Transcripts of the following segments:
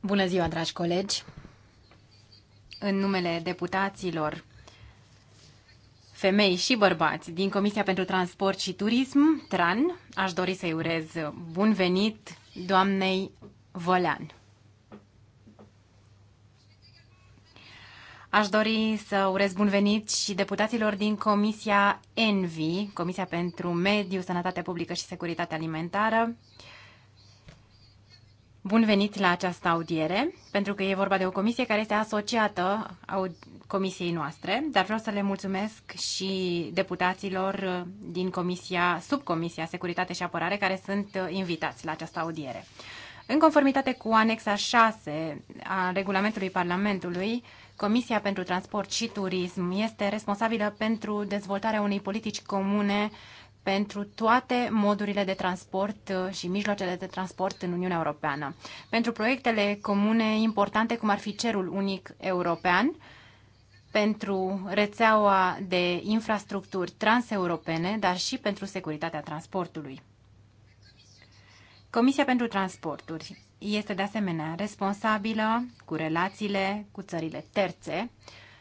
Bună ziua, dragi colegi. În numele deputaților femei și bărbați din Comisia pentru Transport și Turism, TRAN, aș dori să-i urez bun venit doamnei Volean. Aș dori să urez bun venit și deputaților din Comisia ENVI, Comisia pentru Mediu, Sănătate Publică și Securitate Alimentară, Bun venit la această audiere, pentru că e vorba de o comisie care este asociată a comisiei noastre, dar vreau să le mulțumesc și deputaților din comisia, subcomisia Securitate și Apărare care sunt invitați la această audiere. În conformitate cu anexa 6 a regulamentului Parlamentului, Comisia pentru Transport și Turism este responsabilă pentru dezvoltarea unei politici comune uh, pentru toate modurile de transport uh, și mijloacele de transport în Uniunea Europeană. Pentru proiectele comune importante, cum ar fi Cerul Unic European, pentru rețeaua de infrastructuri transeuropene, dar și pentru securitatea transportului. Comisia pentru Transporturi este de asemenea responsabilă cu relațiile cu țările terțe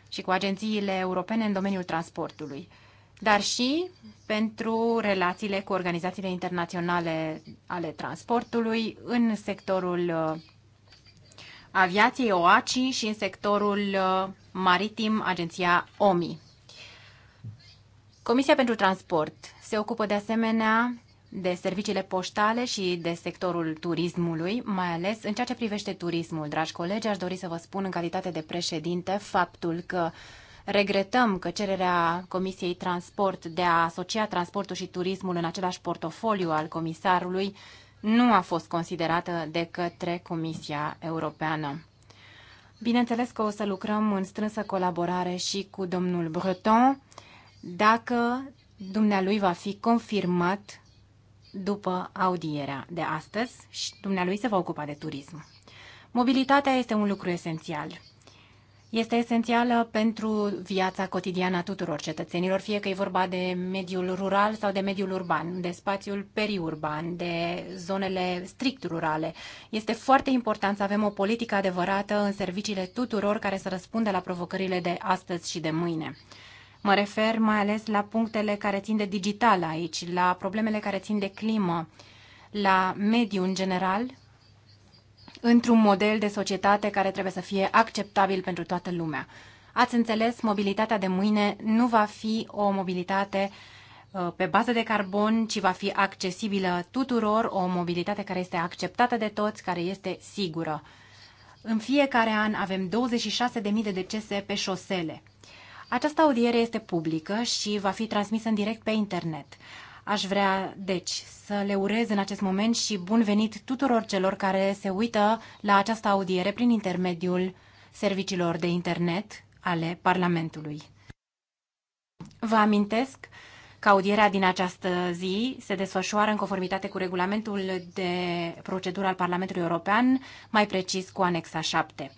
și cu agențiile europene în domeniul transportului dar și pentru relațiile cu organizațiile internaționale ale transportului în sectorul uh, aviației OACI și în sectorul uh, maritim agenția OMI. Comisia pentru Transport se ocupă de asemenea de serviciile poștale și de sectorul turismului, mai ales în ceea ce privește turismul. Dragi colegi, aș dori să vă spun în calitate de președinte faptul că uh, Regretăm că cererea Comisiei Transport de a asocia transportul și turismul în același portofoliu al comisarului nu a fost considerată de către Comisia Europeană. Bineînțeles că o să lucrăm în strânsă colaborare și cu domnul Breton dacă dumnealui va fi confirmat după audierea de astăzi și dumnealui se va ocupa de turism. Mobilitatea este un lucru esențial este esențială pentru viața cotidiană a tuturor cetățenilor, fie că e vorba de mediul rural sau de mediul urban, de spațiul periurban, de zonele strict rurale. Este foarte important să avem o politică adevărată în serviciile tuturor care să răspundă la provocările de astăzi și de mâine. Mă refer mai ales la punctele care țin de digital aici, la problemele care țin de climă, la mediu în general într-un model de societate care trebuie să fie acceptabil pentru toată lumea. Ați înțeles, mobilitatea de mâine nu va fi o mobilitate uh, pe bază de carbon, ci va fi accesibilă tuturor, o mobilitate care este acceptată de toți, care este sigură. În fiecare an avem 26.000 de decese pe șosele. Această audiere este publică și va fi transmisă în direct pe internet. Aș vrea, deci, să le urez în acest moment și bun venit tuturor celor care se uită la această audiere prin intermediul serviciilor de internet ale Parlamentului. Vă amintesc că audierea din această zi se desfășoară în conformitate cu regulamentul de procedură al Parlamentului European, mai precis cu anexa 7.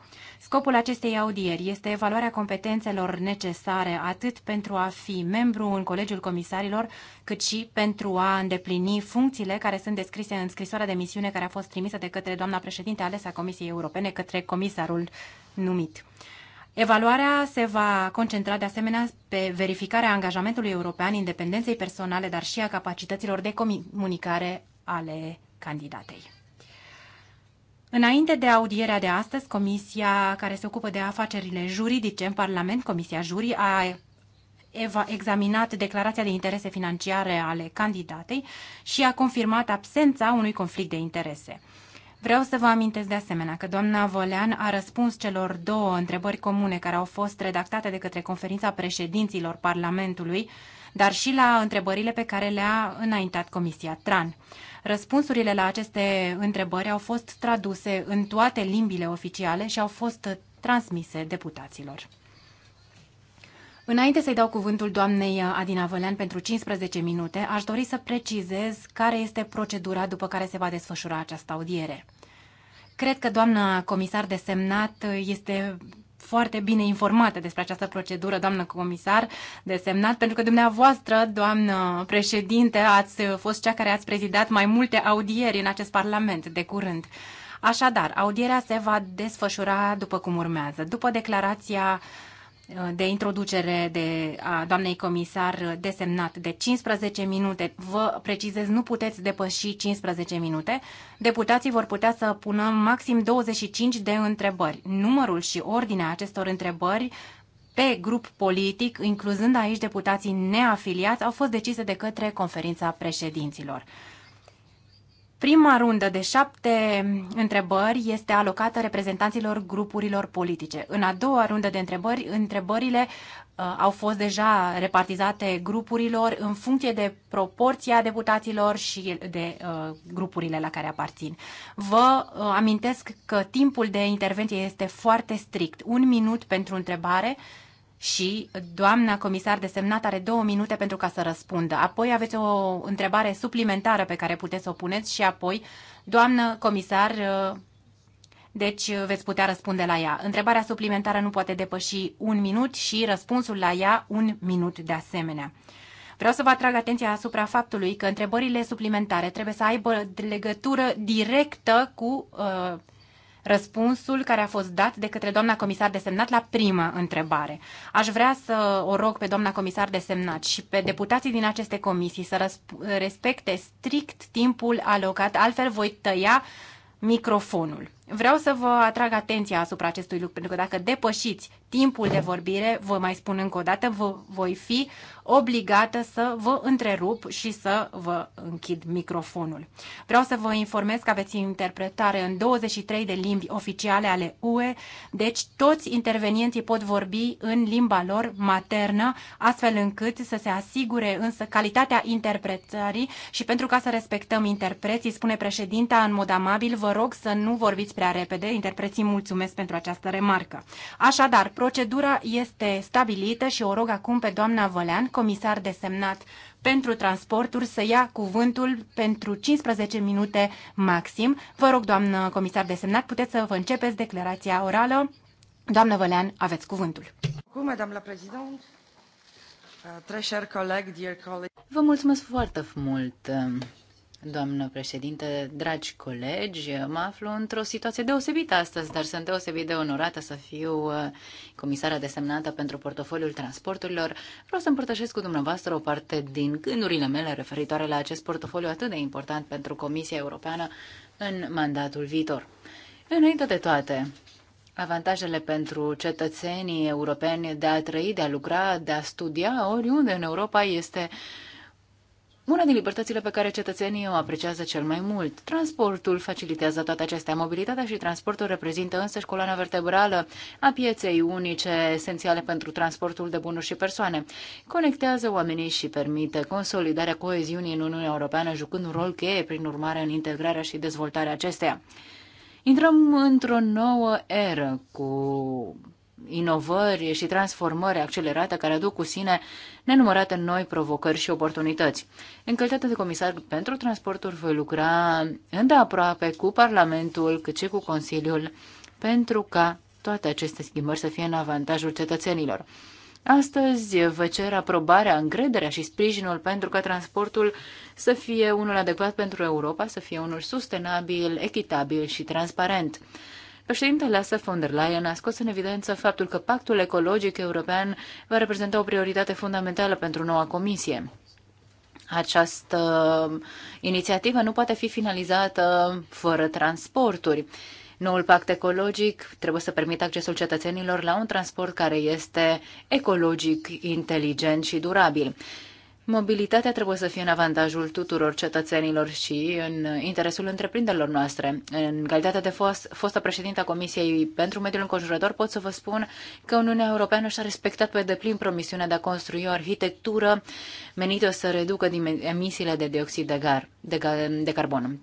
Scopul acestei audieri este evaluarea competențelor necesare atât pentru a fi membru în Colegiul Comisarilor, cât și pentru a îndeplini funcțiile care sunt descrise în scrisoarea de misiune care a fost trimisă de către doamna președinte alesă a Comisiei Europene, către comisarul numit. Evaluarea se va concentra de asemenea pe verificarea angajamentului european, independenței personale, dar și a capacităților de comunicare ale candidatei. Înainte de audierea de astăzi, Comisia care se ocupă de afacerile juridice în Parlament, Comisia Jurii, a examinat declarația de interese financiare ale candidatei și a confirmat absența unui conflict de interese. Vreau să vă amintesc de asemenea că doamna Volean a răspuns celor două întrebări comune care au fost redactate de către conferința președinților Parlamentului, dar și la întrebările pe care le-a înaintat Comisia TRAN. Răspunsurile la aceste întrebări au fost traduse în toate limbile oficiale și au fost transmise deputaților. Înainte să-i dau cuvântul doamnei Adina Vălean pentru 15 minute, aș dori să precizez care este procedura după care se va desfășura această audiere. Cred că doamna comisar desemnat este foarte bine informată despre această procedură, doamnă comisar, de semnat, pentru că dumneavoastră, doamnă președinte, ați fost cea care ați prezidat mai multe audieri în acest Parlament de curând. Așadar, audierea se va desfășura după cum urmează. După declarația uh, Uh, de introducere de, a doamnei comisar uh, desemnat de 15 minute. Vă precizez, nu puteți depăși 15 minute. Deputații vor putea să pună maxim 25 de întrebări. Numărul și ordinea acestor întrebări pe grup politic, incluzând aici deputații neafiliați, au fost decise de către conferința președinților. Prima rundă de șapte întrebări este alocată reprezentanților grupurilor politice. În a doua rundă de întrebări, întrebările uh, au fost deja repartizate grupurilor în funcție de proporția deputaților și de uh, grupurile la care aparțin. Vă uh, amintesc că timpul de intervenție este foarte strict. Un minut pentru întrebare și doamna comisar desemnat are două minute pentru ca să răspundă. Apoi aveți o întrebare suplimentară pe care puteți să o puneți și apoi, doamnă comisar, deci veți putea răspunde la ea. Întrebarea suplimentară nu poate depăși un minut și răspunsul la ea un minut de asemenea. Vreau să vă atrag atenția asupra faptului că întrebările suplimentare trebuie să aibă legătură directă cu uh, răspunsul care a fost dat de către doamna comisar de semnat la prima întrebare. Aș vrea să o rog pe doamna comisar de semnat și pe deputații din aceste comisii să respecte strict timpul alocat, altfel voi tăia microfonul. Vreau să vă atrag atenția asupra acestui lucru, pentru că dacă depășiți timpul de vorbire, vă mai spun încă o dată, vă voi fi obligată să vă întrerup și să vă închid microfonul. Vreau să vă informez că aveți interpretare în 23 de limbi oficiale ale UE, deci toți intervenienții pot vorbi în limba lor maternă, astfel încât să se asigure însă calitatea interpretării și pentru ca să respectăm interpreții, spune președinta în mod amabil, vă rog să nu vorbiți prea repede, interpreții mulțumesc pentru această remarcă. Așadar, Procedura este stabilită și o rog acum pe doamna Vălean, comisar desemnat pentru transporturi, să ia cuvântul pentru 15 minute maxim. Vă rog, doamnă comisar desemnat, puteți să vă începeți declarația orală. Doamnă Vălean, aveți cuvântul. Cum, uh, Vă mulțumesc foarte mult, Doamnă președinte, dragi colegi, mă aflu într-o situație deosebită astăzi, dar sunt deosebit de onorată să fiu uh, comisară desemnată pentru portofoliul transporturilor. Vreau să împărtășesc cu dumneavoastră o parte din gândurile mele referitoare la acest portofoliu atât de important pentru Comisia Europeană în mandatul viitor. Înainte de toate, avantajele pentru cetățenii europeni de a trăi, de a lucra, de a studia oriunde în Europa este uh, una din libertățile pe care cetățenii o apreciază cel mai mult. Transportul facilitează toate acestea. Mobilitatea și transportul reprezintă însăși coloana vertebrală a pieței unice esențiale pentru transportul de bunuri și persoane. Conectează oamenii și permite consolidarea coeziunii în Uniunea Europeană, jucând un rol cheie, prin urmare, în integrarea și dezvoltarea acesteia. Intrăm într-o nouă eră cu inovări și transformări accelerate care aduc cu sine nenumărate noi provocări și oportunități. În calitate de comisar pentru transporturi voi lucra îndeaproape cu Parlamentul cât și cu Consiliul pentru ca toate aceste schimbări să fie în avantajul cetățenilor. Astăzi vă cer aprobarea, încrederea și sprijinul pentru ca transportul să fie unul adecvat pentru Europa, să fie unul sustenabil, echitabil și transparent. Președintele Asa von der Leyen a scos în evidență faptul că pactul ecologic european va reprezenta o prioritate fundamentală pentru noua comisie. Această um, inițiativă nu poate fi finalizată fără transporturi. Noul pact ecologic trebuie să permită accesul cetățenilor la un transport care este ecologic, inteligent și durabil. Mobilitatea trebuie să fie în avantajul tuturor cetățenilor și în interesul întreprinderilor noastre. În calitate de fost, fostă președintă a Comisiei pentru Mediul Înconjurător, pot să vă spun că Uniunea Europeană și-a respectat pe deplin promisiunea de a construi o arhitectură menită să reducă emisiile de dioxid de, gar, de, de carbon.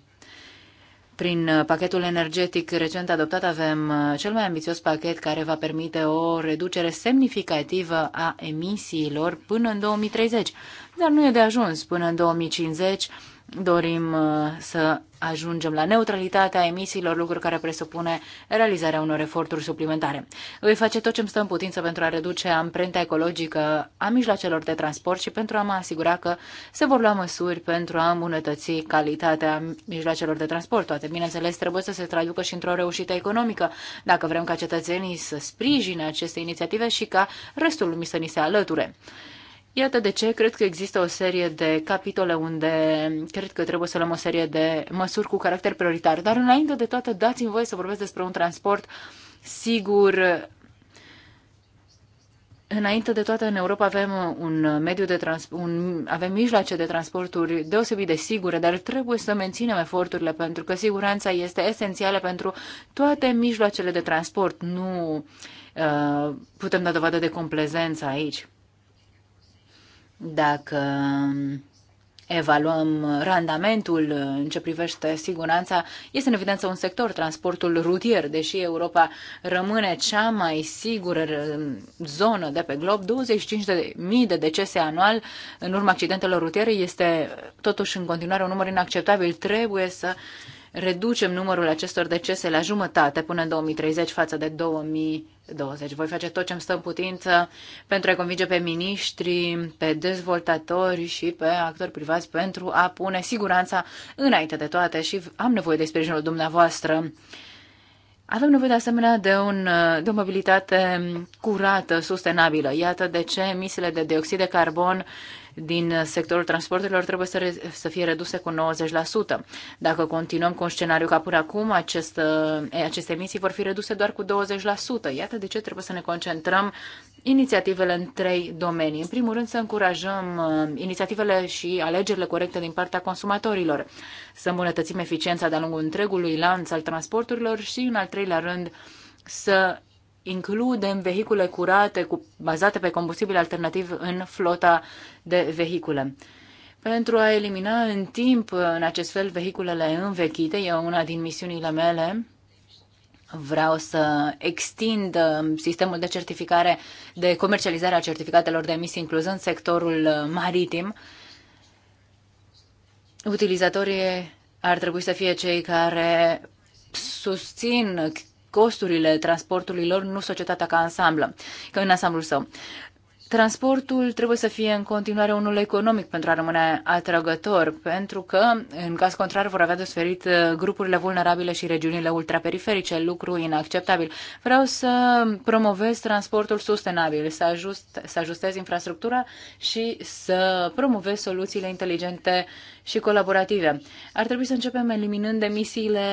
Prin pachetul energetic recent adoptat avem cel mai ambițios pachet care va permite o reducere semnificativă a emisiilor până în 2030 dar nu e de ajuns. Până în 2050 dorim uh, să ajungem la neutralitatea emisiilor, lucruri care presupune realizarea unor eforturi suplimentare. Voi face tot ce îmi stă în putință pentru a reduce amprenta ecologică a mijloacelor de transport și pentru a mă asigura că se vor lua măsuri pentru a îmbunătăți calitatea mijloacelor de transport. Toate, bineînțeles, trebuie să se traducă și într-o reușită economică, dacă vrem ca cetățenii să sprijine aceste inițiative și ca restul lumii să ni se alăture. Iată de ce cred că există o serie de capitole unde cred că trebuie să luăm o serie de măsuri cu caracter prioritar. Dar înainte de toate, dați-mi voie să vorbesc despre un transport sigur. Înainte de toate, în Europa avem un mediu de trans- un, avem mijloace de transporturi deosebit de sigure, dar trebuie să menținem eforturile pentru că siguranța este esențială pentru toate mijloacele de transport. Nu uh, putem da dovadă de complezență aici. Dacă um, evaluăm randamentul uh, în ce privește siguranța, este în evidență un sector, transportul rutier, deși Europa rămâne cea mai sigură um, zonă de pe glob, 25.000 de decese anual în urma accidentelor rutiere este uh, totuși în continuare un număr inacceptabil. Trebuie să reducem numărul acestor decese la jumătate până în 2030 față de 2000 2020. Voi face tot ce îmi stă în putință pentru a convinge pe miniștri, pe dezvoltatori și pe actori privați pentru a pune siguranța înainte de toate și am nevoie de sprijinul dumneavoastră. Avem nevoie de asemenea de, un, de o mobilitate curată, sustenabilă. Iată de ce emisiile de dioxid de carbon din sectorul transporturilor trebuie să, să fie reduse cu 90%. Dacă continuăm cu un scenariu ca până acum, acest, eh, aceste emisii vor fi reduse doar cu 20%. Iată de ce trebuie să ne concentrăm inițiativele în trei domenii. În primul rând să încurajăm eh, inițiativele și alegerile corecte din partea consumatorilor, să îmbunătățim eficiența de-a lungul întregului lanț al transporturilor și, în al treilea rând, să includem vehicule curate cu, bazate pe combustibil alternativ în flota de vehicule. Pentru a elimina în timp, în acest fel, vehiculele învechite, e una din misiunile mele, vreau să extind um, sistemul de certificare, de comercializare a certificatelor de emisii, incluzând sectorul uh, maritim. Utilizatorii ar trebui să fie cei care susțin costurile transportului lor, nu societatea ca ansamblă, ca în ansamblul său. Transportul trebuie să fie în continuare unul economic pentru a rămâne atrăgător, pentru că, în caz contrar, vor avea de suferit uh, grupurile vulnerabile și regiunile ultraperiferice, lucru inacceptabil. Vreau să promovez transportul sustenabil, să, ajust, să ajustez infrastructura și să promovez soluțiile inteligente și colaborative. Ar trebui să începem eliminând emisiile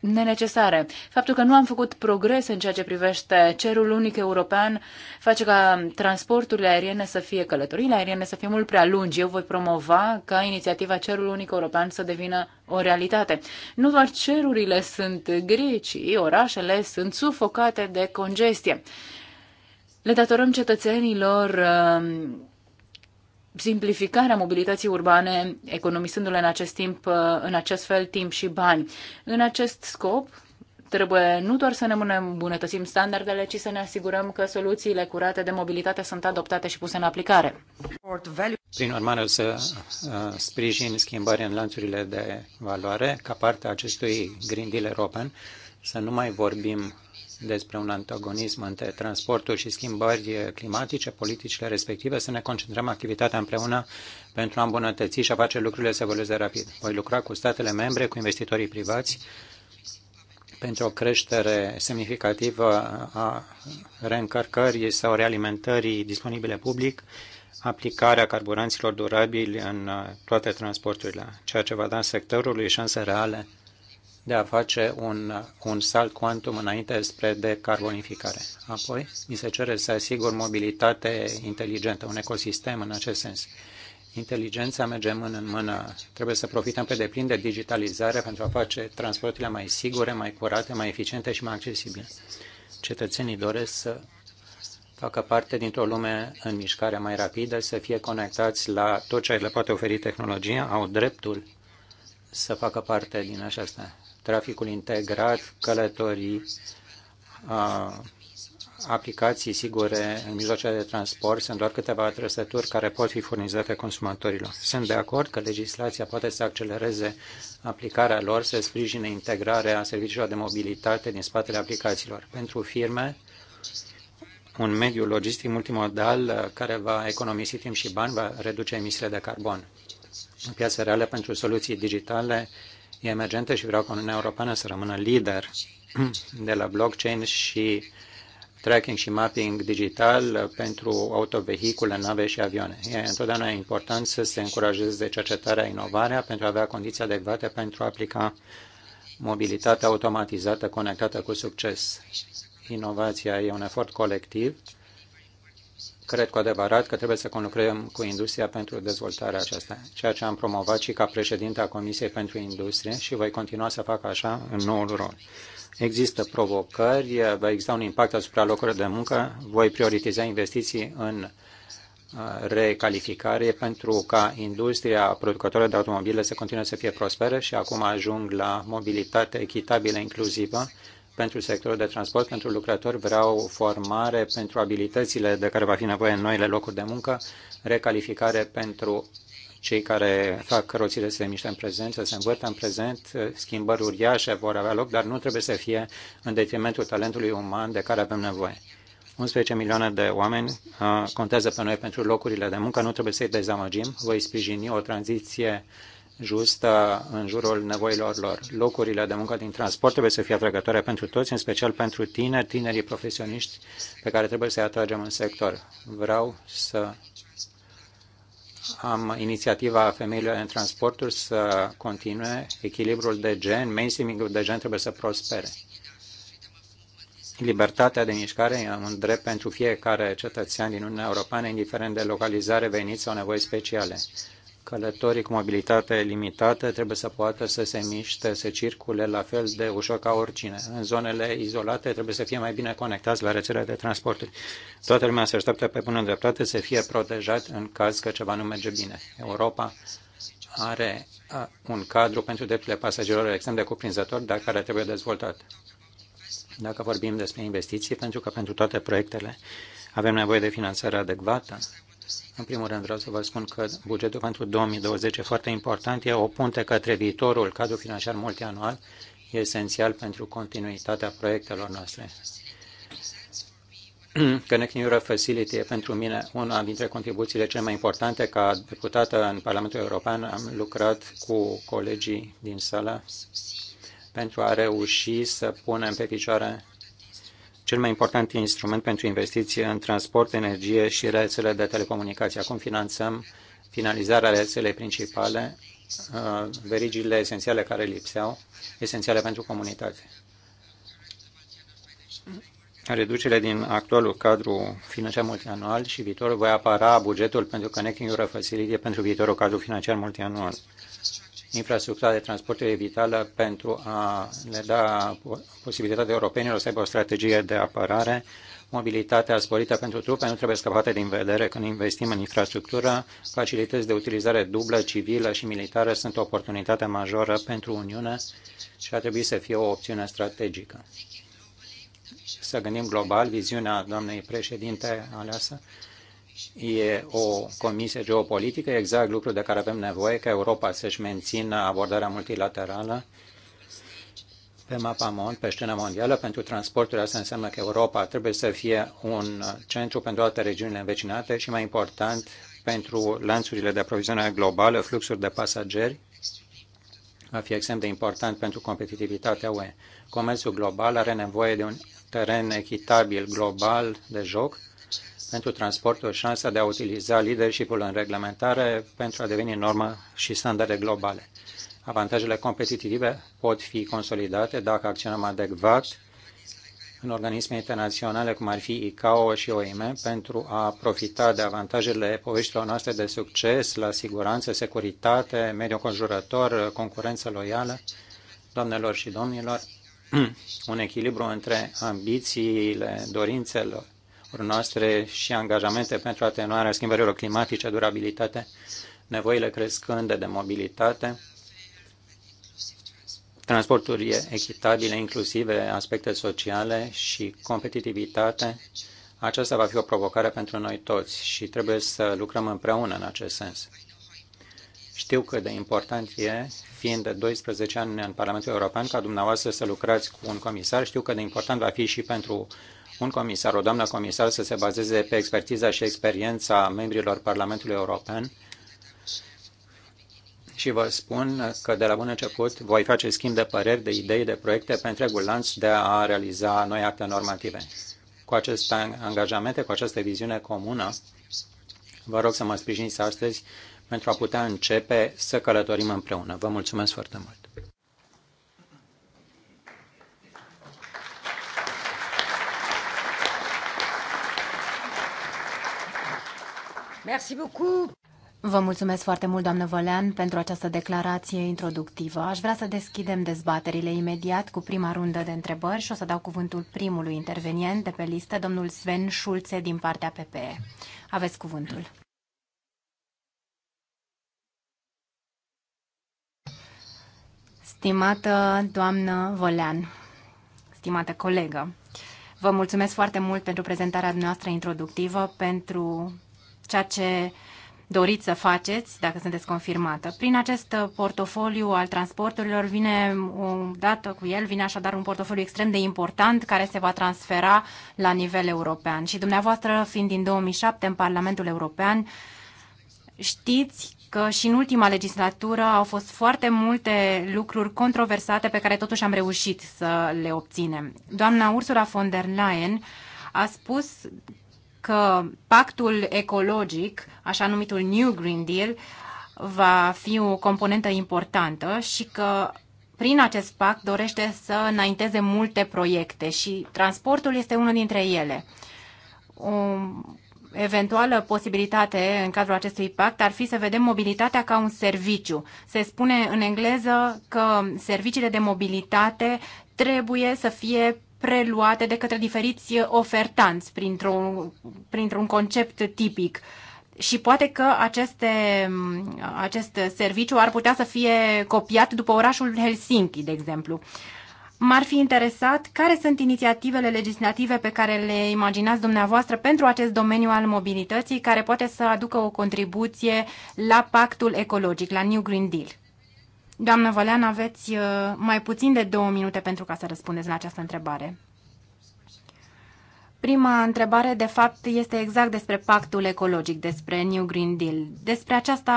nenecesare. Faptul că nu am făcut progrese în ceea ce privește cerul unic european face ca transporturile aeriene să fie, călătorile aeriene să fie mult prea lungi. Eu voi promova ca inițiativa cerul unic european să devină o realitate. Nu doar cerurile sunt gri, ci orașele sunt sufocate de congestie. Le datorăm cetățenilor uh, simplificarea mobilității urbane, economisindu-le în acest timp, uh, în acest fel, timp și bani. În acest scop, trebuie nu doar să ne îmbunătățim standardele, ci să ne asigurăm că soluțiile curate de mobilitate sunt adoptate și puse în aplicare. Prin urmare, o să uh, sprijin schimbări în lanțurile de valoare ca parte a acestui Green Deal european, să nu mai vorbim despre un antagonism între transportul și schimbări climatice, politicile respective, să ne concentrăm activitatea împreună pentru a îmbunătăți și a face lucrurile să evolueze rapid. Voi lucra cu statele membre, cu investitorii privați, pentru o creștere semnificativă a reîncărcării sau realimentării disponibile public, aplicarea carburanților durabili în toate transporturile, ceea ce va da sectorului șanse reale de a face un, un salt quantum înainte spre decarbonificare. Apoi, mi se cere să asigur mobilitate inteligentă, un ecosistem în acest sens. Inteligența merge mână în mână. Trebuie să profităm pe deplin de digitalizare pentru a face transporturile mai sigure, mai curate, mai eficiente și mai accesibile. Cetățenii doresc să facă parte dintr-o lume în mișcare mai rapidă, să fie conectați la tot ce le poate oferi tehnologia, au dreptul să facă parte din aceasta traficul integrat, călătorii, aplicații sigure în mijloacele de transport sunt doar câteva trăsături care pot fi furnizate consumatorilor. Sunt de acord că legislația poate să accelereze aplicarea lor, să sprijine integrarea serviciilor de mobilitate din spatele aplicațiilor. Pentru firme, un mediu logistic multimodal uh, care va economisi timp și bani va reduce emisiile de carbon. În piața reală pentru soluții digitale, emergente și vreau ca Uniunea Europeană să rămână lider de la blockchain și tracking și mapping digital pentru autovehicule, nave și avioane. E întotdeauna important să se încurajeze cercetarea, inovarea pentru a avea condiții adecvate pentru a aplica mobilitatea automatizată conectată cu succes. Inovația e un efort colectiv cred cu adevărat că trebuie să conlucrăm cu industria pentru dezvoltarea aceasta, ceea ce am promovat și ca președinte a Comisiei pentru Industrie și voi continua să fac așa în noul rol. Există provocări, va exista un impact asupra locurilor de muncă, voi prioritiza investiții în uh, recalificare pentru ca industria producătoare de automobile să continue să fie prosperă și acum ajung la mobilitate echitabilă inclusivă pentru sectorul de transport, pentru lucrători, vreau formare pentru abilitățile de care va fi nevoie în noile locuri de muncă, recalificare pentru cei care fac roțile să se miște în prezent, să se învârtă în prezent, schimbări uriașe vor avea loc, dar nu trebuie să fie în detrimentul talentului uman de care avem nevoie. 11 milioane de oameni contează pe noi pentru locurile de muncă, nu trebuie să-i dezamăgim. Voi sprijini o tranziție uh, justă în jurul nevoilor lor. Locurile de muncă din transport trebuie să fie atrăgătoare pentru toți, în special pentru tineri, tinerii profesioniști pe care trebuie să-i atragem în sector. Vreau să am inițiativa femeilor în transporturi să continue echilibrul de gen, mainstreaming-ul de gen trebuie să prospere. Libertatea de mișcare e un drept pentru fiecare cetățean din Uniunea Europeană, indiferent de localizare, venit sau nevoi speciale. Călătorii cu mobilitate limitată trebuie să poată să se miște, să circule la fel de ușor ca oricine. În zonele izolate trebuie să fie mai bine conectați la rețelele de transporturi. Toată lumea se așteaptă pe bună dreptate să fie protejat în caz că ceva nu merge bine. Europa are un cadru pentru drepturile pasagerilor extrem de cuprinzător, dar care trebuie dezvoltat. Dacă vorbim despre investiții, pentru că pentru toate proiectele avem nevoie de finanțare adecvată, în primul rând vreau să vă spun că bugetul pentru 2020 e foarte important, e o punte către viitorul cadru financiar multianual, e esențial pentru continuitatea proiectelor noastre. Connecting Europe Facility e pentru mine una dintre contribuțiile cele mai importante. Ca deputată în Parlamentul European am lucrat cu colegii din sala pentru a reuși să punem pe picioare cel mai important instrument pentru investiție în transport, energie și rețele de telecomunicații. Acum finanțăm finalizarea rețelei principale, uh, verigile esențiale care lipseau, esențiale pentru comunitate. Reducerile din actualul cadru financiar multianual și viitorul voi apăra bugetul pentru Connecting Europe Facility pentru viitorul cadru financiar multianual infrastructura de transport e vitală pentru a le da posibilitatea europenilor să aibă o strategie de apărare. Mobilitatea sporită pentru trupe nu trebuie scăpată din vedere când investim în infrastructură. Facilități de utilizare dublă, civilă și militară sunt o oportunitate majoră pentru Uniune și ar trebui să fie o opțiune strategică. Să gândim global, viziunea doamnei președinte aleasă e o comisie geopolitică, exact lucru de care avem nevoie, ca Europa să-și mențină abordarea multilaterală pe mapa mond, pe scena mondială, pentru transporturi. Asta înseamnă că Europa trebuie să fie un centru pentru toate regiunile învecinate și, mai important, pentru lanțurile de aprovizionare globală, fluxuri de pasageri, va fi extrem de important pentru competitivitatea UE. Comerțul global are nevoie de un teren echitabil global de joc, pentru transport, o șansă de a utiliza leadership-ul în reglementare pentru a deveni normă și standarde globale. Avantajele competitive pot fi consolidate dacă acționăm adecvat în organisme internaționale, cum ar fi ICAO și OIM, pentru a profita de avantajele poveștilor noastre de succes la siguranță, securitate, mediu conjurător, concurență loială. Doamnelor și domnilor, un echilibru între ambițiile, dorințelor noastre și angajamente pentru atenuarea schimbărilor climatice, durabilitate, nevoile crescânde de mobilitate, transporturi echitabile, inclusive aspecte sociale și competitivitate. Aceasta va fi o provocare pentru noi toți și trebuie să lucrăm împreună în acest sens. Știu cât de important e, fiind de 12 ani în Parlamentul European, ca dumneavoastră să lucrați cu un comisar. Știu cât de important va fi și pentru un comisar, o doamnă comisar să se bazeze pe expertiza și experiența membrilor Parlamentului European și vă spun că de la bun început voi face schimb de păreri, de idei, de proiecte pe întregul lanț de a realiza noi acte normative. Cu aceste angajamente, cu această viziune comună, vă rog să mă sprijiniți astăzi pentru a putea începe să călătorim împreună. Vă mulțumesc foarte mult! Merci beaucoup. Vă mulțumesc foarte mult, doamnă Vălean, pentru această declarație introductivă. Aș vrea să deschidem dezbaterile imediat cu prima rundă de întrebări și o să dau cuvântul primului intervenient de pe listă, domnul Sven Schulze din partea PPE. Aveți cuvântul. Stimată doamnă Vălean, stimată colegă, vă mulțumesc foarte mult pentru prezentarea noastră introductivă, pentru ceea ce doriți să faceți, dacă sunteți confirmată. Prin acest uh, portofoliu al transporturilor vine, o dată cu el, vine așadar un portofoliu extrem de important care se va transfera la nivel european. Și dumneavoastră, fiind din 2007 în Parlamentul European, știți că și în ultima legislatură au fost foarte multe lucruri controversate pe care totuși am reușit să le obținem. Doamna Ursula von der Leyen a spus că pactul ecologic, așa numitul New Green Deal, va fi o componentă importantă și că prin acest pact dorește să înainteze multe proiecte și transportul este unul dintre ele. O eventuală posibilitate în cadrul acestui pact ar fi să vedem mobilitatea ca un serviciu. Se spune în engleză că serviciile de mobilitate trebuie să fie preluate de către diferiți ofertanți printr-un, printr-un concept tipic. Și poate că aceste, acest serviciu ar putea să fie copiat după orașul Helsinki, de exemplu. M-ar fi interesat care sunt inițiativele legislative pe care le imaginați dumneavoastră pentru acest domeniu al mobilității care poate să aducă o contribuție la pactul ecologic, la New Green Deal. Doamnă Vălean, aveți uh, mai puțin de două minute pentru ca să răspundeți la această întrebare. Prima întrebare, de fapt, este exact despre pactul ecologic, despre New Green Deal. Despre aceasta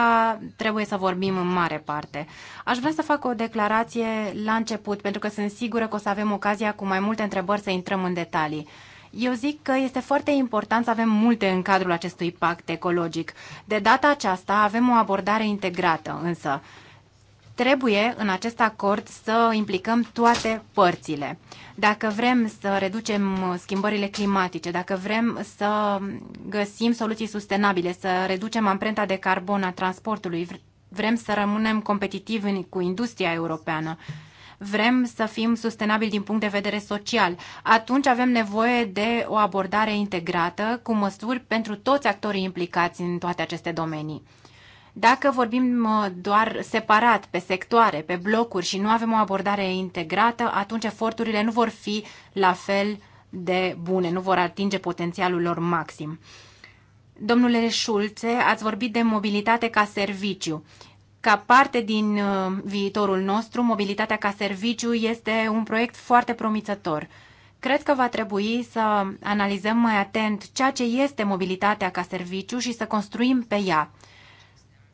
trebuie să vorbim în mare parte. Aș vrea să fac o declarație la început, pentru că sunt sigură că o să avem ocazia cu mai multe întrebări să intrăm în detalii. Eu zic că este foarte important să avem multe în cadrul acestui pact ecologic. De data aceasta avem o abordare integrată, însă Trebuie în acest acord să implicăm toate părțile. Dacă vrem să reducem schimbările climatice, dacă vrem să găsim soluții sustenabile, să reducem amprenta de carbon a transportului, vrem să rămânem competitivi cu industria europeană, vrem să fim sustenabili din punct de vedere social, atunci avem nevoie de o abordare integrată cu măsuri pentru toți actorii implicați în toate aceste domenii. Dacă vorbim uh, doar separat, pe sectoare, pe blocuri și nu avem o abordare integrată, atunci eforturile nu vor fi la fel de bune, nu vor atinge potențialul lor maxim. Domnule Șulțe, ați vorbit de mobilitate ca serviciu. Ca parte din uh, viitorul nostru, mobilitatea ca serviciu este un proiect foarte promițător. Cred că va trebui să analizăm mai atent ceea ce este mobilitatea ca serviciu și să construim pe ea.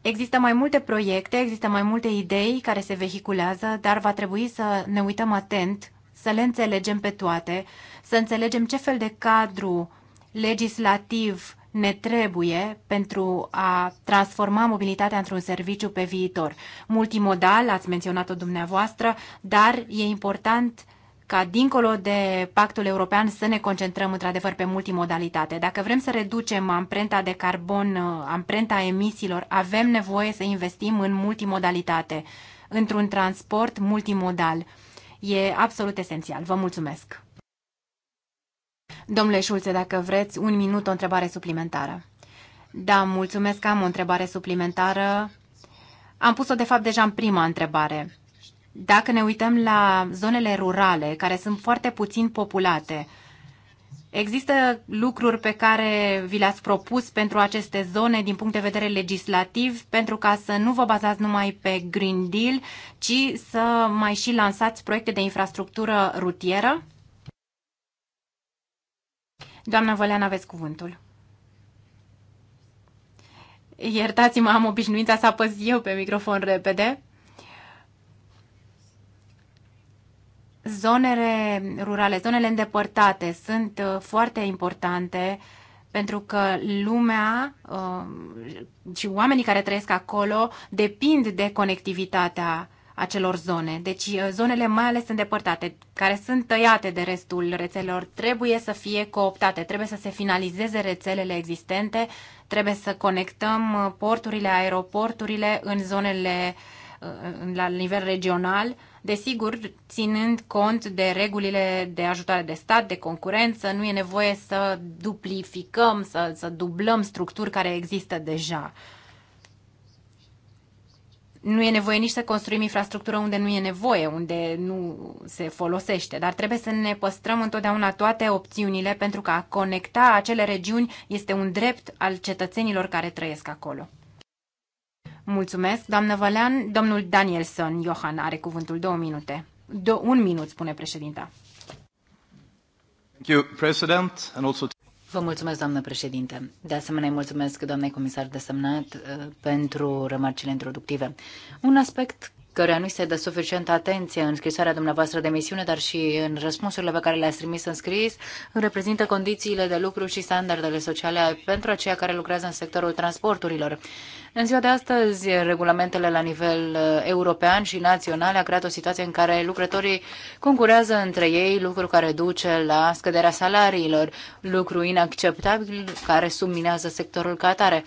Există mai multe proiecte, există mai multe idei care se vehiculează, dar va trebui să ne uităm atent, să le înțelegem pe toate, să înțelegem ce fel de cadru legislativ ne trebuie pentru a transforma mobilitatea într-un serviciu pe viitor. Multimodal, ați menționat-o dumneavoastră, dar e important uh, ca dincolo de pactul european să ne concentrăm într-adevăr pe multimodalitate. Dacă vrem să reducem amprenta de carbon, uh, amprenta emisiilor, avem nevoie să investim în multimodalitate, într-un transport multimodal. E absolut esențial. Vă mulțumesc! Domnule Șulțe, dacă vreți, un minut o întrebare suplimentară. Da, mulțumesc, am o întrebare suplimentară. Am pus-o, de fapt, deja în prima întrebare. Dacă ne uităm la zonele rurale, care sunt foarte puțin populate, Există lucruri pe care vi le-ați propus pentru aceste zone din punct de vedere legislativ, pentru ca să nu vă bazați numai pe Green Deal, ci să mai și lansați proiecte de infrastructură rutieră? Doamna Văleana, aveți cuvântul. Iertați-mă, am obișnuința să apăs eu pe microfon repede. zonele rurale, zonele îndepărtate sunt uh, foarte importante pentru că lumea uh, și oamenii care trăiesc acolo depind de conectivitatea acelor zone. Deci uh, zonele mai ales îndepărtate, care sunt tăiate de restul rețelelor, trebuie să fie cooptate, trebuie să se finalizeze rețelele existente, trebuie să conectăm porturile, aeroporturile în zonele la nivel regional Desigur, ținând cont de regulile de ajutare de stat, de concurență, nu e nevoie să duplificăm, să, să dublăm structuri care există deja. Nu e nevoie nici să construim infrastructură unde nu e nevoie, unde nu se folosește, dar trebuie să ne păstrăm întotdeauna toate opțiunile pentru că a conecta acele regiuni este un drept al cetățenilor care trăiesc acolo. Mulțumesc, doamnă Vălean. Domnul Danielson Johan are cuvântul. Două minute. Do- un minut, spune președinta. Vă mulțumesc, doamnă președinte. De asemenea, îi mulțumesc, doamnei comisar desemnat, uh, pentru remarcile introductive. Un aspect căruia nu se dă suficientă atenție în scrisoarea dumneavoastră de misiune, dar și în răspunsurile pe care le-ați trimis în scris, reprezintă condițiile de lucru și standardele sociale pentru aceia care lucrează în sectorul transporturilor. În ziua de astăzi, regulamentele la nivel uh, european și național a creat o situație în care lucrătorii concurează între ei, lucru care duce la scăderea salariilor, lucru inacceptabil care subminează sectorul ca atare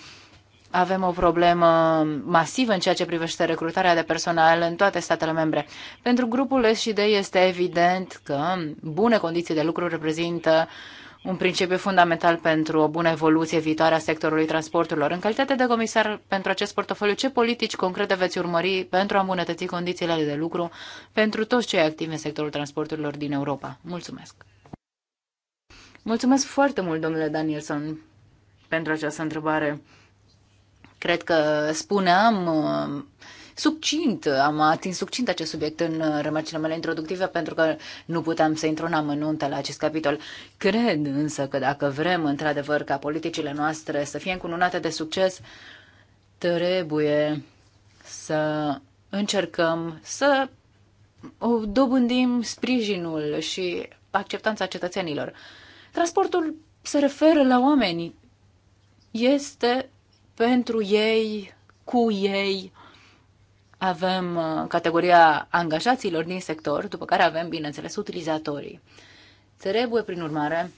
avem o problemă masivă în ceea ce privește recrutarea de personal în toate statele membre. Pentru grupul S este evident că bune condiții de lucru reprezintă un principiu fundamental pentru o bună evoluție viitoare a sectorului transporturilor. În calitate de comisar pentru acest portofoliu, ce politici concrete veți urmări pentru a îmbunătăți condițiile de lucru pentru toți cei activi în sectorul transporturilor din Europa? Mulțumesc! Mulțumesc foarte mult, domnule Danielson, pentru această întrebare. Cred că spuneam uh, succint, am atins succint acest subiect în uh, remarcile mele introductive pentru că nu puteam să intru în amănunte la acest capitol. Cred însă că dacă vrem într-adevăr ca politicile noastre să fie încununate de succes, trebuie să încercăm să dobândim sprijinul și acceptanța cetățenilor. Transportul se referă la oameni. Este pentru ei, cu ei. Avem uh, categoria angajaților din sector, după care avem, bineînțeles, utilizatorii. Trebuie, prin urmare,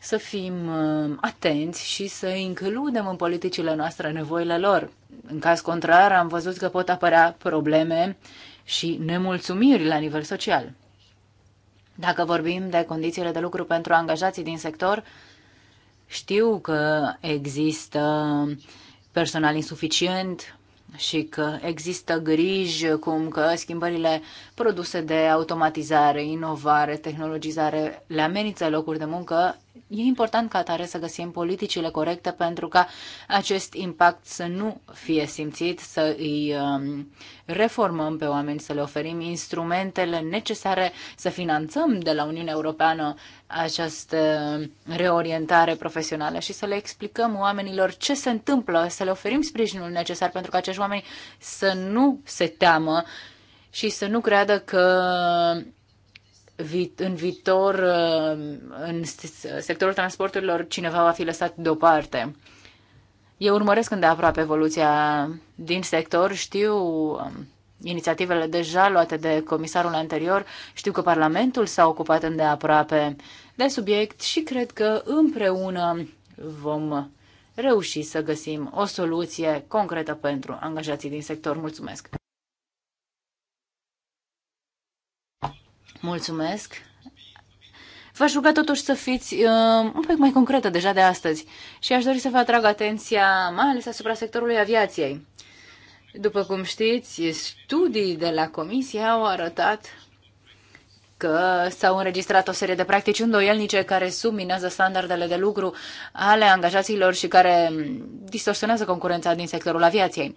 să fim uh, atenți și să includem în politicile noastre nevoile lor. În caz contrar, am văzut că pot apărea probleme și nemulțumiri la nivel social. Dacă vorbim de condițiile de lucru pentru angajații din sector, știu că există uh, personal insuficient și că există griji cum că schimbările produse de automatizare, inovare, tehnologizare le amenință locuri de muncă, e important ca atare să găsim politicile corecte pentru ca acest impact să nu fie simțit, să îi um, reformăm pe oameni, să le oferim instrumentele necesare să finanțăm de la Uniunea Europeană această reorientare profesională și să le explicăm oamenilor ce se întâmplă, să le oferim sprijinul necesar pentru ca acești oameni să nu se teamă și să nu creadă că în viitor, uh, în sectorul transporturilor, cineva va fi lăsat deoparte. Eu urmăresc îndeaproape evoluția din sector, știu um, inițiativele deja luate de comisarul anterior, știu că Parlamentul s-a ocupat îndeaproape de subiect și cred că împreună vom reuși să găsim o soluție concretă pentru angajații din sector. Mulțumesc! Mulțumesc! V-aș ruga totuși să fiți uh, un pic mai concretă deja de astăzi și aș dori să vă atrag atenția mai ales asupra sectorului aviației. După cum știți, studii de la Comisie au arătat că s-au înregistrat o serie de practici îndoielnice care subminează standardele de lucru ale angajaților și care distorsionează concurența din sectorul aviației.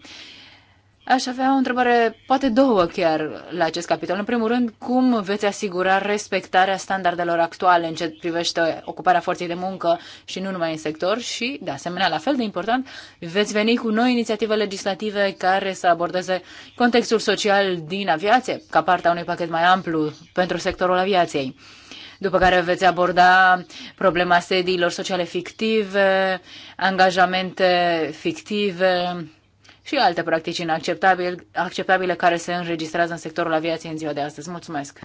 Aș avea o întrebare, poate două chiar, la acest capitol. În primul rând, cum veți asigura respectarea standardelor actuale în ce privește ocuparea forței de muncă și nu numai în sector? Și, de asemenea, la fel de important, veți veni cu noi inițiative legislative care să abordeze contextul social din aviație, ca partea unui pachet mai amplu pentru sectorul aviației. După care veți aborda problema sediilor sociale fictive, angajamente fictive, și alte practici inacceptabile acceptabile care se înregistrează în sectorul aviației în ziua de astăzi. Mulțumesc!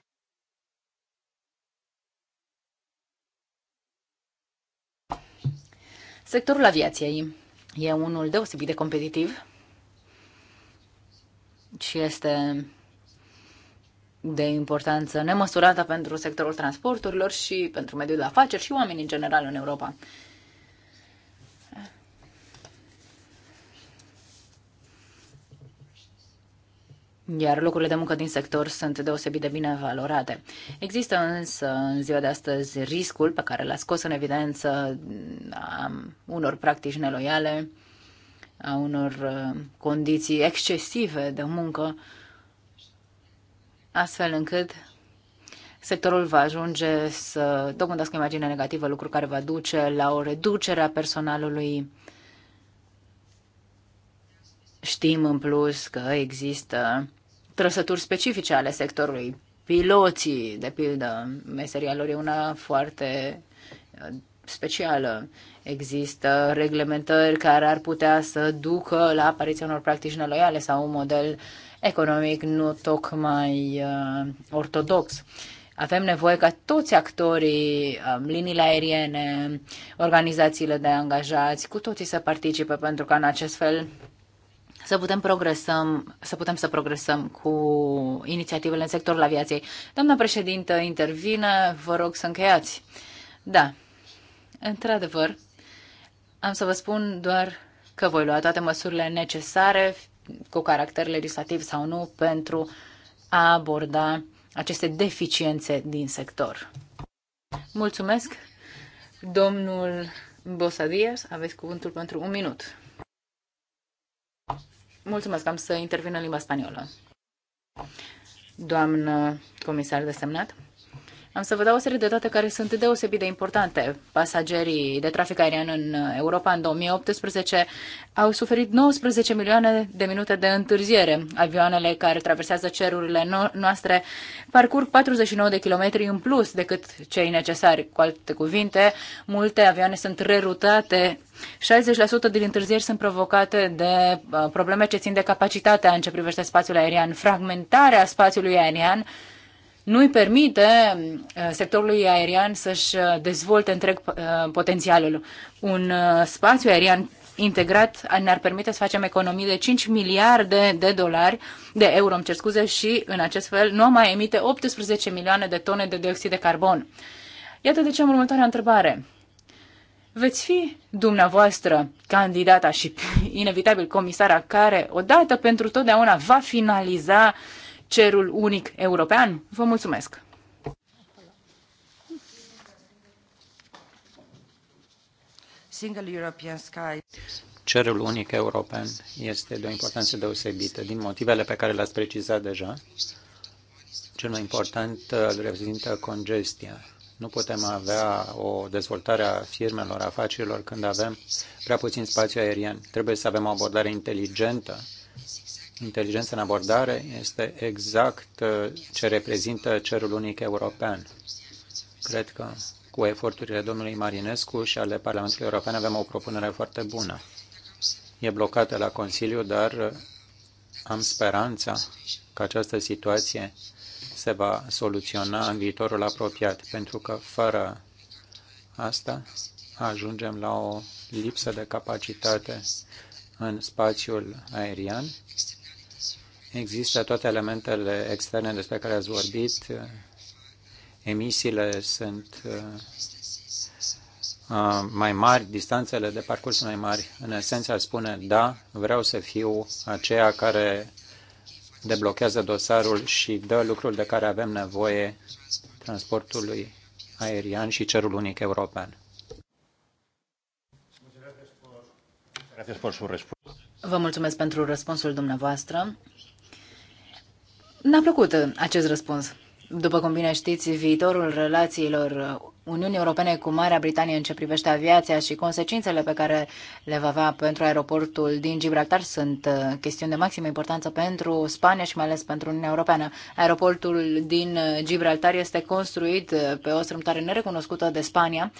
Sectorul aviației e unul deosebit de competitiv și este de importanță nemăsurată pentru sectorul transporturilor și pentru mediul de afaceri și oamenii în general în Europa. iar locurile de muncă din sector sunt deosebit de bine valorate. Există însă în ziua de astăzi riscul pe care l-a scos în evidență a um, unor practici neloiale, a unor uh, condiții excesive de muncă, astfel încât sectorul va ajunge să dobândească imagine negativă, lucru care va duce la o reducere a personalului. Știm în plus că există trăsături specifice ale sectorului. Piloții, de pildă, meseria lor e una foarte uh, specială. Există reglementări care ar putea să ducă la apariția unor practici neloiale sau un model economic nu tocmai uh, ortodox. Avem nevoie ca toți actorii, um, liniile aeriene, organizațiile de angajați, cu toții să participe, pentru că în acest fel să putem progresăm, să putem să progresăm cu inițiativele în sectorul aviației. Doamna președintă, intervine, vă rog să încheiați. Da, într-adevăr, am să vă spun doar că voi lua toate măsurile necesare, cu caracter legislativ sau nu, pentru a aborda aceste deficiențe din sector. Mulțumesc, domnul Bosadias, aveți cuvântul pentru un minut. Mulțumesc, am să intervin în limba spaniolă. Doamnă comisar desemnat, am să vă dau o serie de date care sunt deosebit de importante. Pasagerii de trafic aerian în Europa în 2018 au suferit 19 milioane de minute de întârziere. Avioanele care traversează cerurile no- noastre parcurg 49 de kilometri în plus decât cei necesari. Cu alte cuvinte, multe avioane sunt rerutate 60% din întârzieri sunt provocate de uh, probleme ce țin de capacitatea în ce privește spațiul aerian, fragmentarea spațiului aerian nu îi permite uh, sectorului aerian să-și uh, dezvolte întreg uh, potențialul. Un spațiu aerian integrat ne-ar permite să facem economii de 5 miliarde de dolari, de euro, îmi cer scuze, și în acest fel nu mai emite 18 milioane de tone de dioxid de carbon. Iată de ce am următoarea întrebare. Veți fi dumneavoastră candidata și inevitabil comisara care odată pentru totdeauna va finaliza uh, cerul unic european? Vă mulțumesc! Cerul unic european este de o importanță deosebită din motivele pe care le-ați precizat deja. Cel mai important îl uh, reprezintă congestia. Nu putem avea o dezvoltare a firmelor, afacerilor, când avem prea puțin spațiu aerian. Trebuie să avem o abordare inteligentă Inteligența în abordare este exact uh, ce reprezintă cerul unic european. Cred că cu eforturile domnului Marinescu și ale Parlamentului European avem o propunere foarte bună. E blocată la Consiliu, dar uh, am speranța că această situație se va soluționa în viitorul apropiat, pentru că fără asta ajungem la o lipsă de capacitate în spațiul aerian Există toate elementele externe despre care ați vorbit. Emisiile sunt uh, uh, mai mari, distanțele de parcurs mai mari. În esență, spune, da, vreau să fiu aceea care deblochează dosarul și dă lucrul de care avem nevoie transportului aerian și cerul unic european. Vă mulțumesc pentru răspunsul dumneavoastră. N-a plăcut uh, acest răspuns. După cum bine știți, viitorul relațiilor uh, Uniunii Europene cu Marea Britanie în ce privește aviația și consecințele pe care le va avea pentru aeroportul din Gibraltar sunt uh, chestiuni de maximă importanță pentru Spania și mai ales pentru Uniunea Europeană. Aeroportul din Gibraltar este construit pe o strâmtare nerecunoscută de Spania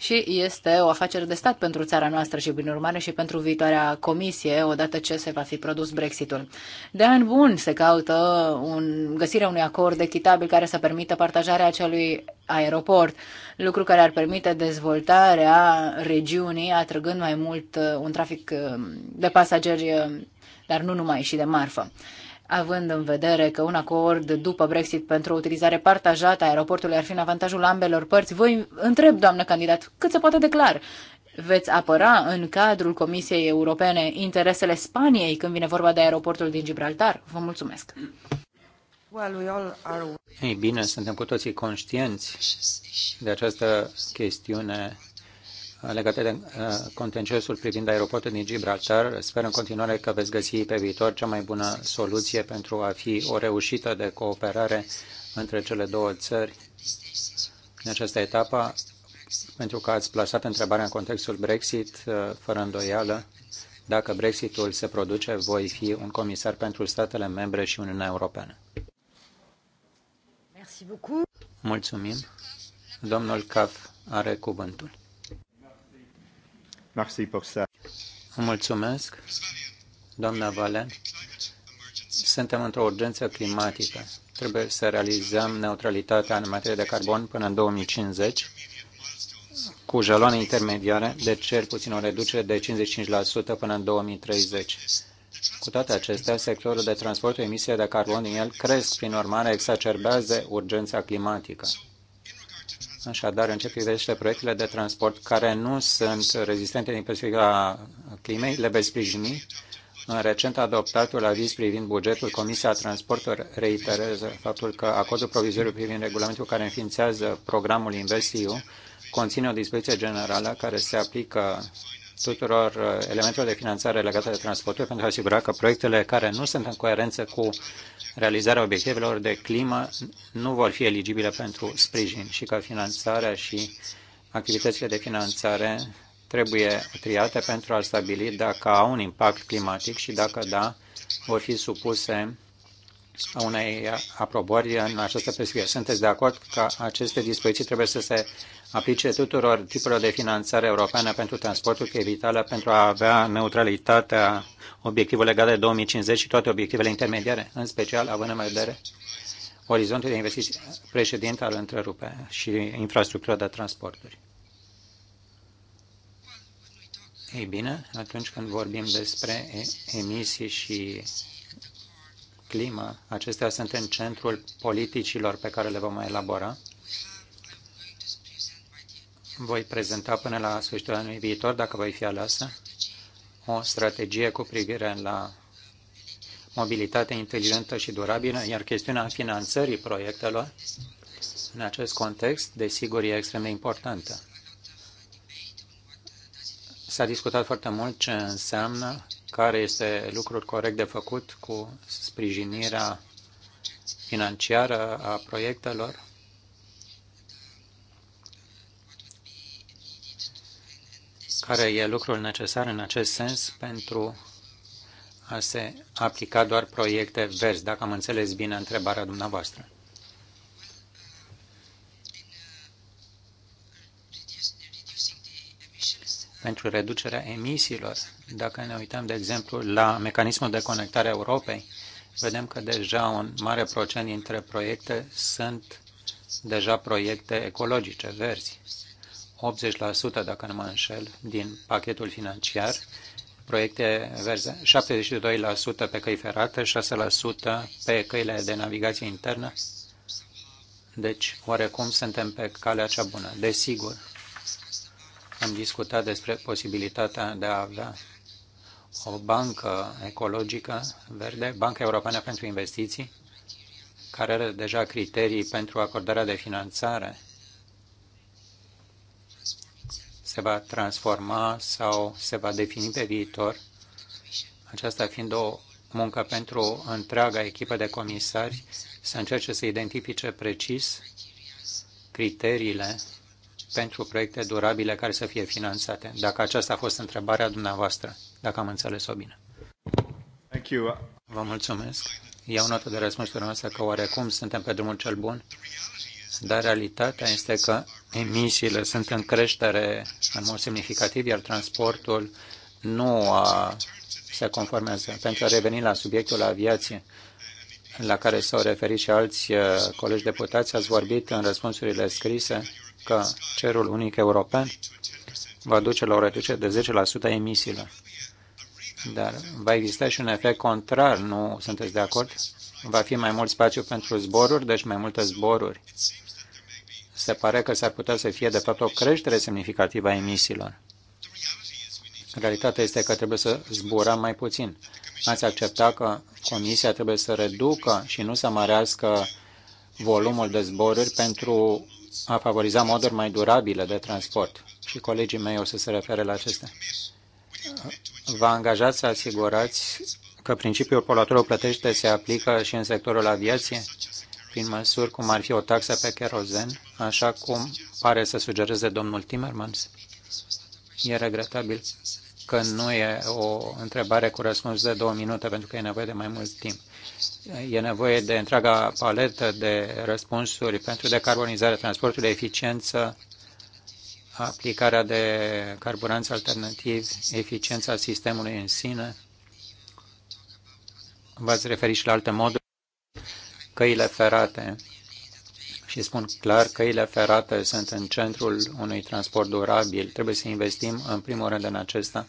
și este o afacere de stat pentru țara noastră și, prin urmare, și pentru viitoarea comisie, odată ce se va fi produs Brexitul. De ani bun se caută un, găsirea unui acord echitabil care să permită partajarea acelui aeroport, lucru care ar permite dezvoltarea regiunii, atrăgând mai mult uh, un trafic uh, de pasageri, uh, dar nu numai și de marfă având în vedere că un acord după Brexit pentru o utilizare partajată a aeroportului ar fi în avantajul ambelor părți, voi întreb, doamnă candidat, cât se poate declar? Veți apăra în cadrul Comisiei Europene interesele Spaniei când vine vorba de aeroportul din Gibraltar? Vă mulțumesc! Ei bine, suntem cu toții conștienți de această chestiune legate de uh, contenciosul privind aeroportul din Gibraltar. Sper în continuare că veți găsi pe viitor cea mai bună soluție pentru a fi o reușită de cooperare între cele două țări în această etapă, pentru că ați plasat întrebarea în contextul Brexit, uh, fără îndoială. Dacă Brexitul se produce, voi fi un comisar pentru statele membre și Uniunea Europeană. Mulțumim. Domnul Caf are cuvântul. Merci pour ça. Mulțumesc, doamna Valen. Suntem într-o urgență climatică. Trebuie să realizăm neutralitatea în materie de carbon până în 2050 cu jaloane intermediare de cel puțin o reducere de 55% până în 2030. Cu toate acestea, sectorul de transport, emisie de carbon din el cresc, prin urmare exacerbează urgența climatică. Așadar, în ce privește proiectele de transport care nu sunt rezistente din perspectiva climei, le veți sprijini. În recent adoptatul aviz privind bugetul, Comisia Transporturi reiterează faptul că acordul provizoriu privind regulamentul care înființează programul InvestEU conține o dispoziție generală care se aplică tuturor uh, elementelor de finanțare legate de transporturi pentru a asigura că proiectele care nu sunt în coerență cu realizarea obiectivelor de climă nu vor fi eligibile pentru sprijin și că finanțarea și activitățile de finanțare trebuie triate pentru a stabili dacă au un impact climatic și dacă da, vor fi supuse a unei aprobări în această perspectivă. Sunteți de acord că aceste dispoziții trebuie să se aplice tuturor tipurilor de finanțare europeană pentru transportul, că e vitală pentru a avea neutralitatea, obiectivul legat de 2050 și toate obiectivele intermediare, în special având în vedere orizontul de investiții. Președinte al întrerupe și infrastructura de transporturi. Ei bine, atunci când vorbim despre emisii și climă. Acestea sunt în centrul politicilor pe care le vom mai elabora. Voi prezenta până la sfârșitul anului viitor, dacă voi fi aleasă, o strategie cu privire la mobilitate inteligentă și durabilă, iar chestiunea finanțării proiectelor în acest context, desigur, e extrem de importantă. S-a discutat foarte mult ce înseamnă care este lucrul corect de făcut cu sprijinirea financiară a proiectelor. care e lucrul necesar în acest sens pentru a se aplica doar proiecte verzi, dacă am înțeles bine întrebarea dumneavoastră. pentru reducerea emisiilor. Dacă ne uităm, de exemplu, la mecanismul de conectare a Europei, vedem că deja un mare procent dintre proiecte sunt deja proiecte ecologice, verzi. 80%, dacă nu mă înșel, din pachetul financiar, proiecte verzi, 72% pe căi ferate, 6% pe căile de navigație internă. Deci, oarecum suntem pe calea cea bună. Desigur, am discutat despre posibilitatea de a avea o bancă ecologică verde, Banca Europeană pentru Investiții, care are deja criterii pentru acordarea de finanțare. Se va transforma sau se va defini pe viitor, aceasta fiind o muncă pentru întreaga echipă de comisari, să încerce să identifice precis criteriile pentru proiecte durabile care să fie finanțate, dacă aceasta a fost întrebarea dumneavoastră, dacă am înțeles-o bine. Thank you. Vă mulțumesc. Iau notă de răspunsul noastră că oarecum suntem pe drumul cel bun, dar realitatea este că emisiile sunt în creștere în mod semnificativ, iar transportul nu a, se conformează. Pentru a reveni la subiectul aviației, la care s-au referit și alți uh, colegi deputați, ați vorbit în răspunsurile scrise că cerul unic european va duce la o reducere de 10% a emisiilor. Dar va exista și un efect contrar, nu sunteți de acord? Va fi mai mult spațiu pentru zboruri, deci mai multe zboruri. Se pare că s-ar putea să fie, de fapt, o creștere semnificativă a emisiilor. Realitatea este că trebuie să zburăm mai puțin. Ați accepta că Comisia trebuie să reducă și nu să mărească volumul de zboruri pentru a favoriza moduri mai durabile de transport. Și colegii mei o să se refere la acestea. Vă angajați să asigurați că principiul poluatorul plătește se aplică și în sectorul aviației prin măsuri cum ar fi o taxă pe kerozen, așa cum pare să sugereze domnul Timmermans. E regretabil că nu e o întrebare cu răspuns de două minute, pentru că e nevoie de mai mult timp. E nevoie de întreaga paletă de răspunsuri pentru decarbonizarea transportului, eficiență, aplicarea de carburanți alternativi, eficiența sistemului în sine. V-ați referit și la alte moduri, căile ferate. Și spun clar, căile ferate sunt în centrul unui transport durabil. Trebuie să investim în primul rând în acesta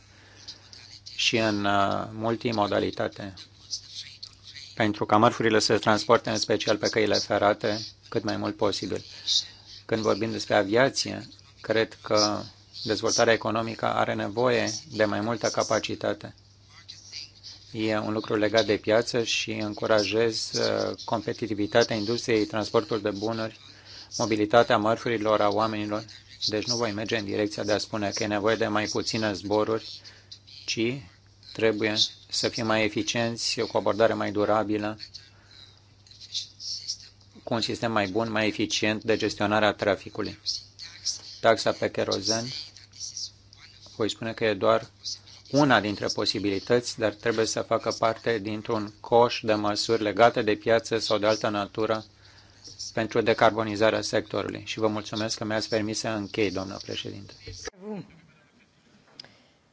și în uh, multimodalitate pentru ca mărfurile să se transporte în special pe căile ferate cât mai mult posibil. Când vorbim despre aviație, cred că dezvoltarea economică are nevoie de mai multă capacitate. E un lucru legat de piață și încurajez uh, competitivitatea industriei transportul de bunuri, mobilitatea mărfurilor a oamenilor. Deci nu voi merge în direcția de a spune că e nevoie de mai puține zboruri, ci trebuie să fim mai eficienți, cu o abordare mai durabilă, cu un sistem mai bun, mai eficient de gestionare a traficului. Taxa pe kerozen, voi spune că e doar una dintre posibilități, dar trebuie să facă parte dintr-un coș de măsuri legate de piață sau de altă natură pentru decarbonizarea sectorului. Și vă mulțumesc că mi-ați permis să închei, doamnă președinte.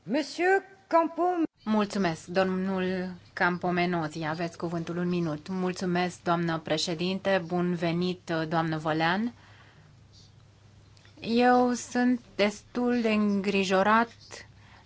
Monsieur Campo Mulțumesc, domnul Campomenozi, aveți cuvântul un minut. Mulțumesc, doamnă președinte, bun venit, doamnă Volean. Eu sunt destul de îngrijorat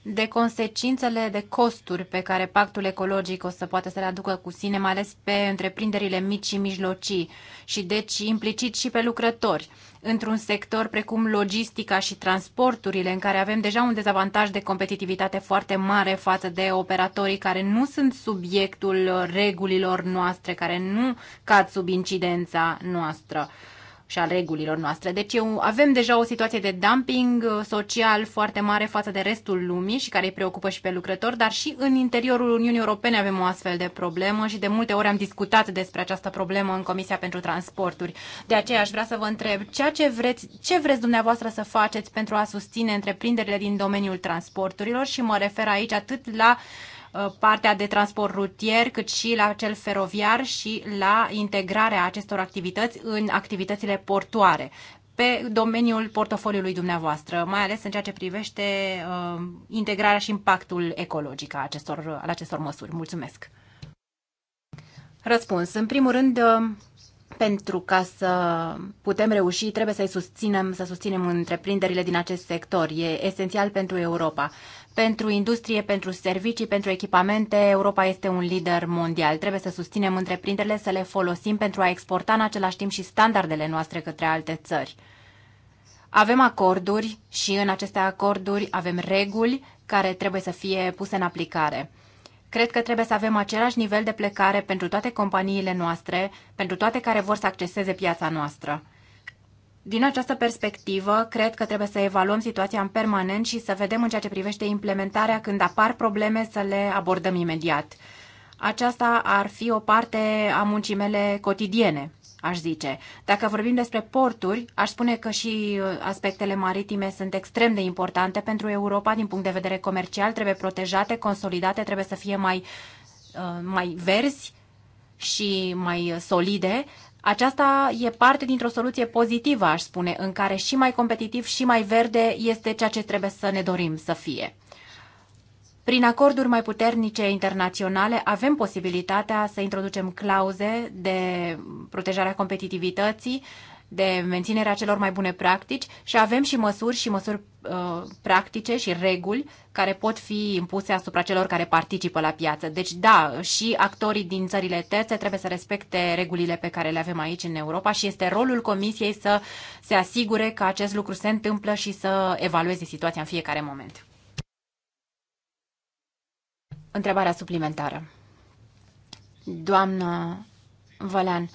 de consecințele de costuri pe care pactul ecologic o să poată să le aducă cu sine, mai ales pe întreprinderile mici și mijlocii și deci implicit și pe lucrători. Într-un sector precum logistica și transporturile, în care avem deja un dezavantaj de competitivitate foarte mare față de operatorii care nu sunt subiectul regulilor noastre, care nu cad sub incidența noastră și al regulilor noastre. Deci eu, avem deja o situație de dumping uh, social foarte mare față de restul lumii și care îi preocupă și pe lucrători, dar și în interiorul Uniunii Europene avem o astfel de problemă și de multe ori am discutat despre această problemă în Comisia pentru Transporturi. De aceea aș vrea să vă întreb ceea ce vreți, ce vreți dumneavoastră să faceți pentru a susține întreprinderile din domeniul transporturilor și mă refer aici atât la Uh, partea de transport rutier, cât și la cel feroviar și la integrarea acestor activități în activitățile portoare pe domeniul portofoliului dumneavoastră, mai ales în ceea ce privește uh, integrarea și impactul ecologic al acestor, al acestor măsuri. Mulțumesc! Răspuns. În primul rând, uh, pentru ca să putem reuși, trebuie să susținem, să susținem întreprinderile din acest sector. E esențial pentru Europa pentru industrie, pentru servicii, pentru echipamente, Europa este un lider mondial. Trebuie să susținem întreprinderile, să le folosim pentru a exporta în același timp și standardele noastre către alte țări. Avem acorduri și în aceste acorduri avem reguli care trebuie să fie puse în aplicare. Cred că trebuie să avem același nivel de plecare pentru toate companiile noastre, pentru toate care vor să acceseze piața noastră. Din această perspectivă, cred că trebuie să evaluăm situația în permanent și să vedem în ceea ce privește implementarea când apar probleme să le abordăm imediat. Aceasta ar fi o parte a muncii mele cotidiene, aș zice. Dacă vorbim despre porturi, aș spune că și uh, aspectele maritime sunt extrem de importante pentru Europa din punct de vedere comercial, trebuie protejate, consolidate, trebuie să fie mai, uh, mai verzi și mai uh, solide, aceasta e parte dintr-o soluție pozitivă, aș spune, în care și mai competitiv și mai verde este ceea ce trebuie să ne dorim să fie. Prin acorduri mai puternice internaționale avem posibilitatea să introducem clauze de protejarea competitivității de menținerea celor mai bune practici și avem și măsuri și măsuri uh, practice și reguli care pot fi impuse asupra celor care participă la piață. Deci da, și actorii din țările terțe trebuie să respecte regulile pe care le avem aici în Europa și este rolul Comisiei să se asigure că acest lucru se întâmplă și să evalueze situația în fiecare moment. Întrebarea suplimentară. Doamnă Vălean, uh,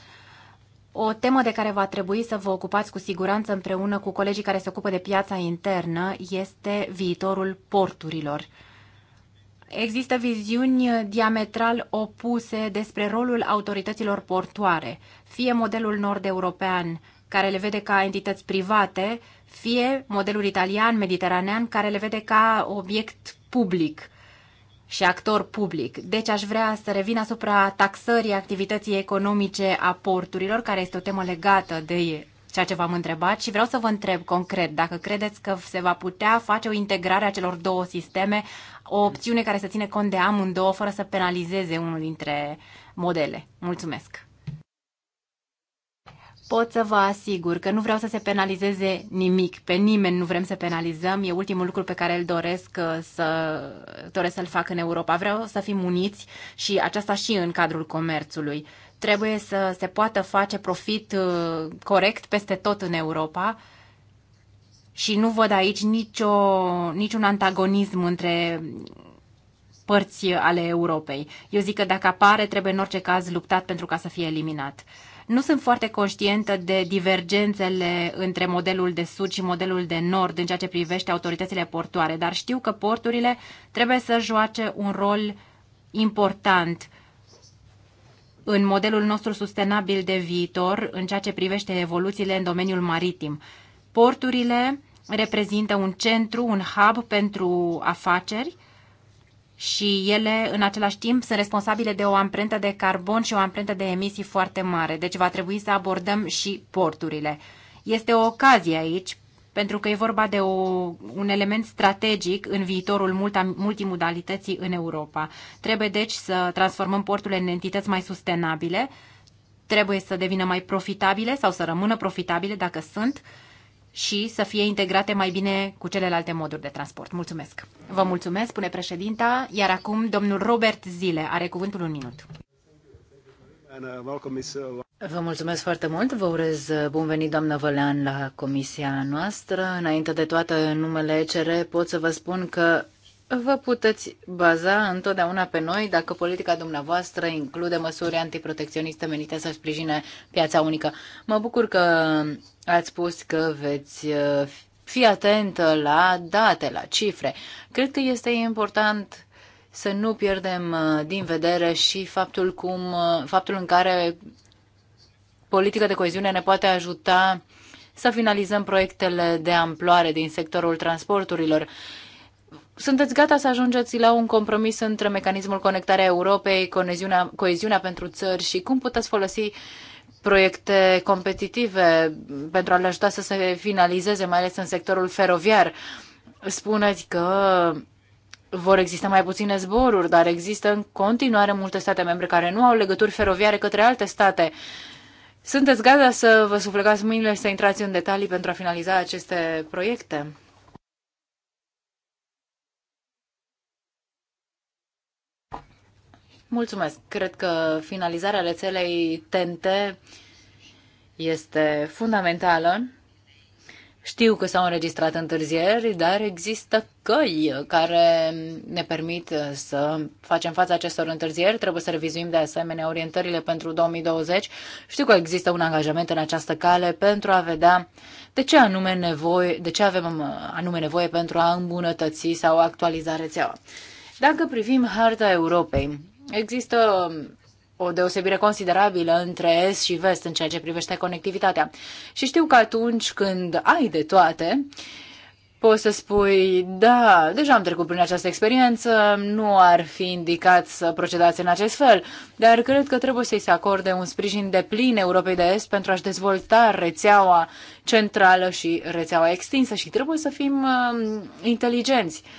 o temă de care va trebui să vă ocupați cu siguranță împreună cu colegii care se ocupă de piața internă este viitorul porturilor. Există viziuni diametral opuse despre rolul autorităților portoare, fie modelul nord-european, care le vede ca entități private, fie modelul italian, mediteranean, care le vede ca obiect public și actor public. Deci aș vrea să revin asupra taxării activității economice a porturilor, care este o temă legată de ceea ce v-am întrebat și vreau să vă întreb concret dacă credeți că se va putea face o integrare a celor două sisteme, o opțiune care să ține cont de amândouă fără să penalizeze unul dintre modele. Mulțumesc! pot să vă asigur că nu vreau să se penalizeze nimic, pe nimeni nu vrem să penalizăm, e ultimul lucru pe care îl doresc, uh, să, doresc să-l fac în Europa. Vreau să fim uniți și aceasta și în cadrul comerțului. Trebuie să se poată face profit uh, corect peste tot în Europa și nu văd aici nicio, niciun antagonism între părți ale Europei. Eu zic că dacă apare, trebuie în orice caz luptat pentru ca să fie eliminat. Nu sunt foarte conștientă de divergențele între modelul de sud și modelul de nord în ceea ce privește autoritățile portoare, dar știu că porturile trebuie să joace un rol important în modelul nostru sustenabil de viitor în ceea ce privește evoluțiile în domeniul maritim. Porturile reprezintă un centru, un hub pentru afaceri și ele în același timp sunt responsabile de o amprentă de carbon și o amprentă de emisii foarte mare. Deci va trebui să abordăm și porturile. Este o ocazie aici pentru că e vorba de o, un element strategic în viitorul multa, multimodalității în Europa. Trebuie deci să transformăm porturile în entități mai sustenabile, trebuie să devină mai profitabile sau să rămână profitabile dacă sunt și să fie integrate mai bine cu celelalte moduri de transport. Mulțumesc! Vă mulțumesc, spune președinta, iar acum domnul Robert Zile are cuvântul un minut. Vă mulțumesc foarte mult, vă urez bun venit, doamnă Vălean, la comisia noastră. Înainte de toate, numele ECR pot să vă spun că Vă puteți baza întotdeauna pe noi dacă politica dumneavoastră include măsuri antiprotecționiste menite să sprijine piața unică. Mă bucur că ați spus că veți uh, fi atentă la date, la cifre. Cred că este important să nu pierdem uh, din vedere și faptul, cum, uh, faptul în care politica de coeziune ne poate ajuta să finalizăm proiectele de amploare din sectorul transporturilor sunteți gata să ajungeți la un compromis între mecanismul conectarea Europei, coeziunea, coeziunea pentru țări și cum puteți folosi proiecte competitive pentru a le ajuta să se finalizeze, mai ales în sectorul feroviar. Spuneți că vor exista mai puține zboruri, dar există în continuare multe state membre care nu au legături feroviare către alte state. Sunteți gata să vă suflecați mâinile și să intrați în detalii pentru a finaliza aceste proiecte? Mulțumesc. Cred că finalizarea rețelei TNT este fundamentală. Știu că s-au înregistrat întârzieri, dar există căi care ne permit să facem față acestor întârzieri. Trebuie să revizuim de asemenea orientările pentru 2020. Știu că există un angajament în această cale pentru a vedea de ce, anume nevoie, de ce avem uh, anume nevoie pentru a îmbunătăți sau actualiza rețeaua. Dacă privim harta Europei, Există um, o deosebire considerabilă între est și vest în ceea ce privește conectivitatea. Și știu că atunci când ai de toate, poți să spui, da, deja am trecut prin această experiență, nu ar fi indicat să procedați în acest fel, dar cred că trebuie să-i se acorde un sprijin de plin Europei de Est pentru a-și dezvolta rețeaua centrală și rețeaua extinsă și trebuie să fim uh, inteligenți. Uh,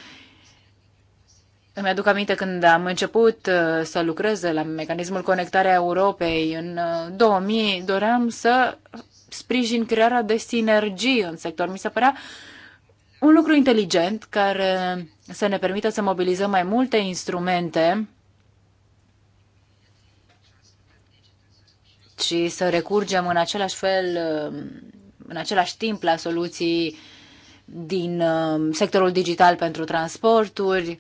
îmi aduc aminte când am început uh, să lucrez la mecanismul conectarea Europei în 2000, uh, doream să sprijin crearea de sinergii în sector. Mi se părea un lucru inteligent care să ne permită să mobilizăm mai multe instrumente și să recurgem în același fel, uh, în același timp la soluții din sectorul digital pentru transporturi,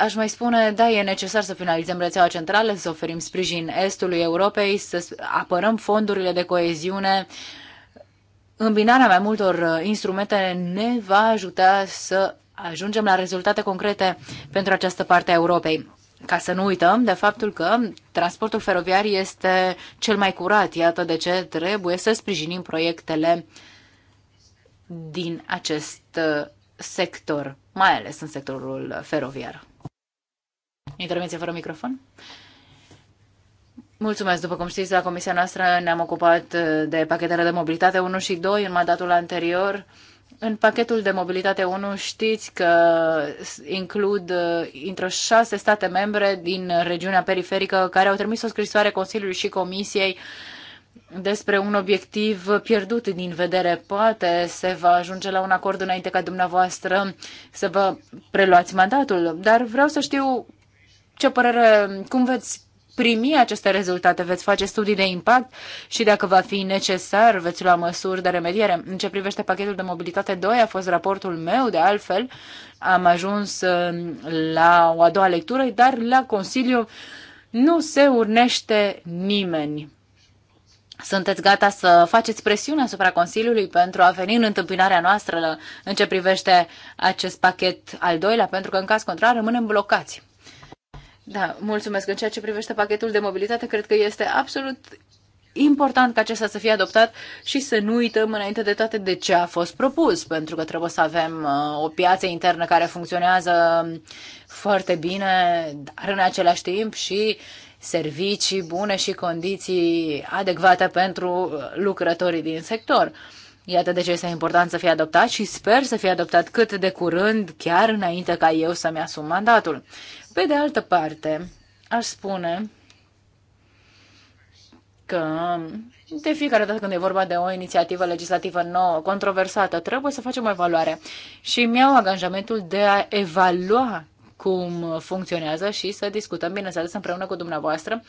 Aș mai spune, da, e necesar să finalizăm rețeaua centrală, să oferim sprijin estului Europei, să apărăm fondurile de coeziune. Îmbinarea mai multor uh, instrumente ne va ajuta să ajungem la rezultate concrete pentru această parte a Europei. Ca să nu uităm de faptul că transportul feroviar este cel mai curat, iată de ce trebuie să sprijinim proiectele din acest uh, sector, mai ales în sectorul feroviar. Intervenție fără microfon. Mulțumesc. După cum știți, la comisia noastră ne-am ocupat uh, de pachetele de mobilitate 1 și 2 în mandatul anterior. În pachetul de mobilitate 1 știți că includ uh, intră șase state membre din regiunea periferică care au trimis o scrisoare Consiliului și Comisiei despre un obiectiv pierdut din vedere. Poate se va ajunge la un acord înainte ca dumneavoastră să vă preluați mandatul, dar vreau să știu ce părere, cum veți primi aceste rezultate? Veți face studii de impact și dacă va fi necesar, veți lua măsuri de remediere. În ce privește pachetul de mobilitate 2, a fost raportul meu, de altfel, am ajuns uh, la o a doua lectură, dar la Consiliu nu se urnește nimeni. Sunteți gata să faceți presiune asupra Consiliului pentru a veni în întâmpinarea noastră în ce privește acest pachet al doilea, pentru că în caz contrar rămânem blocați. Da, mulțumesc. În ceea ce privește pachetul de mobilitate, cred că este absolut important ca acesta să fie adoptat și să nu uităm înainte de toate de ce a fost propus, pentru că trebuie să avem uh, o piață internă care funcționează um, foarte bine, dar în același timp și servicii bune și condiții adecvate pentru uh, lucrătorii din sector. Iată de ce este important să fie adoptat și sper să fie adoptat cât de curând, chiar înainte ca eu să-mi asum mandatul. Pe de altă parte, aș spune că de fiecare dată când e vorba de o inițiativă legislativă nouă, controversată, trebuie să facem o evaluare. Și mi-au angajamentul de a evalua cum funcționează și să discutăm, bineînțeles, împreună cu dumneavoastră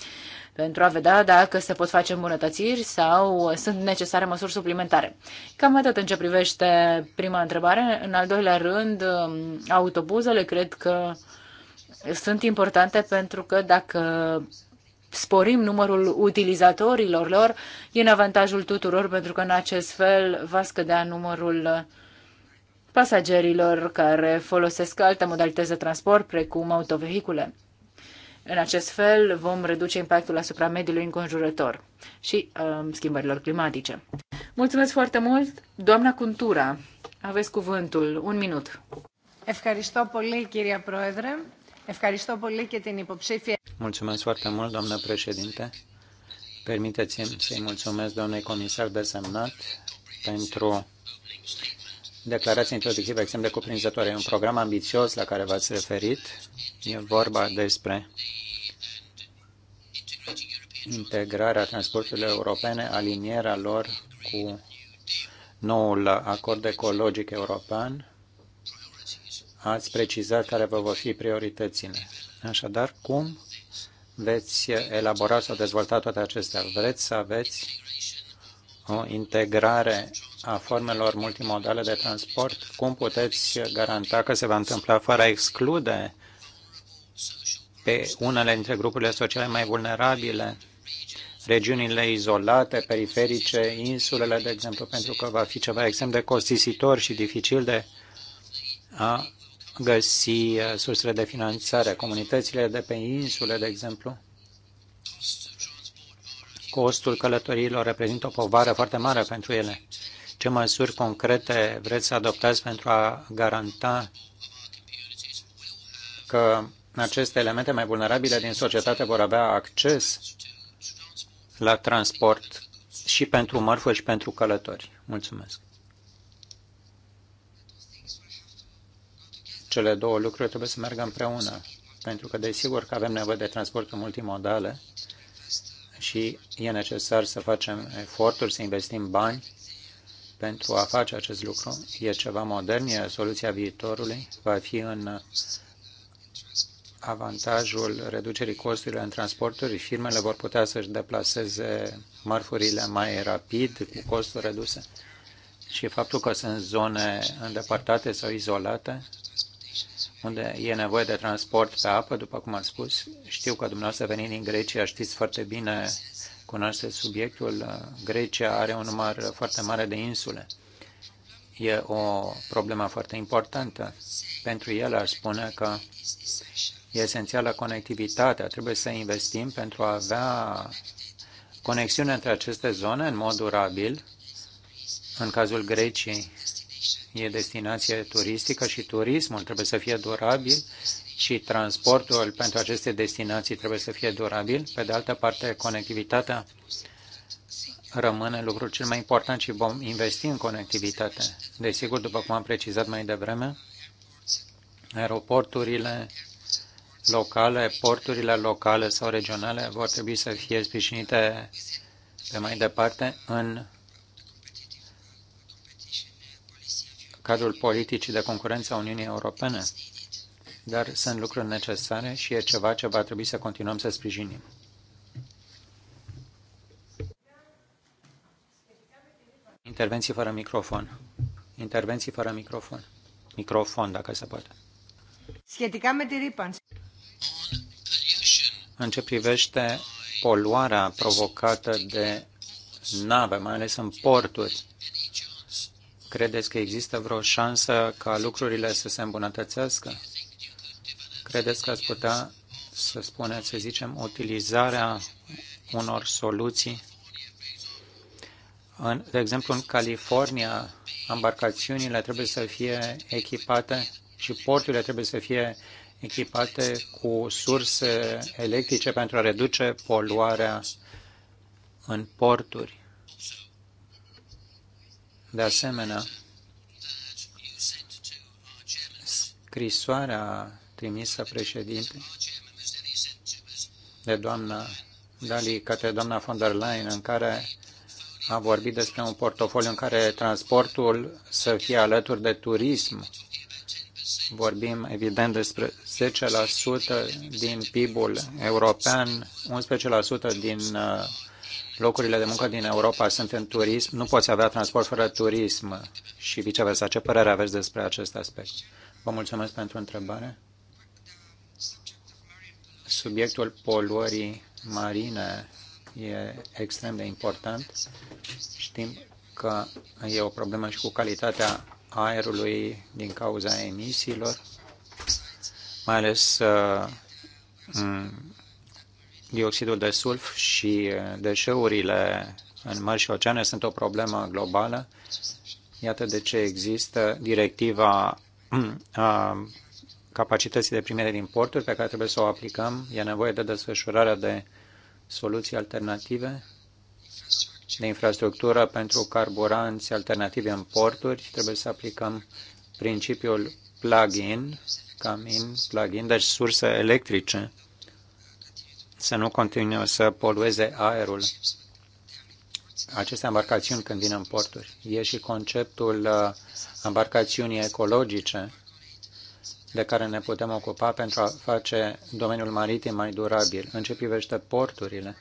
pentru a vedea dacă se pot face îmbunătățiri sau sunt necesare măsuri suplimentare. Cam atât în ce privește prima întrebare. În al doilea rând, autobuzele, cred că uh, sunt importante pentru că dacă sporim numărul utilizatorilor lor, e în avantajul tuturor pentru că în acest fel va scădea numărul pasagerilor care folosesc alte modalități de transport, precum autovehicule. În acest fel vom reduce impactul asupra mediului înconjurător și um, uh, schimbărilor climatice. Mulțumesc foarte mult, doamna Cuntura. Aveți cuvântul. Un minut. Ευχαριστώ πολύ, κυρία Mulțumesc foarte mult, doamnă președinte. Permiteți-mi să-i mulțumesc doamnei comisar desemnat pentru declarația introductivă extrem de cuprinzătoare. E un program ambițios la care v-ați referit. E vorba despre integrarea transporturilor europene, alinierea lor cu noul acord ecologic european, ați precizat care vă vor fi prioritățile. Așadar, cum veți elabora sau dezvolta toate acestea? Vreți să aveți o integrare a formelor multimodale de transport? Cum puteți garanta că se va întâmpla fără a exclude pe unele dintre grupurile sociale mai vulnerabile, regiunile izolate, periferice, insulele, de exemplu, pentru că va fi ceva extrem de costisitor și dificil de a găsi uh, sursele de finanțare. Comunitățile de pe insule, de exemplu, costul călătoriilor reprezintă o povară foarte mare pentru ele. Ce măsuri concrete vreți să adoptați pentru a garanta că aceste elemente mai vulnerabile din societate vor avea acces la transport și pentru mărfuri și pentru călători? Mulțumesc! Cele două lucruri trebuie să meargă împreună, pentru că desigur că avem nevoie de transporturi multimodale și e necesar să facem eforturi, să investim bani pentru a face acest lucru. E ceva modern, e soluția viitorului, va fi în avantajul reducerii costurilor în transporturi. Firmele vor putea să-și deplaseze mărfurile mai rapid, cu costuri reduse. Și faptul că sunt zone îndepărtate sau izolate unde e nevoie de transport pe apă, după cum am spus. Știu că dumneavoastră venind din Grecia știți foarte bine, cunoaște subiectul. Grecia are un număr foarte mare de insule. E o problemă foarte importantă. Pentru el ar spune că e esențială conectivitatea. Trebuie să investim pentru a avea conexiune între aceste zone în mod durabil. În cazul Greciei e destinație turistică și turismul trebuie să fie durabil și transportul pentru aceste destinații trebuie să fie durabil. Pe de altă parte, conectivitatea rămâne lucrul cel mai important și vom investi în conectivitate. Desigur, după cum am precizat mai devreme, aeroporturile locale, porturile locale sau regionale vor trebui să fie sprijinite pe mai departe în cadrul politicii de concurență a Uniunii Europene, dar sunt lucruri necesare și e ceva ce va trebui să continuăm să sprijinim. Intervenții fără microfon. Intervenții fără microfon. Microfon, dacă se poate. În ce privește poluarea provocată de nave, mai ales în porturi, Credeți că există vreo șansă ca lucrurile să se îmbunătățească? Credeți că ați putea să spuneți, să zicem, utilizarea unor soluții? În, de exemplu, în California, embarcațiunile trebuie să fie echipate și porturile trebuie să fie echipate cu surse electrice pentru a reduce poluarea în porturi. De asemenea, scrisoarea trimisă președinte de doamna Dali către doamna von der Leyen, în care a vorbit despre un portofoliu în care transportul să fie alături de turism. Vorbim, evident, despre 10% din PIB-ul european, 11% din uh, locurile de muncă din Europa sunt în turism, nu poți avea transport fără turism și viceversa. Ce părere aveți despre acest aspect? Vă mulțumesc pentru întrebare. Subiectul poluării marine e extrem de important. Știm că e o problemă și cu calitatea aerului din cauza emisiilor, mai ales uh, dioxidul de sulf și uh, deșeurile în mări și oceane sunt o problemă globală. Iată de ce există directiva a capacității de primire din porturi pe care trebuie să o aplicăm. E nevoie de desfășurarea de soluții alternative, de infrastructură pentru carburanți alternativi în porturi. Trebuie să aplicăm principiul plug-in, plug-in, deci surse electrice să nu continue să polueze aerul aceste embarcațiuni când vin în porturi. E și conceptul uh, embarcațiunii ecologice de care ne putem ocupa pentru a face domeniul maritim mai durabil. În ce privește porturile,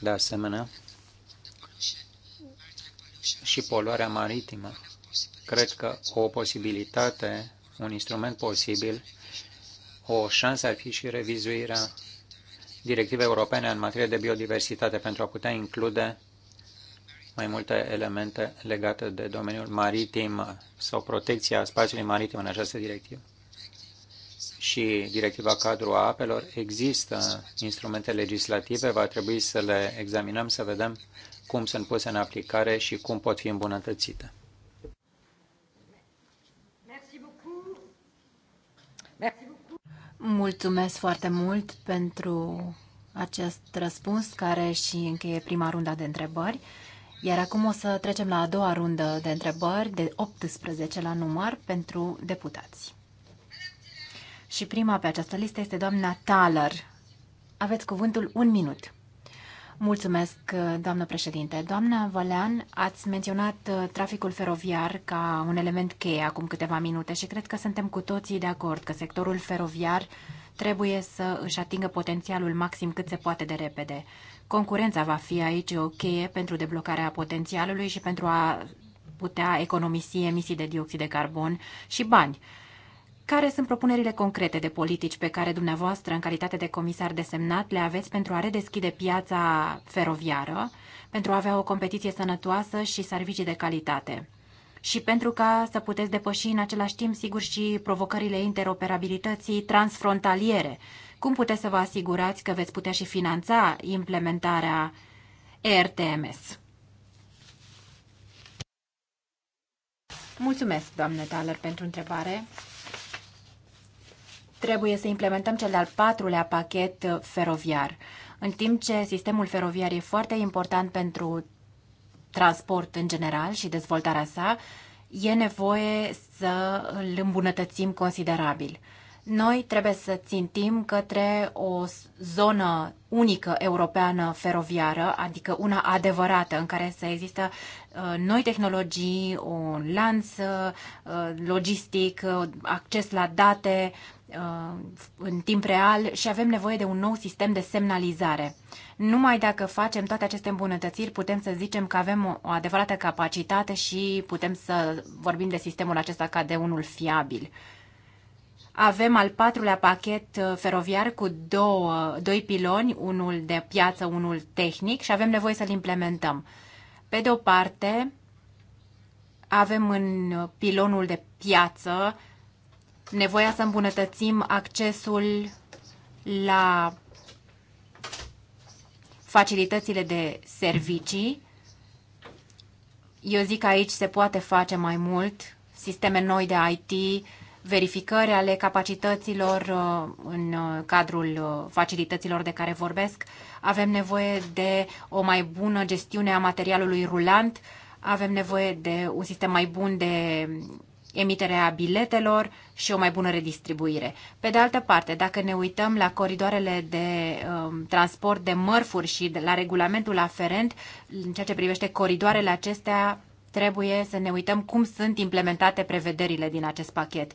de asemenea, și poluarea maritimă. Cred că o posibilitate, un instrument posibil, o șansă ar fi și revizuirea directive europene în materie de biodiversitate pentru a putea include mai multe elemente legate de domeniul maritim sau protecția spațiului maritim în această directivă. Și directiva cadru a apelor există instrumente legislative, va trebui să le examinăm, să vedem cum sunt puse în aplicare și cum pot fi îmbunătățite. Merci beaucoup. Merci beaucoup. Mulțumesc foarte mult pentru acest răspuns care și încheie prima rundă de întrebări. Iar acum o să trecem la a doua rundă de întrebări, de 18 la număr, pentru deputați. Și prima pe această listă este doamna Thaler. Aveți cuvântul un minut. Mulțumesc, doamnă președinte. Doamna Vălean, ați menționat uh, traficul feroviar ca un element cheie acum câteva minute și cred că suntem cu toții de acord că sectorul feroviar trebuie să își atingă potențialul maxim cât se poate de repede. Concurența va fi aici o cheie pentru deblocarea potențialului și pentru a putea economisi emisii de dioxid de carbon și bani. Care sunt propunerile concrete de politici pe care dumneavoastră, în calitate de comisar desemnat, le aveți pentru a redeschide piața feroviară, pentru a avea o competiție sănătoasă și servicii de calitate? și pentru ca să puteți depăși în același timp, sigur, și provocările interoperabilității transfrontaliere. Cum puteți să vă asigurați că veți putea și finanța implementarea ERTMS? Mulțumesc, doamne Thaler, pentru întrebare trebuie să implementăm cel de-al patrulea pachet uh, feroviar. În timp ce sistemul feroviar e foarte important pentru transport în general și dezvoltarea sa, e nevoie să îl îmbunătățim considerabil. Noi trebuie să țintim către o zonă unică europeană feroviară, adică una adevărată în care să există uh, noi tehnologii, un lanț uh, logistic, acces la date, Uh, în timp real și avem nevoie de un nou sistem de semnalizare. Numai dacă facem toate aceste îmbunătățiri, putem să zicem că avem o adevărată capacitate și putem să vorbim de sistemul acesta ca de unul fiabil. Avem al patrulea pachet uh, feroviar cu două, doi piloni, unul de piață, unul tehnic și avem nevoie să-l implementăm. Pe de o parte, avem în pilonul de piață nevoia să îmbunătățim accesul la facilitățile de servicii. Eu zic că aici se poate face mai mult, sisteme noi de IT, verificări ale capacităților uh, în uh, cadrul uh, facilităților de care vorbesc. Avem nevoie de o mai bună gestiune a materialului rulant, avem nevoie de un sistem mai bun de emiterea biletelor și o mai bună redistribuire. Pe de altă parte, dacă ne uităm la coridoarele de um, transport de mărfuri și de, la regulamentul aferent, în ceea ce privește coridoarele acestea, trebuie să ne uităm cum sunt implementate prevederile din acest pachet.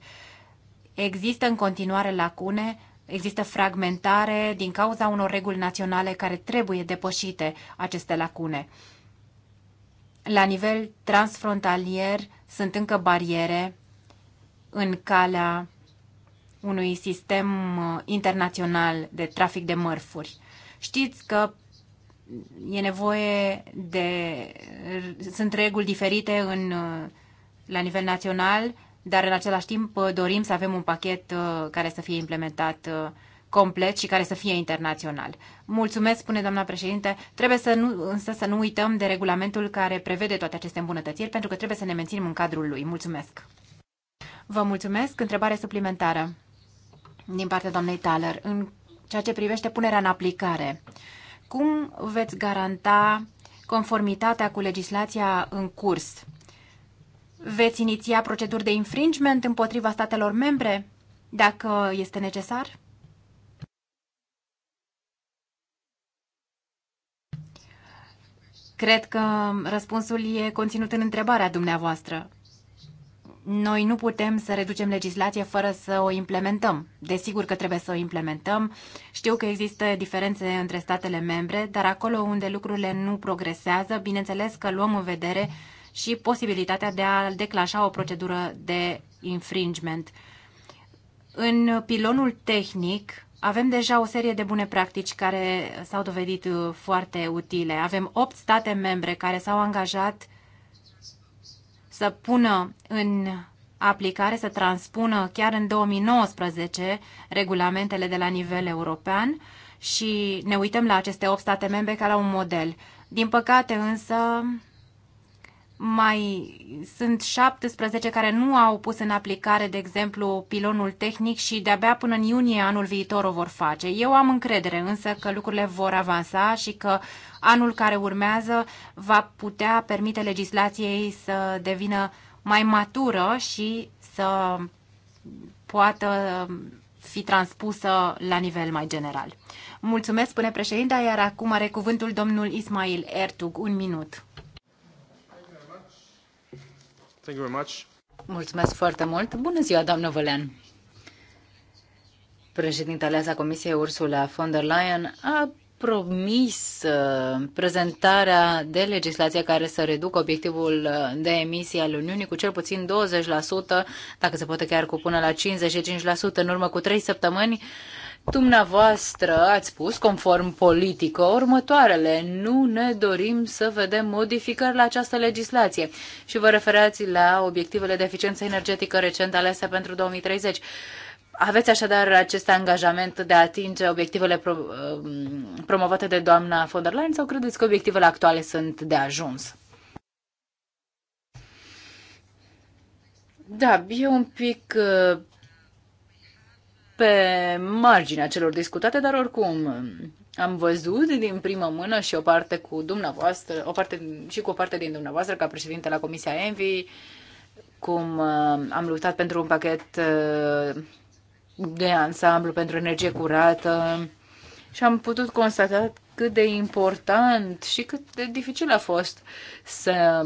Există în continuare lacune, există fragmentare din cauza unor reguli naționale care trebuie depășite aceste lacune. La nivel transfrontalier, sunt încă bariere în calea unui sistem uh, internațional de trafic de mărfuri. Știți că e nevoie de. sunt reguli diferite în, uh, la nivel național, dar în același timp uh, dorim să avem un pachet care să fie implementat complet și care să fie internațional. Mulțumesc, spune doamna președinte. Trebuie să nu, însă să nu uităm de regulamentul care prevede toate aceste îmbunătățiri, pentru că trebuie să ne menținem în cadrul lui. Mulțumesc. Vă mulțumesc. Întrebare suplimentară din partea doamnei Taler. în ceea ce privește punerea în aplicare. Cum veți garanta conformitatea cu legislația în curs? Veți iniția proceduri de infringement împotriva statelor membre, dacă este necesar? Cred că răspunsul e conținut în întrebarea dumneavoastră. Noi nu putem să reducem legislația fără să o implementăm. Desigur că trebuie să o implementăm. Știu că există diferențe între statele membre, dar acolo unde lucrurile nu progresează, bineînțeles că luăm în vedere și posibilitatea de a declanșa o procedură de infringement. În pilonul tehnic, avem deja o serie de bune practici care s-au dovedit uh, foarte utile. Avem opt state membre care s-au angajat să pună în aplicare, să transpună chiar în 2019 regulamentele de la nivel european și ne uităm la aceste 8 state membre care au un model. Din păcate însă, mai sunt 17 care nu au pus în aplicare, de exemplu, pilonul tehnic și de-abia până în iunie anul viitor o vor face. Eu am încredere însă că lucrurile vor avansa și că anul care urmează va putea permite legislației să devină mai matură și să poată fi transpusă la nivel mai general. Mulțumesc, spune președinta, iar acum are cuvântul domnul Ismail Ertug. Un minut. Mulțumesc foarte mult. Bună ziua, doamnă Vălean. Președintele aleasa Comisiei Ursula von der Leyen a promis uh, prezentarea de legislație care să reducă obiectivul uh, de emisie al Uniunii cu cel puțin 20%, dacă se poate chiar cu până la 55% în urmă cu trei săptămâni. Dumneavoastră ați spus, conform politică, următoarele. Nu ne dorim să vedem modificări la această legislație. Și vă referați la obiectivele de eficiență energetică recent alese pentru 2030. Aveți așadar acest angajament de a atinge obiectivele pro, um, promovate de doamna von der Leyen sau credeți că obiectivele actuale sunt de ajuns? Da, e un pic uh, pe marginea celor discutate, dar oricum am văzut din primă mână și o parte cu dumneavoastră, o parte, și cu o parte din dumneavoastră ca președinte la Comisia Envi, cum uh, am luptat pentru un pachet uh, de ansamblu pentru energie curată și am putut constata cât de important și cât de dificil a fost să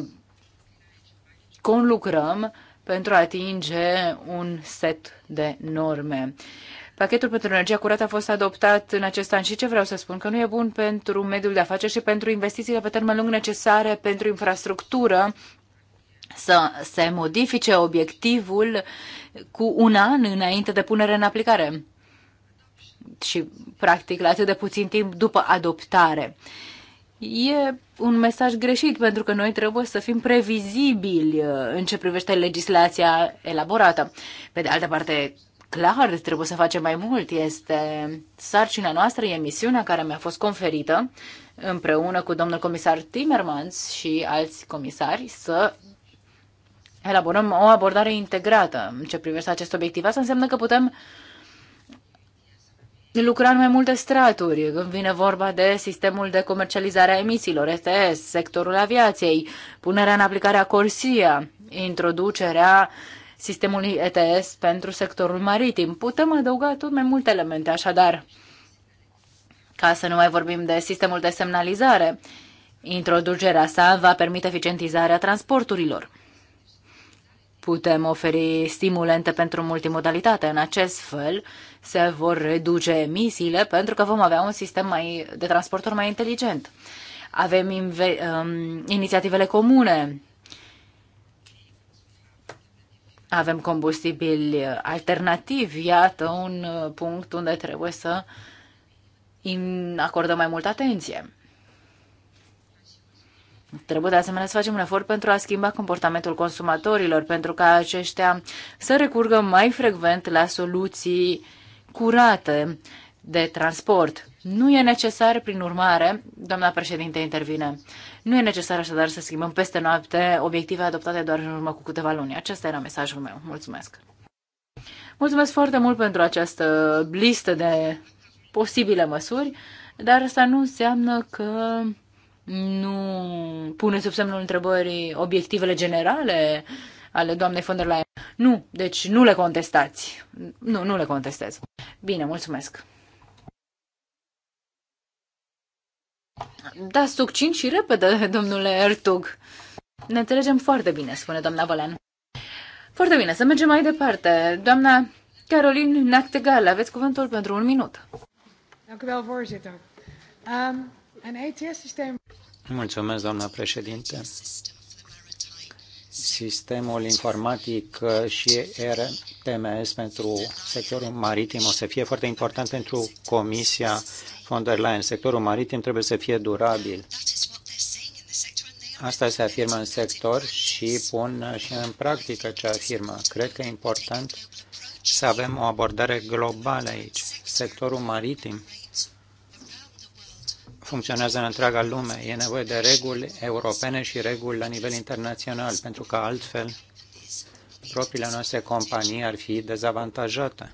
conlucrăm pentru a atinge un set de norme. Pachetul pentru energia curată a fost adoptat în acest an și ce vreau să spun? Că nu e bun pentru mediul de afaceri și pentru investițiile pe termen lung necesare pentru infrastructură să se modifice obiectivul cu un an înainte de punere în aplicare și, practic, la atât de puțin timp după adoptare. Uh, E un mesaj greșit pentru că noi trebuie să fim previzibili uh, în ce privește legislația elaborată. Pe de altă parte, clar, trebuie să facem mai mult. Este sarcina noastră, e misiunea care mi-a fost conferită împreună cu domnul comisar Timmermans și alți comisari să elaborăm o abordare integrată în ce privește acest obiectiv. Asta înseamnă că putem lucra în mai multe straturi, când vine vorba de sistemul de comercializare a emisiilor, ETS, sectorul aviației, punerea în aplicare a Corsia, introducerea sistemului ETS pentru sectorul maritim. Putem adăuga tot mai multe elemente, așadar, ca să nu mai vorbim de sistemul de semnalizare. Introducerea sa va permite eficientizarea transporturilor putem oferi stimulente pentru multimodalitate. În acest fel se vor reduce emisiile pentru că vom avea un sistem mai, de transporturi mai inteligent. Avem inve, um, inițiativele comune, avem combustibili alternativi, iată un uh, punct unde trebuie să acordăm mai multă atenție. Trebuie de asemenea să facem un efort pentru a schimba comportamentul consumatorilor, pentru ca aceștia să recurgă mai frecvent la soluții curate de transport. Nu e necesar, prin urmare, doamna președinte intervine, nu e necesar așadar să schimbăm peste noapte obiective adoptate doar în urmă cu câteva luni. Acesta era mesajul meu. Mulțumesc! Mulțumesc foarte mult pentru această listă de posibile măsuri, dar asta nu înseamnă că nu pune sub semnul întrebării obiectivele generale ale doamnei von der Leyen. Nu, deci nu le contestați. Nu, nu le contestez. Bine, mulțumesc. Da, succint și repede, domnule Ertug. Ne înțelegem foarte bine, spune doamna Valen. Foarte bine, să mergem mai departe. Doamna Carolin Nactegal, aveți cuvântul pentru un minut. Dank u wel, voorzitter. Um, Mulțumesc, doamna președinte. Sistemul informatic și RTMS pentru sectorul maritim o să fie foarte important pentru Comisia von der Leyen. Sectorul maritim trebuie să fie durabil. Asta se afirmă în sector și pun și în practică ce afirmă. Cred că e important să avem o abordare globală aici. Sectorul maritim funcționează în întreaga lume. E nevoie de reguli europene și reguli la nivel internațional, pentru că altfel propriile noastre companii ar fi dezavantajate.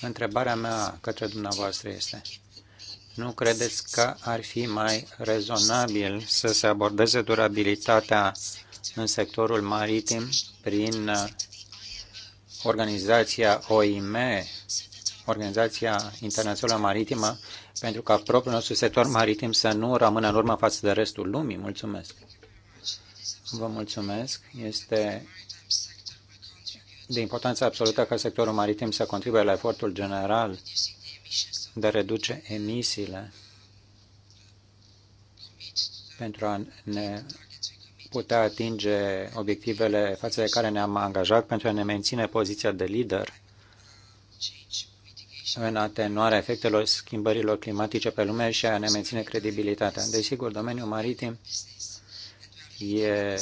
Întrebarea mea către dumneavoastră este, nu credeți că ar fi mai rezonabil să se abordeze durabilitatea în sectorul maritim prin organizația OIM, Organizația Internațională Maritimă, pentru ca propriul nostru sector maritim să nu rămână în urmă față de restul lumii. Mulțumesc! Vă mulțumesc! Este de importanță absolută ca sectorul maritim să contribuie la efortul general de a reduce emisiile pentru a ne putea atinge obiectivele față de care ne-am angajat pentru a ne menține poziția de lider asemenea atenuarea efectelor schimbărilor climatice pe lume și a ne menține credibilitatea. Desigur, domeniul maritim e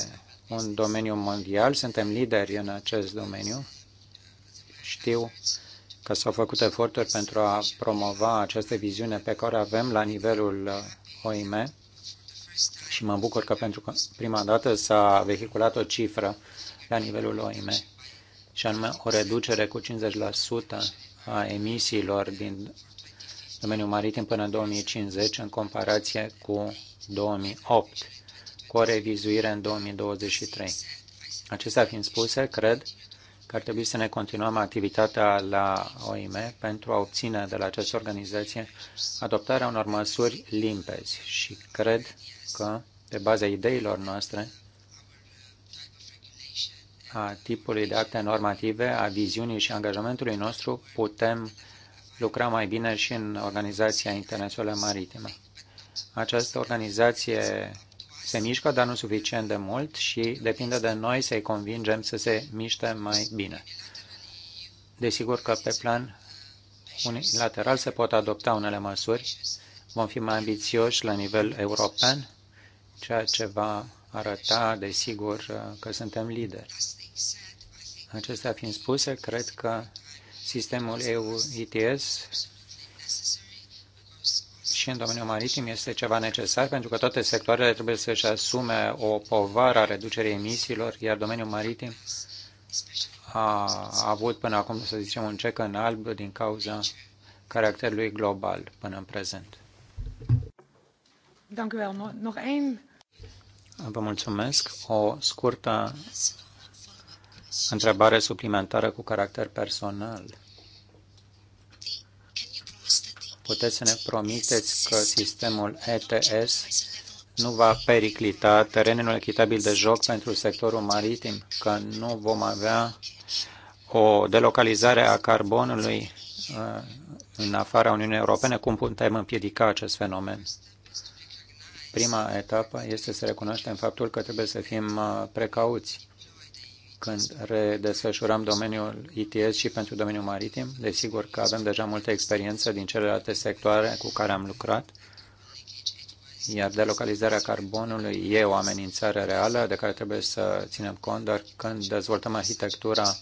un domeniu mondial, suntem lideri în acest domeniu. Știu că s-au făcut eforturi pentru a promova această viziune pe care avem la nivelul OIM și mă bucur că pentru că prima dată s-a vehiculat o cifră la nivelul OIM și anume o reducere cu 50% a emisiilor din domeniul maritim până în 2050 în comparație cu 2008, cu o revizuire în 2023. Acestea fiind spuse, cred că ar trebui să ne continuăm activitatea la OIM pentru a obține de la această organizație adoptarea unor măsuri limpezi și cred că, pe baza ideilor noastre, a tipului de acte normative, a viziunii și angajamentului nostru, putem lucra mai bine și în Organizația Internațională Maritimă. Această organizație se mișcă, dar nu suficient de mult și depinde de noi să-i convingem să se miște mai bine. Desigur că pe plan unilateral se pot adopta unele măsuri, vom fi mai ambițioși la nivel european, ceea ce va arăta, desigur, că suntem lideri. Acestea fiind spuse, cred că sistemul EU ETS și în domeniul maritim este ceva necesar pentru că toate sectoarele trebuie să-și asume o povară a reducerii emisiilor, iar domeniul maritim a avut până acum, să zicem, un cec în alb din cauza caracterului global până în prezent. Vă mulțumesc. O scurtă Întrebare suplimentară cu caracter personal. Puteți să ne promiteți că sistemul ETS nu va periclita terenul echitabil de joc pentru sectorul maritim, că nu vom avea o delocalizare a carbonului uh, în afara Uniunii Europene, cum putem împiedica acest fenomen? Prima etapă este să recunoaștem faptul că trebuie să fim uh, precauți când redesfășurăm domeniul ITS și pentru domeniul maritim. Desigur că avem deja multă experiență din celelalte sectoare cu care am lucrat, iar delocalizarea carbonului e o amenințare reală de care trebuie să ținem cont, dar când dezvoltăm arhitectura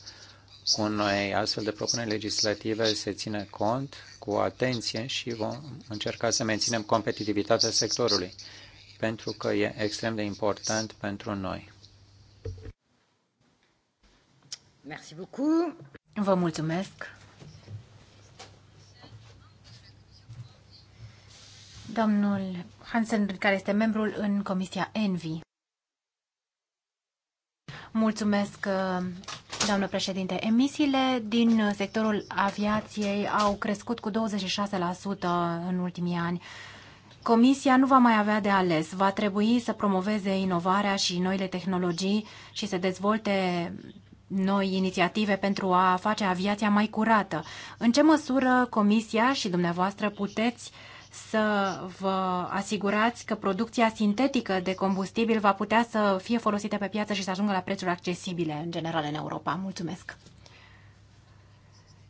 cu noi astfel de propuneri legislative se ține cont cu atenție și vom încerca să menținem competitivitatea sectorului, pentru că e extrem de important pentru noi. Merci beaucoup. Vă mulțumesc. Domnul Hansen, care este membrul în Comisia Envi. Mulțumesc, doamnă președinte. Emisiile din sectorul aviației au crescut cu 26% în ultimii ani. Comisia nu va mai avea de ales. Va trebui să promoveze inovarea și noile tehnologii și să dezvolte noi inițiative pentru a face aviația mai curată. În ce măsură Comisia și dumneavoastră puteți să vă asigurați că producția sintetică de combustibil va putea să fie folosită pe piață și să ajungă la prețuri accesibile în general în Europa? Mulțumesc!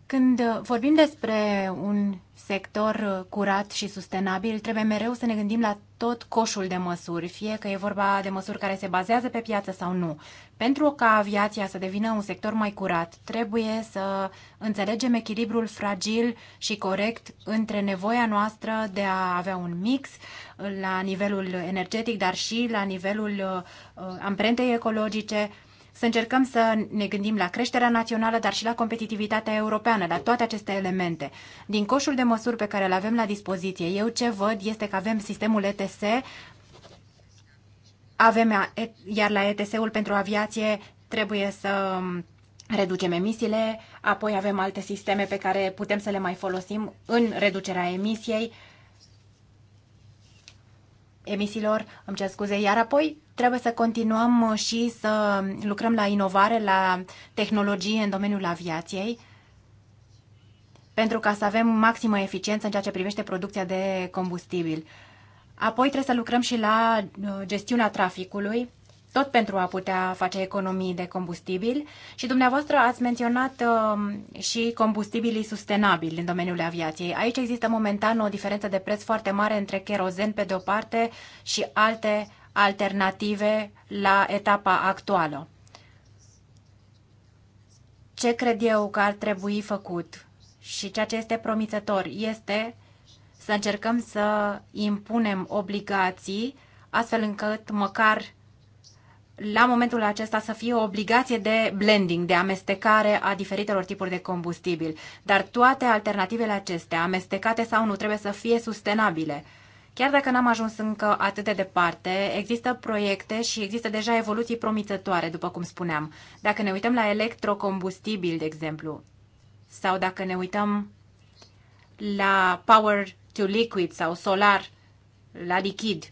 Când vorbim despre un sector uh, curat și sustenabil, trebuie mereu să ne gândim la tot coșul de măsuri, fie că e vorba de măsuri care se bazează pe piață sau nu. Pentru ca aviația să devină un sector mai curat, trebuie să înțelegem echilibrul fragil și corect între nevoia noastră de a avea un mix uh, la nivelul energetic, dar și la nivelul uh, amprentei ecologice, să încercăm să ne gândim la creșterea națională, dar și la competitivitatea europeană, la toate aceste elemente. Din coșul de măsuri pe care îl avem la dispoziție, eu ce văd este că avem sistemul ETS, avem, iar la ETS-ul pentru aviație trebuie să um, reducem emisiile, apoi avem alte sisteme pe care putem să le mai folosim în reducerea emisiei, emisiilor, îmi cer scuze, iar apoi Trebuie să continuăm uh, și să lucrăm la inovare, la tehnologie în domeniul aviației, pentru ca să avem maximă eficiență în ceea ce privește producția de combustibil. Apoi trebuie să lucrăm și la uh, gestiunea traficului, tot pentru a putea face economii de combustibil. Și dumneavoastră ați menționat uh, și combustibilii sustenabili în domeniul aviației. Aici există momentan o diferență de preț foarte mare între cherozen pe de o parte și alte alternative la etapa actuală. Ce cred eu că ar trebui făcut și ceea ce este promițător este să încercăm să impunem obligații astfel încât măcar la momentul acesta să fie o obligație de blending, de amestecare a diferitelor tipuri de combustibil. Dar toate alternativele acestea, amestecate sau nu, trebuie să fie sustenabile. Chiar dacă n-am ajuns încă atât de departe, există proiecte și există deja evoluții promițătoare, după cum spuneam. Dacă ne uităm la electrocombustibil, de exemplu, sau dacă ne uităm la power to liquid sau solar la lichid,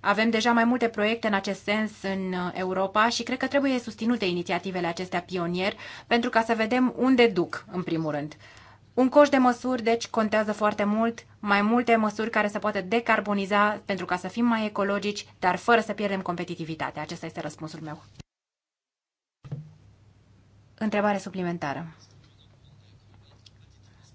avem deja mai multe proiecte în acest sens în Europa și cred că trebuie susținute inițiativele acestea pionier pentru ca să vedem unde duc, în primul rând. Un coș de măsuri, deci, contează foarte mult, mai multe măsuri care se poate decarboniza pentru ca să fim mai ecologici, dar fără să pierdem competitivitatea. Acesta este răspunsul meu. Întrebare suplimentară.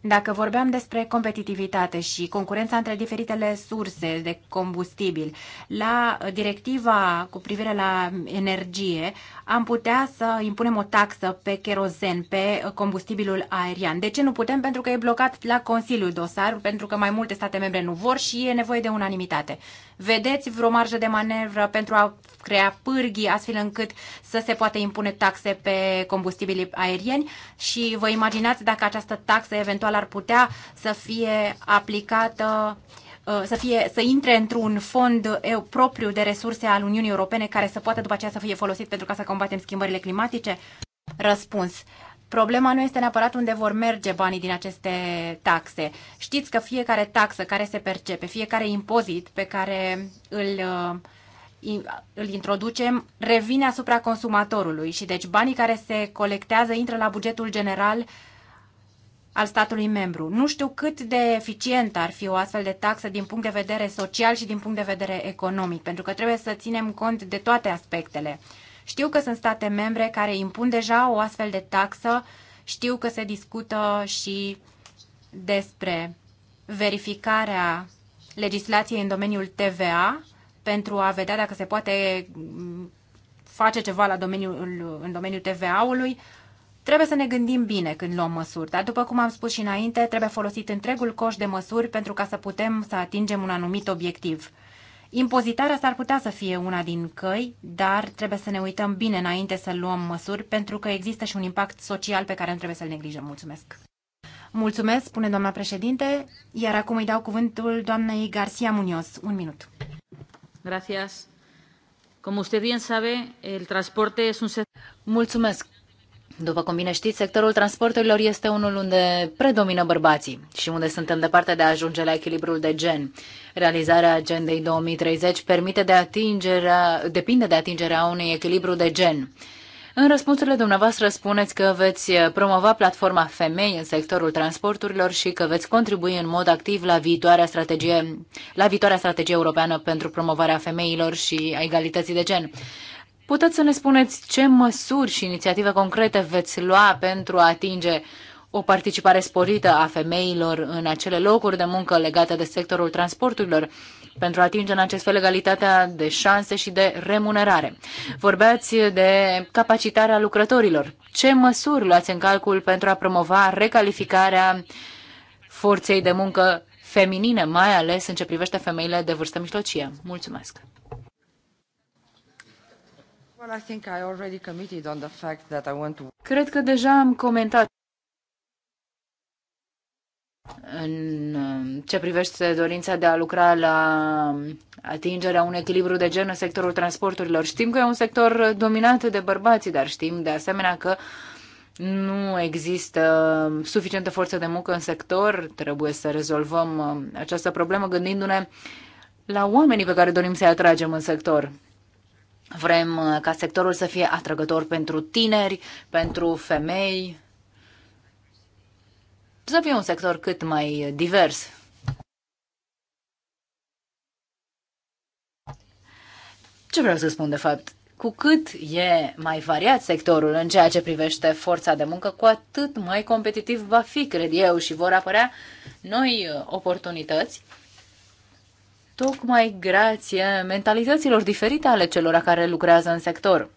Dacă vorbeam despre competitivitate și concurența între diferitele surse de combustibil, la directiva cu privire la energie am putea să impunem o taxă pe cherozen, pe combustibilul aerian. De ce nu putem? Pentru că e blocat la Consiliul dosar, pentru că mai multe state membre nu vor și e nevoie de unanimitate. Vedeți vreo marjă de manevră pentru a crea pârghii astfel încât să se poată impune taxe pe combustibili aerieni și vă imaginați dacă această taxă eventual eventual ar putea să fie aplicată uh, să, fie, să intre într-un fond eu propriu de resurse al Uniunii Europene care să poată după aceea să fie folosit pentru ca să combatem schimbările climatice? Răspuns. Problema nu este neapărat unde vor merge banii din aceste taxe. Știți că fiecare taxă care se percepe, fiecare impozit pe care îl, uh, îl introducem, revine asupra consumatorului și deci banii care se colectează intră la bugetul general uh, al statului membru. Nu știu cât de eficient ar fi o astfel de taxă din punct de vedere social și din punct de vedere economic, pentru că trebuie să ținem cont de toate aspectele. Știu că sunt state membre care impun deja o astfel de taxă, știu că se discută și despre verificarea legislației în domeniul TVA pentru a vedea dacă se poate mm, face ceva la domeniul, în domeniul TVA-ului. Trebuie să ne gândim bine când luăm măsuri, dar după cum am spus și înainte, trebuie folosit întregul coș de măsuri pentru ca să putem să atingem un anumit obiectiv. Impozitarea s-ar putea să fie una din căi, dar trebuie să ne uităm bine înainte să luăm măsuri, pentru că există și un impact social pe care nu trebuie să-l neglijăm. Mulțumesc! Mulțumesc, spune doamna președinte, iar acum îi dau cuvântul doamnei Garcia Munoz. Un minut. Gracias. Como usted bien sabe, el transporte es un Mulțumesc. După cum bine știți, sectorul transporturilor este unul unde predomină bărbații și unde suntem departe de a ajunge la echilibrul de gen. Realizarea agendei 2030 permite de atingerea, depinde de atingerea unui echilibru de gen. În răspunsurile dumneavoastră spuneți că veți promova platforma femei în sectorul transporturilor și că veți contribui în mod activ la viitoarea strategie, la viitoarea strategie europeană pentru promovarea femeilor și a egalității de gen. Puteți să ne spuneți ce măsuri și inițiative concrete veți lua pentru a atinge o participare sporită a femeilor în acele locuri de muncă legate de sectorul transporturilor, pentru a atinge în acest fel egalitatea de șanse și de remunerare. Vorbeați de capacitarea lucrătorilor. Ce măsuri luați în calcul pentru a promova recalificarea forței de muncă feminine, mai ales în ce privește femeile de vârstă mijlocie? Mulțumesc! Cred că deja am comentat în um, ce privește dorința de a lucra la um, atingerea unui echilibru de gen în sectorul transporturilor. Știm că e un sector dominat de bărbați, dar știm de asemenea că nu există suficientă forță de muncă în sector. Trebuie să rezolvăm um, această problemă gândindu-ne la oamenii pe care dorim să-i atragem în sector. Vrem uh, ca sectorul să fie atrăgător pentru tineri, pentru femei, să fie un sector cât mai divers. Ce vreau să spun, de fapt? Cu cât e mai variat sectorul în ceea ce privește forța de muncă, cu atât mai competitiv va fi, cred eu, și vor apărea noi uh, oportunități tocmai grație mentalităților diferite ale celor care lucrează în sector.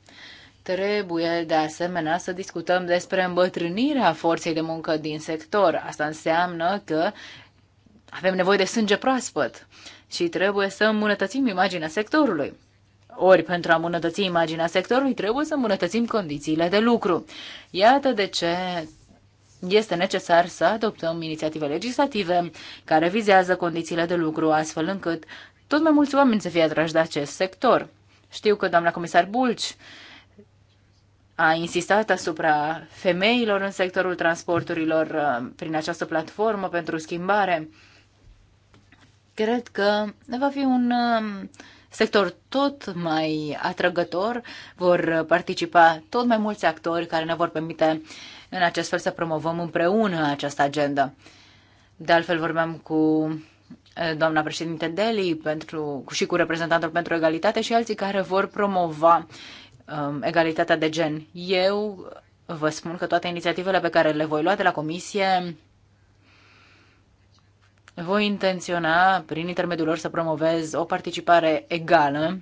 Trebuie, de asemenea, să discutăm despre îmbătrânirea forței de muncă din sector. Asta înseamnă că avem nevoie de sânge proaspăt și trebuie să îmbunătățim imaginea sectorului. Ori pentru a îmbunătăți imaginea sectorului trebuie să îmbunătățim condițiile de lucru. Iată de ce este necesar să adoptăm inițiative legislative care vizează condițiile de lucru, astfel încât tot mai mulți oameni să fie atrași de acest sector. Știu că doamna comisar Bulci a insistat asupra femeilor în sectorul transporturilor uh, prin această platformă pentru schimbare. Cred că va fi un um, sector tot mai atrăgător, vor participa tot mai mulți actori care ne vor permite în acest fel să promovăm împreună această agendă. De altfel vorbeam cu eh, doamna președinte Deli pentru, și cu reprezentantul pentru egalitate și alții care vor promova um, egalitatea de gen. Eu vă spun că toate inițiativele pe care le voi lua de la comisie voi intenționa prin intermediul lor să promovez o participare egală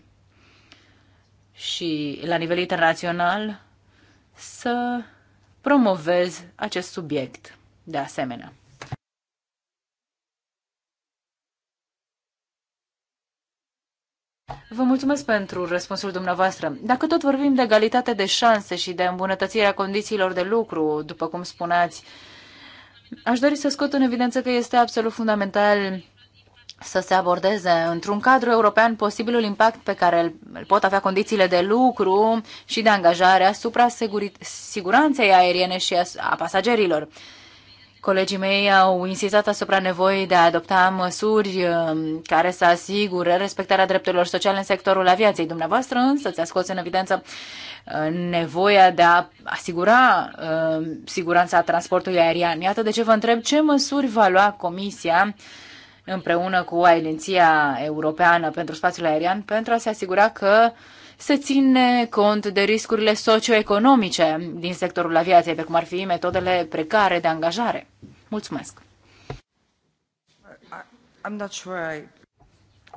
și la nivel internațional să promovez acest subiect de asemenea. Vă mulțumesc pentru răspunsul dumneavoastră. Dacă tot vorbim de egalitate de șanse și de îmbunătățirea condițiilor de lucru, după cum spuneați, aș dori să scot în evidență că este absolut fundamental să se abordeze într-un cadru european posibilul impact pe care îl pot avea condițiile de lucru și de angajare asupra siguranței aeriene și a pasagerilor. Colegii mei au insistat asupra nevoii de a adopta măsuri um, care să asigure respectarea drepturilor sociale în sectorul aviației. Dumneavoastră însă ți-a scos în evidență uh, nevoia de a asigura um, siguranța transportului aerian. Iată de ce vă întreb ce măsuri va lua Comisia împreună cu Agenția Europeană pentru Spațiul Aerian pentru a se asigura că se ține cont de riscurile socioeconomice din sectorul aviației, pe cum ar fi metodele precare de angajare. Mulțumesc! I'm not sure I...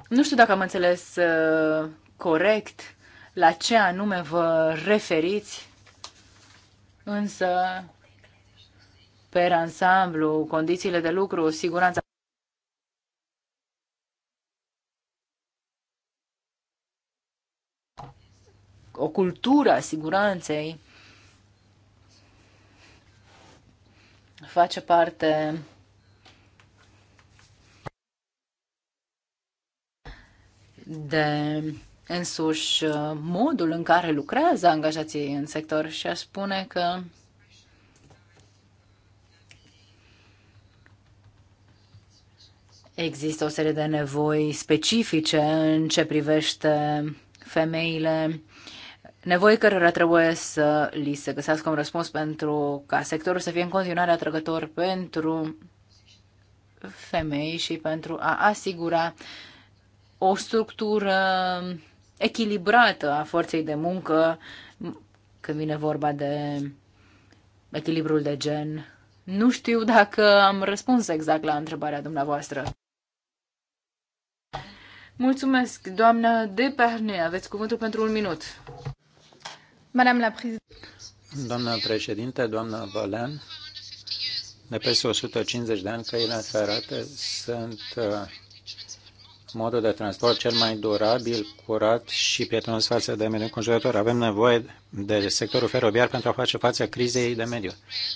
Nu știu dacă am înțeles uh, corect la ce anume vă referiți, însă, pe ansamblu, condițiile de lucru, siguranța o cultură a siguranței face parte de însuși uh, modul în care lucrează angajații în sector și aș spune că există o serie de nevoi specifice în ce privește femeile nevoi cărora trebuie să li se găsească un răspuns pentru ca sectorul să fie în continuare atrăgător pentru femei și pentru a asigura o structură echilibrată a forței de muncă când vine vorba de echilibrul de gen. Nu știu dacă am răspuns exact la întrebarea dumneavoastră. Mulțumesc, de Deperne. Aveți cuvântul pentru un minut. Madame Doamnă președinte, doamnă Valen, de peste 150 de ani, căile ferate sunt uh, modul de transport cel mai durabil, curat și prietenos față de mediul conjurător. Avem nevoie de sectorul feroviar pentru a face față crizei de mediu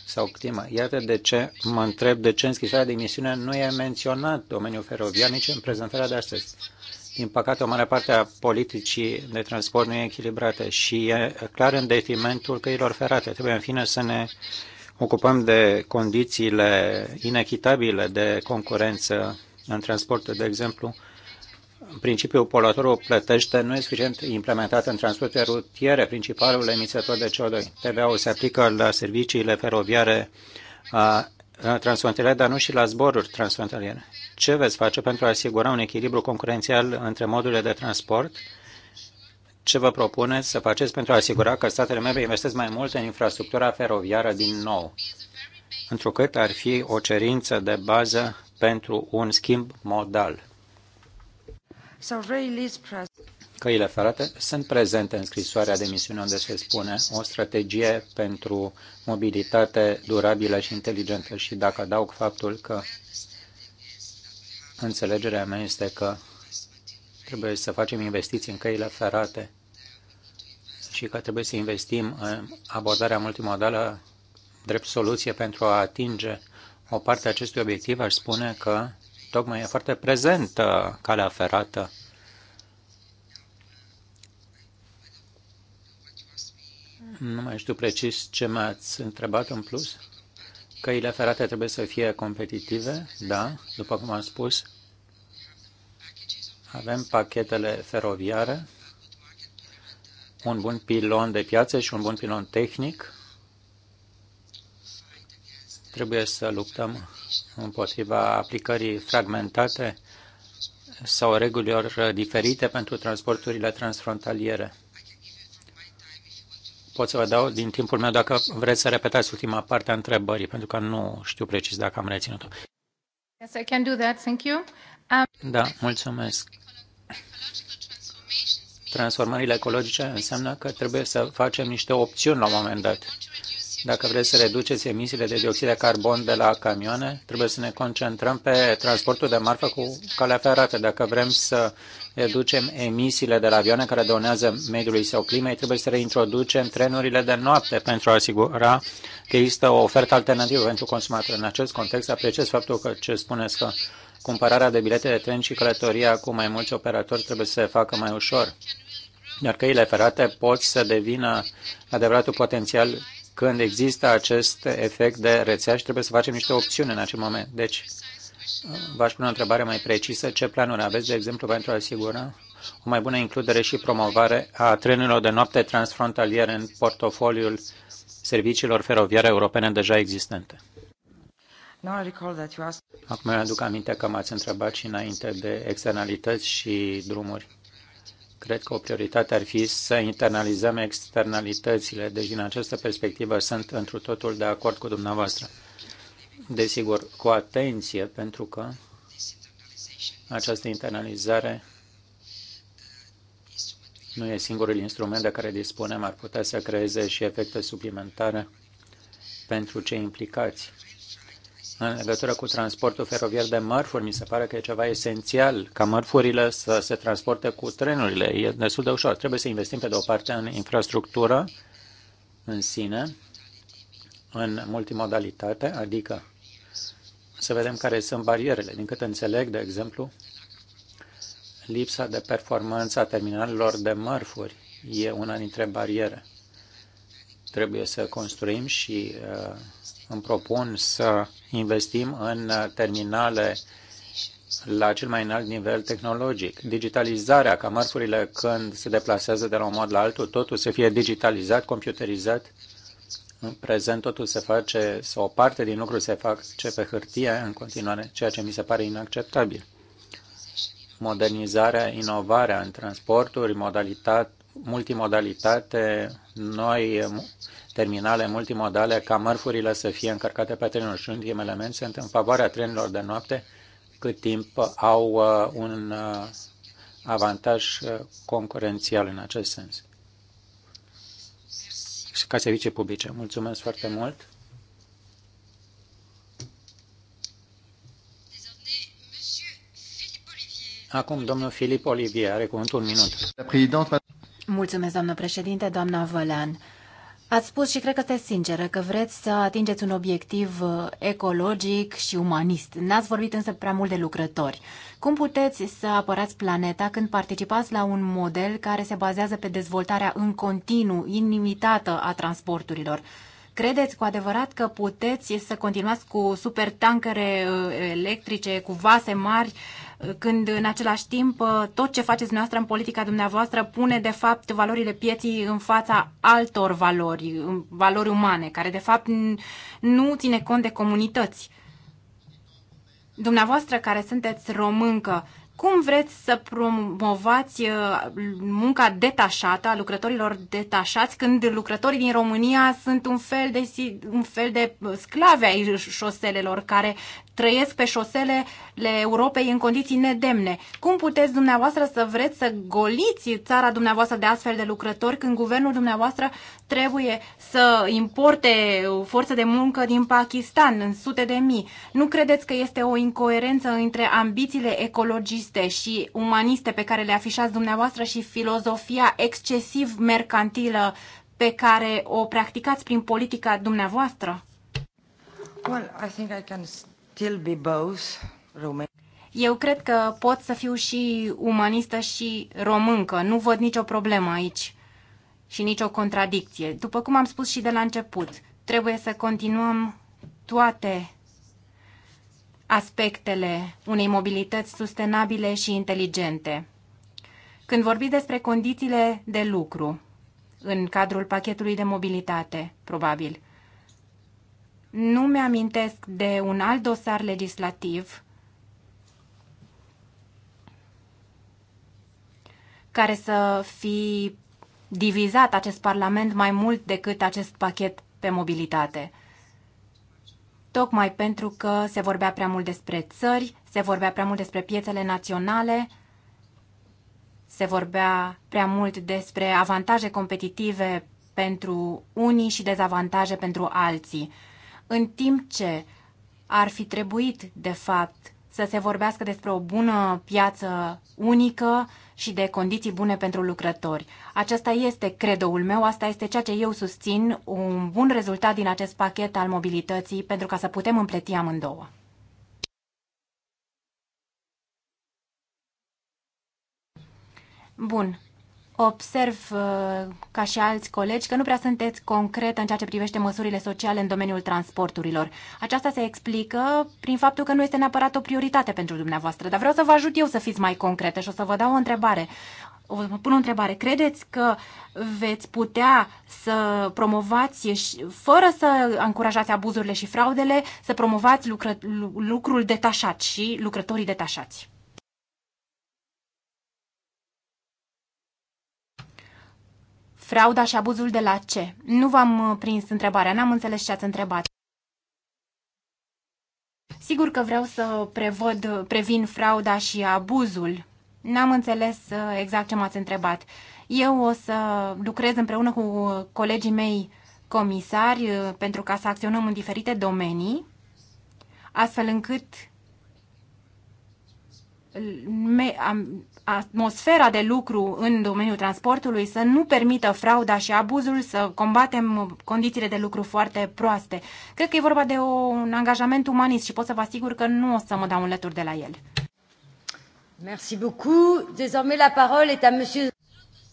sau climă. Iată de ce mă întreb de ce în scrisoarea de misiune nu e menționat domeniul feroviar nici în prezentarea de astăzi. Din păcate, o mare parte a politicii de transport nu e echilibrată și e clar în detrimentul căilor ferate. Trebuie, în fine, să ne ocupăm de condițiile inechitabile de concurență în transport. De exemplu, principiul poluatorul plătește nu e suficient implementat în transportul rutiere, principalul emisător de CO2. TVA-ul se aplică la serviciile feroviare transfrontaliere, dar nu și la zboruri transfrontaliere ce veți face pentru a asigura un echilibru concurențial între modurile de transport? Ce vă propuneți să faceți pentru a asigura că statele membre investesc mai mult în infrastructura feroviară din nou? Întrucât ar fi o cerință de bază pentru un schimb modal. Căile ferate sunt prezente în scrisoarea de misiune unde se spune o strategie pentru mobilitate durabilă și inteligentă și dacă adaug faptul că Înțelegerea mea este că trebuie să facem investiții în căile ferate și că trebuie să investim în abordarea multimodală drept soluție pentru a atinge o parte a acestui obiectiv, aș spune că tocmai e foarte prezentă calea ferată. Nu mai știu precis ce m-ați întrebat în plus. Căile ferate trebuie să fie competitive, da, după cum am spus. Avem pachetele feroviare, un bun pilon de piață și un bun pilon tehnic. Trebuie să luptăm împotriva aplicării fragmentate sau regulilor diferite pentru transporturile transfrontaliere pot să vă dau din timpul meu dacă vreți să repetați ultima parte a întrebării, pentru că nu știu precis dacă am reținut-o. Yes, I can do that. Thank you. Um... Da, mulțumesc. Transformările ecologice înseamnă că trebuie să facem niște opțiuni la un moment dat dacă vreți să reduceți emisiile de dioxid de carbon de la camioane, trebuie să ne concentrăm pe transportul de marfă cu calea ferată. Dacă vrem să reducem emisiile de la avioane care donează mediului sau climei, trebuie să reintroducem trenurile de noapte pentru a asigura că există o ofertă alternativă pentru consumator. În acest context, apreciez faptul că ce spuneți că cumpărarea de bilete de tren și călătoria cu mai mulți operatori trebuie să se facă mai ușor iar căile ferate pot să devină adevăratul potențial când există acest efect de rețea și trebuie să facem niște opțiuni în acel moment. Deci, v-aș pune o întrebare mai precisă. Ce planuri aveți, de exemplu, pentru a asigura o mai bună includere și promovare a trenurilor de noapte transfrontaliere în portofoliul serviciilor feroviare europene deja existente? Acum îmi aduc aminte că m-ați întrebat și înainte de externalități și drumuri. Cred că o prioritate ar fi să internalizăm externalitățile, deci din această perspectivă sunt întru totul de acord cu dumneavoastră. Desigur, cu atenție, pentru că această internalizare nu e singurul instrument de care dispunem, ar putea să creeze și efecte suplimentare pentru cei implicați. În legătură cu transportul feroviar de mărfuri, mi se pare că e ceva esențial ca mărfurile să se transporte cu trenurile. E destul de ușor. Trebuie să investim pe de o parte în infrastructură în sine, în multimodalitate, adică să vedem care sunt barierele. Din câte înțeleg, de exemplu, lipsa de performanță a terminalelor de mărfuri e una dintre bariere. Trebuie să construim și uh, îmi propun să investim în terminale la cel mai înalt nivel tehnologic. Digitalizarea, ca mărfurile când se deplasează de la un mod la altul, totul să fie digitalizat, computerizat. În prezent totul se face, sau o parte din lucruri se face pe hârtie în continuare, ceea ce mi se pare inacceptabil. Modernizarea, inovarea în transporturi, modalitate, multimodalitate, noi terminale multimodale ca mărfurile să fie încărcate pe trenul Și un ultim element, sunt în favoarea trenurilor de noapte cât timp au uh, un uh, avantaj uh, concurențial în acest sens. Și ca servicii publice. Mulțumesc foarte mult! Acum domnul Filip Olivier are cuvântul un minut. Mulțumesc, doamnă președinte, doamna Vălean. Ați spus și cred că sunteți sinceră că vreți să atingeți un obiectiv uh, ecologic și umanist. N-ați vorbit însă prea mult de lucrători. Cum puteți să apărați planeta când participați la un model care se bazează pe dezvoltarea în continuu, inimitată a transporturilor? Credeți cu adevărat că puteți să continuați cu supertancăre uh, electrice, cu vase mari când în același timp uh, tot ce faceți dumneavoastră în politica dumneavoastră pune de fapt valorile pieții în fața altor valori, valori umane, care de fapt nu ține cont de comunități. Dumneavoastră care sunteți româncă, cum vreți să promovați uh, munca detașată a lucrătorilor detașați când lucrătorii din România sunt un fel de, un fel de uh, sclave ai șoselelor care trăiesc pe șoselele Europei în condiții nedemne? Cum puteți dumneavoastră să vreți să goliți țara dumneavoastră de astfel de lucrători când guvernul dumneavoastră trebuie să importe forță de muncă din Pakistan în sute de mii. Nu credeți că este o incoerență între ambițiile ecologiste și umaniste pe care le afișați dumneavoastră și filozofia excesiv mercantilă pe care o practicați prin politica dumneavoastră? Well, I think I can still be both. Roman. Eu cred că pot să fiu și umanistă și româncă. Nu văd nicio problemă aici și nicio contradicție. După cum am spus și de la început, trebuie să continuăm toate aspectele unei mobilități sustenabile și inteligente. Când vorbim despre condițiile de lucru, în cadrul pachetului de mobilitate, probabil, nu mi-amintesc de un alt dosar legislativ care să fi divizat acest Parlament mai mult decât acest pachet pe mobilitate. Tocmai pentru că se vorbea prea mult despre țări, se vorbea prea mult despre piețele naționale, se vorbea prea mult despre avantaje competitive pentru unii și dezavantaje pentru alții, în timp ce ar fi trebuit, de fapt, să se vorbească despre o bună piață unică, și de condiții bune pentru lucrători. Acesta este credoul meu, asta este ceea ce eu susțin, un bun rezultat din acest pachet al mobilității pentru ca să putem împleti amândouă. Bun observ, uh, ca și alți colegi, că nu prea sunteți concret în ceea ce privește măsurile sociale în domeniul transporturilor. Aceasta se explică prin faptul că nu este neapărat o prioritate pentru dumneavoastră, dar vreau să vă ajut eu să fiți mai concrete și o să vă dau o întrebare. Vă pun o întrebare. Credeți că veți putea să promovați, fără să încurajați abuzurile și fraudele, să promovați lucră, lucrul detașat și lucrătorii detașați? Frauda și abuzul de la ce? Nu v-am uh, prins întrebarea, n-am înțeles ce ați întrebat. Sigur că vreau să prevăd, uh, previn frauda și abuzul. N-am înțeles uh, exact ce m-ați întrebat. Eu o să lucrez împreună cu colegii mei comisari pentru ca să acționăm în diferite domenii, astfel încât atmosfera de lucru în domeniul transportului să nu permită frauda și abuzul, să combatem condițiile de lucru foarte proaste. Cred că e vorba de o, un angajament umanist și pot să vă asigur că nu o să mă dau înlături de la el. Merci beaucoup. Désormais, la parole est à monsieur...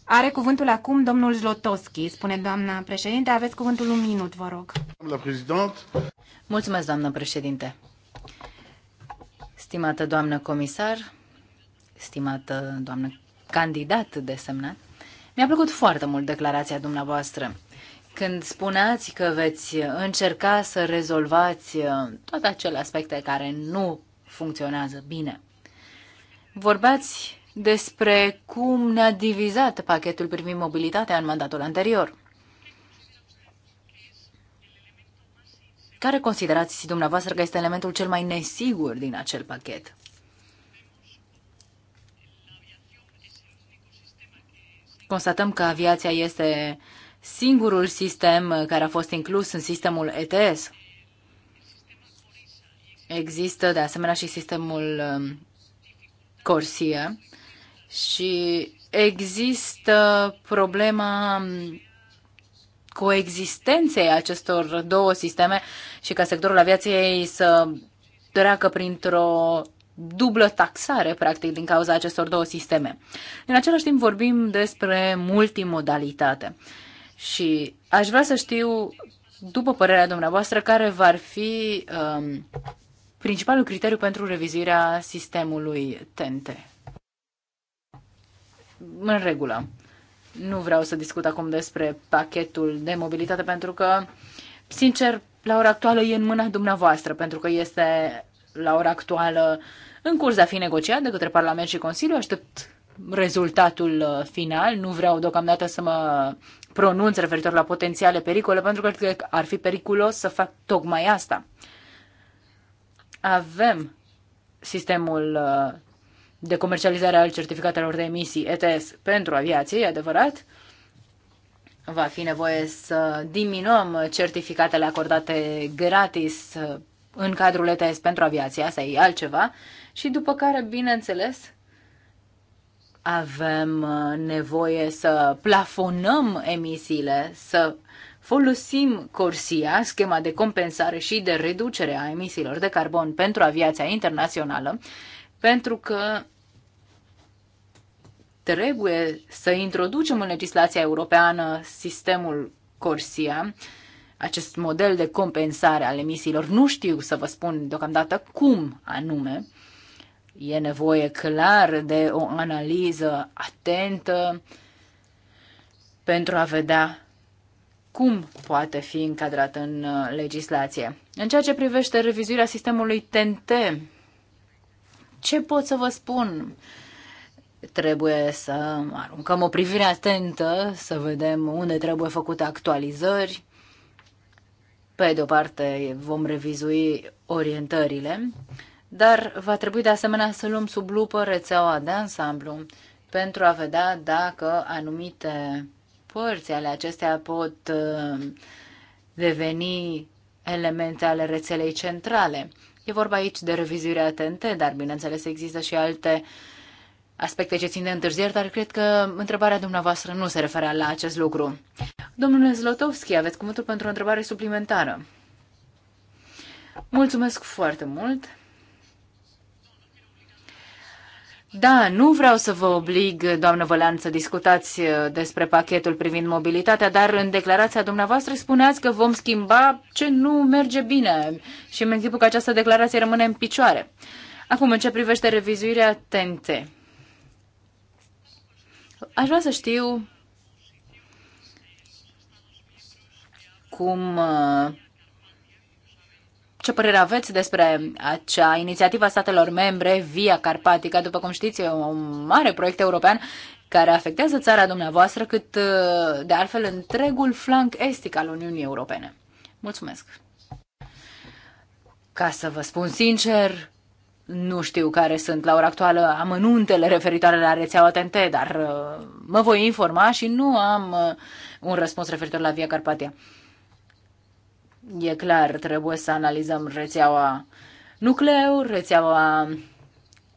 Are cuvântul acum domnul Zlotowski, spune doamna președinte. Aveți cuvântul un minut, vă rog. Doamna președinte. Mulțumesc, doamnă președinte. Stimată doamnă comisar, stimată doamnă candidat desemnat, mi-a plăcut foarte mult declarația dumneavoastră. Când spuneați că veți încerca să rezolvați uh, toate acele aspecte care nu funcționează bine, vorbeați despre cum ne-a divizat pachetul privind mobilitatea în mandatul anterior. Care considerați dumneavoastră că este elementul cel mai nesigur din acel pachet? Constatăm că aviația este singurul sistem care a fost inclus în sistemul ETS. Există de asemenea și sistemul um, Corsia și există problema um, coexistenței acestor două sisteme și ca sectorul aviației să treacă printr-o dublă taxare, practic, din cauza acestor două sisteme. În același timp vorbim despre multimodalitate și aș vrea să știu, după părerea dumneavoastră, care va fi um, principalul criteriu pentru revizuirea sistemului TENTE. În regulă. Nu vreau să discut acum despre pachetul de mobilitate pentru că, sincer, la ora actuală e în mâna dumneavoastră, pentru că este la ora actuală în curs de a fi negociat de către Parlament și Consiliu. Aștept rezultatul uh, final. Nu vreau deocamdată să mă pronunț referitor la potențiale pericole, pentru că ar fi periculos să fac tocmai asta. Avem sistemul uh, de comercializare al certificatelor de emisii ETS pentru aviație, e adevărat. Va fi nevoie să diminuăm certificatele acordate gratis uh, în cadrul ETS pentru aviația, asta e altceva, și după care, bineînțeles, avem uh, nevoie să plafonăm emisiile, să folosim Corsia, schema de compensare și de reducere a emisiilor de carbon pentru aviația internațională, pentru că trebuie să introducem în legislația europeană sistemul Corsia, acest model de compensare al emisiilor. Nu știu să vă spun deocamdată cum anume. E nevoie clar de o analiză atentă pentru a vedea cum poate fi încadrat în uh, legislație. În ceea ce privește revizuirea sistemului TNT, ce pot să vă spun? Trebuie să aruncăm o privire atentă, să vedem unde trebuie făcute actualizări, pe de o parte vom revizui orientările, dar va trebui de asemenea să luăm sub lupă rețeaua de ansamblu pentru a vedea dacă anumite părți ale acestea pot uh, deveni elemente ale rețelei centrale. E vorba aici de revizuirea TNT, dar bineînțeles există și alte uh, aspecte ce țin de întârzieri, dar cred că întrebarea dumneavoastră nu se referea la acest lucru. Domnule Zlotovski, aveți cuvântul pentru o întrebare suplimentară. Mulțumesc foarte mult! Da, nu vreau să vă oblig, doamnă Vălean, să discutați uh, despre pachetul privind mobilitatea, dar în declarația dumneavoastră spuneați că vom schimba ce nu merge bine și mi închipul că această declarație rămâne în picioare. Acum, în ce privește revizuirea TNT, Aș vrea să știu cum uh, ce părere aveți despre acea inițiativă a statelor membre Via Carpatica? După cum știți, e un mare proiect european care afectează țara dumneavoastră, cât uh, de altfel întregul flanc estic al Uniunii Europene. Mulțumesc! Ca să vă spun sincer, nu știu care sunt la ora actuală amănuntele referitoare la rețeaua TNT, dar uh, mă voi informa și nu am uh, un răspuns referitor la Via Carpatia. E clar, trebuie să analizăm rețeaua nucleu, rețeaua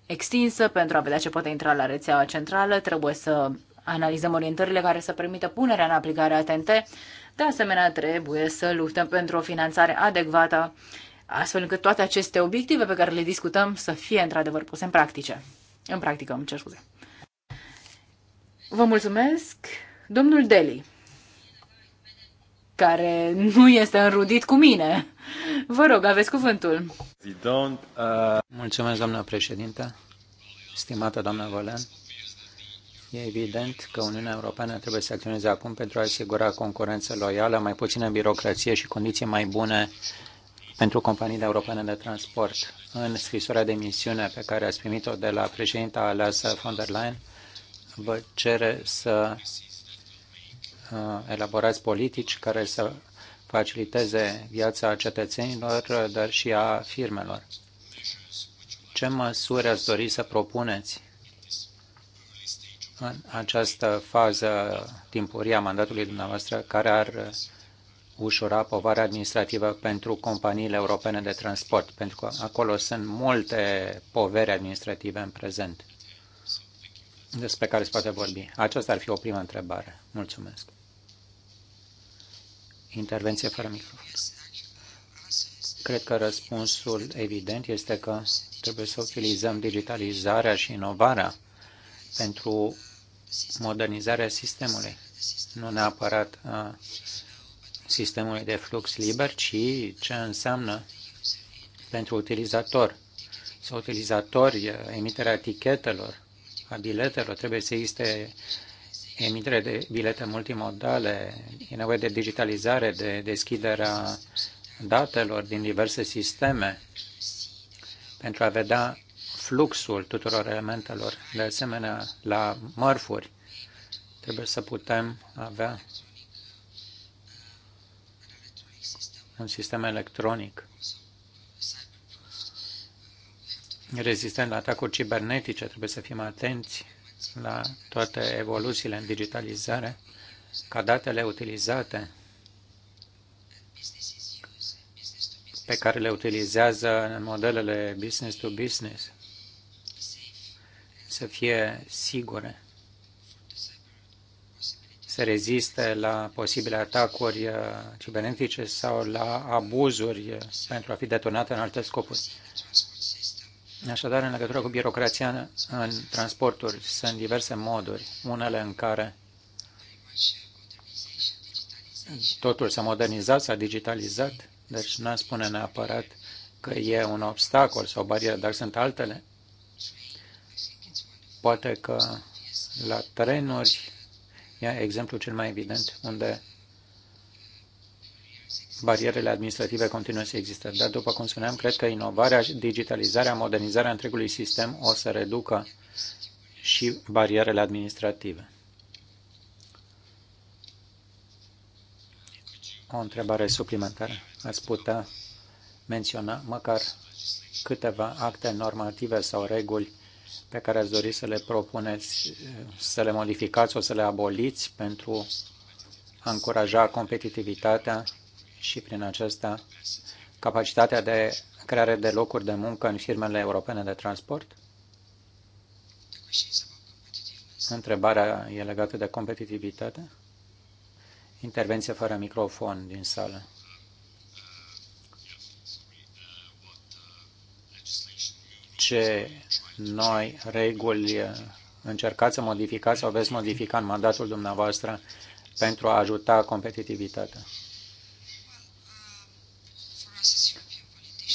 extinsă pentru a vedea ce poate intra la rețeaua centrală. Trebuie să analizăm orientările care să permită punerea în aplicare a TNT. De asemenea, trebuie să luptăm pentru o finanțare adecvată astfel încât toate aceste obiective pe care le discutăm să fie într-adevăr puse în practice. În practică, îmi cer scuze. Vă mulțumesc, domnul Deli, care nu este înrudit cu mine. Vă rog, aveți cuvântul. Uh, mulțumesc, doamna președintă, stimată doamna Volan. E evident că Uniunea Europeană trebuie să acționeze acum pentru a asigura concurență loială, mai puțină birocrație și condiții mai bune pentru companiile europene de transport. În scrisoarea de misiune pe care ați primit-o de la președinta aleasă von der Leyen, vă cere să uh, elaborați politici care să faciliteze viața cetățenilor, dar și a firmelor. Ce măsuri ați dori să propuneți în această fază timpurie a mandatului dumneavoastră care ar ușura povara administrativă pentru companiile europene de transport, pentru că acolo sunt multe povere administrative în prezent despre care se poate vorbi. Aceasta ar fi o primă întrebare. Mulțumesc. Intervenție fără microfon. Cred că răspunsul evident este că trebuie să utilizăm digitalizarea și inovarea pentru modernizarea sistemului, nu neapărat uh, sistemului de flux liber, ci ce înseamnă pentru utilizator. Sau utilizatori, emiterea etichetelor, a biletelor, trebuie să existe emitere de bilete multimodale, e nevoie de digitalizare, de deschiderea datelor din diverse sisteme pentru a vedea fluxul tuturor elementelor. De asemenea, la mărfuri trebuie să putem avea un sistem electronic rezistent la atacuri cibernetice, trebuie să fim atenți la toate evoluțiile în digitalizare, ca datele utilizate pe care le utilizează în modelele business to business să fie sigure să reziste la posibile atacuri uh, cibernetice sau la abuzuri uh, pentru a fi detonată în alte scopuri. Așadar, în legătură cu birocrația în transporturi, sunt diverse moduri, unele în care totul s-a modernizat, s-a digitalizat, deci nu am spune neapărat că e un obstacol sau o barieră, dar sunt altele. Poate că la trenuri Ia exemplul cel mai evident unde barierele administrative continuă să existe. Dar, după cum spuneam, cred că inovarea, digitalizarea, modernizarea întregului sistem o să reducă și barierele administrative. O întrebare suplimentară. Ați putea menționa măcar câteva acte normative sau reguli pe care ați dori să le propuneți, să le modificați sau să le aboliți pentru a încuraja competitivitatea și prin aceasta capacitatea de creare de locuri de muncă în firmele europene de transport? Întrebarea e legată de competitivitate? Intervenție fără microfon din sală. Ce noi reguli încercați să modificați sau veți modifica în mandatul dumneavoastră pentru a ajuta competitivitatea?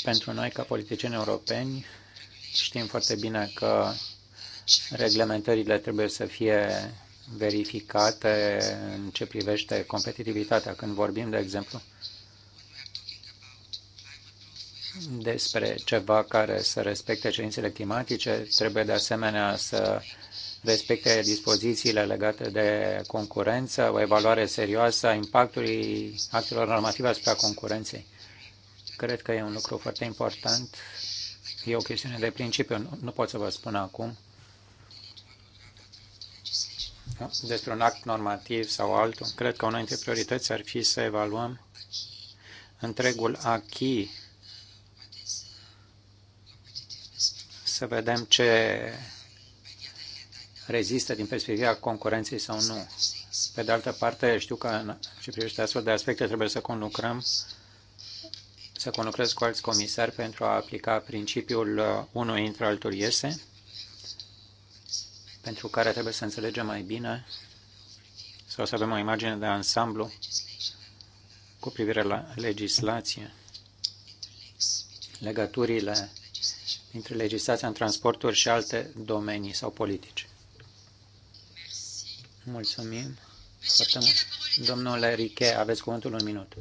Pentru noi, ca politicieni europeni, știm foarte bine că reglementările trebuie să fie verificate în ce privește competitivitatea. Când vorbim, de exemplu, despre ceva care să respecte cerințele climatice, trebuie de asemenea să respecte dispozițiile legate de concurență, o evaluare serioasă a impactului actelor normative asupra concurenței. Cred că e un lucru foarte important. E o chestiune de principiu, nu pot să vă spun acum despre un act normativ sau altul. Cred că una dintre priorități ar fi să evaluăm întregul acquis să vedem ce rezistă din perspectiva concurenței sau nu. Pe de altă parte, știu că în ce privește astfel de aspecte trebuie să conlucrăm, să conlucrez cu alți comisari pentru a aplica principiul uh, unul intră, altul iese, pentru care trebuie să înțelegem mai bine sau să avem o imagine de ansamblu cu privire la legislație, legăturile dintre legislația în transporturi și alte domenii sau politici. Mulțumim Domnule Riche, aveți cuvântul un minut.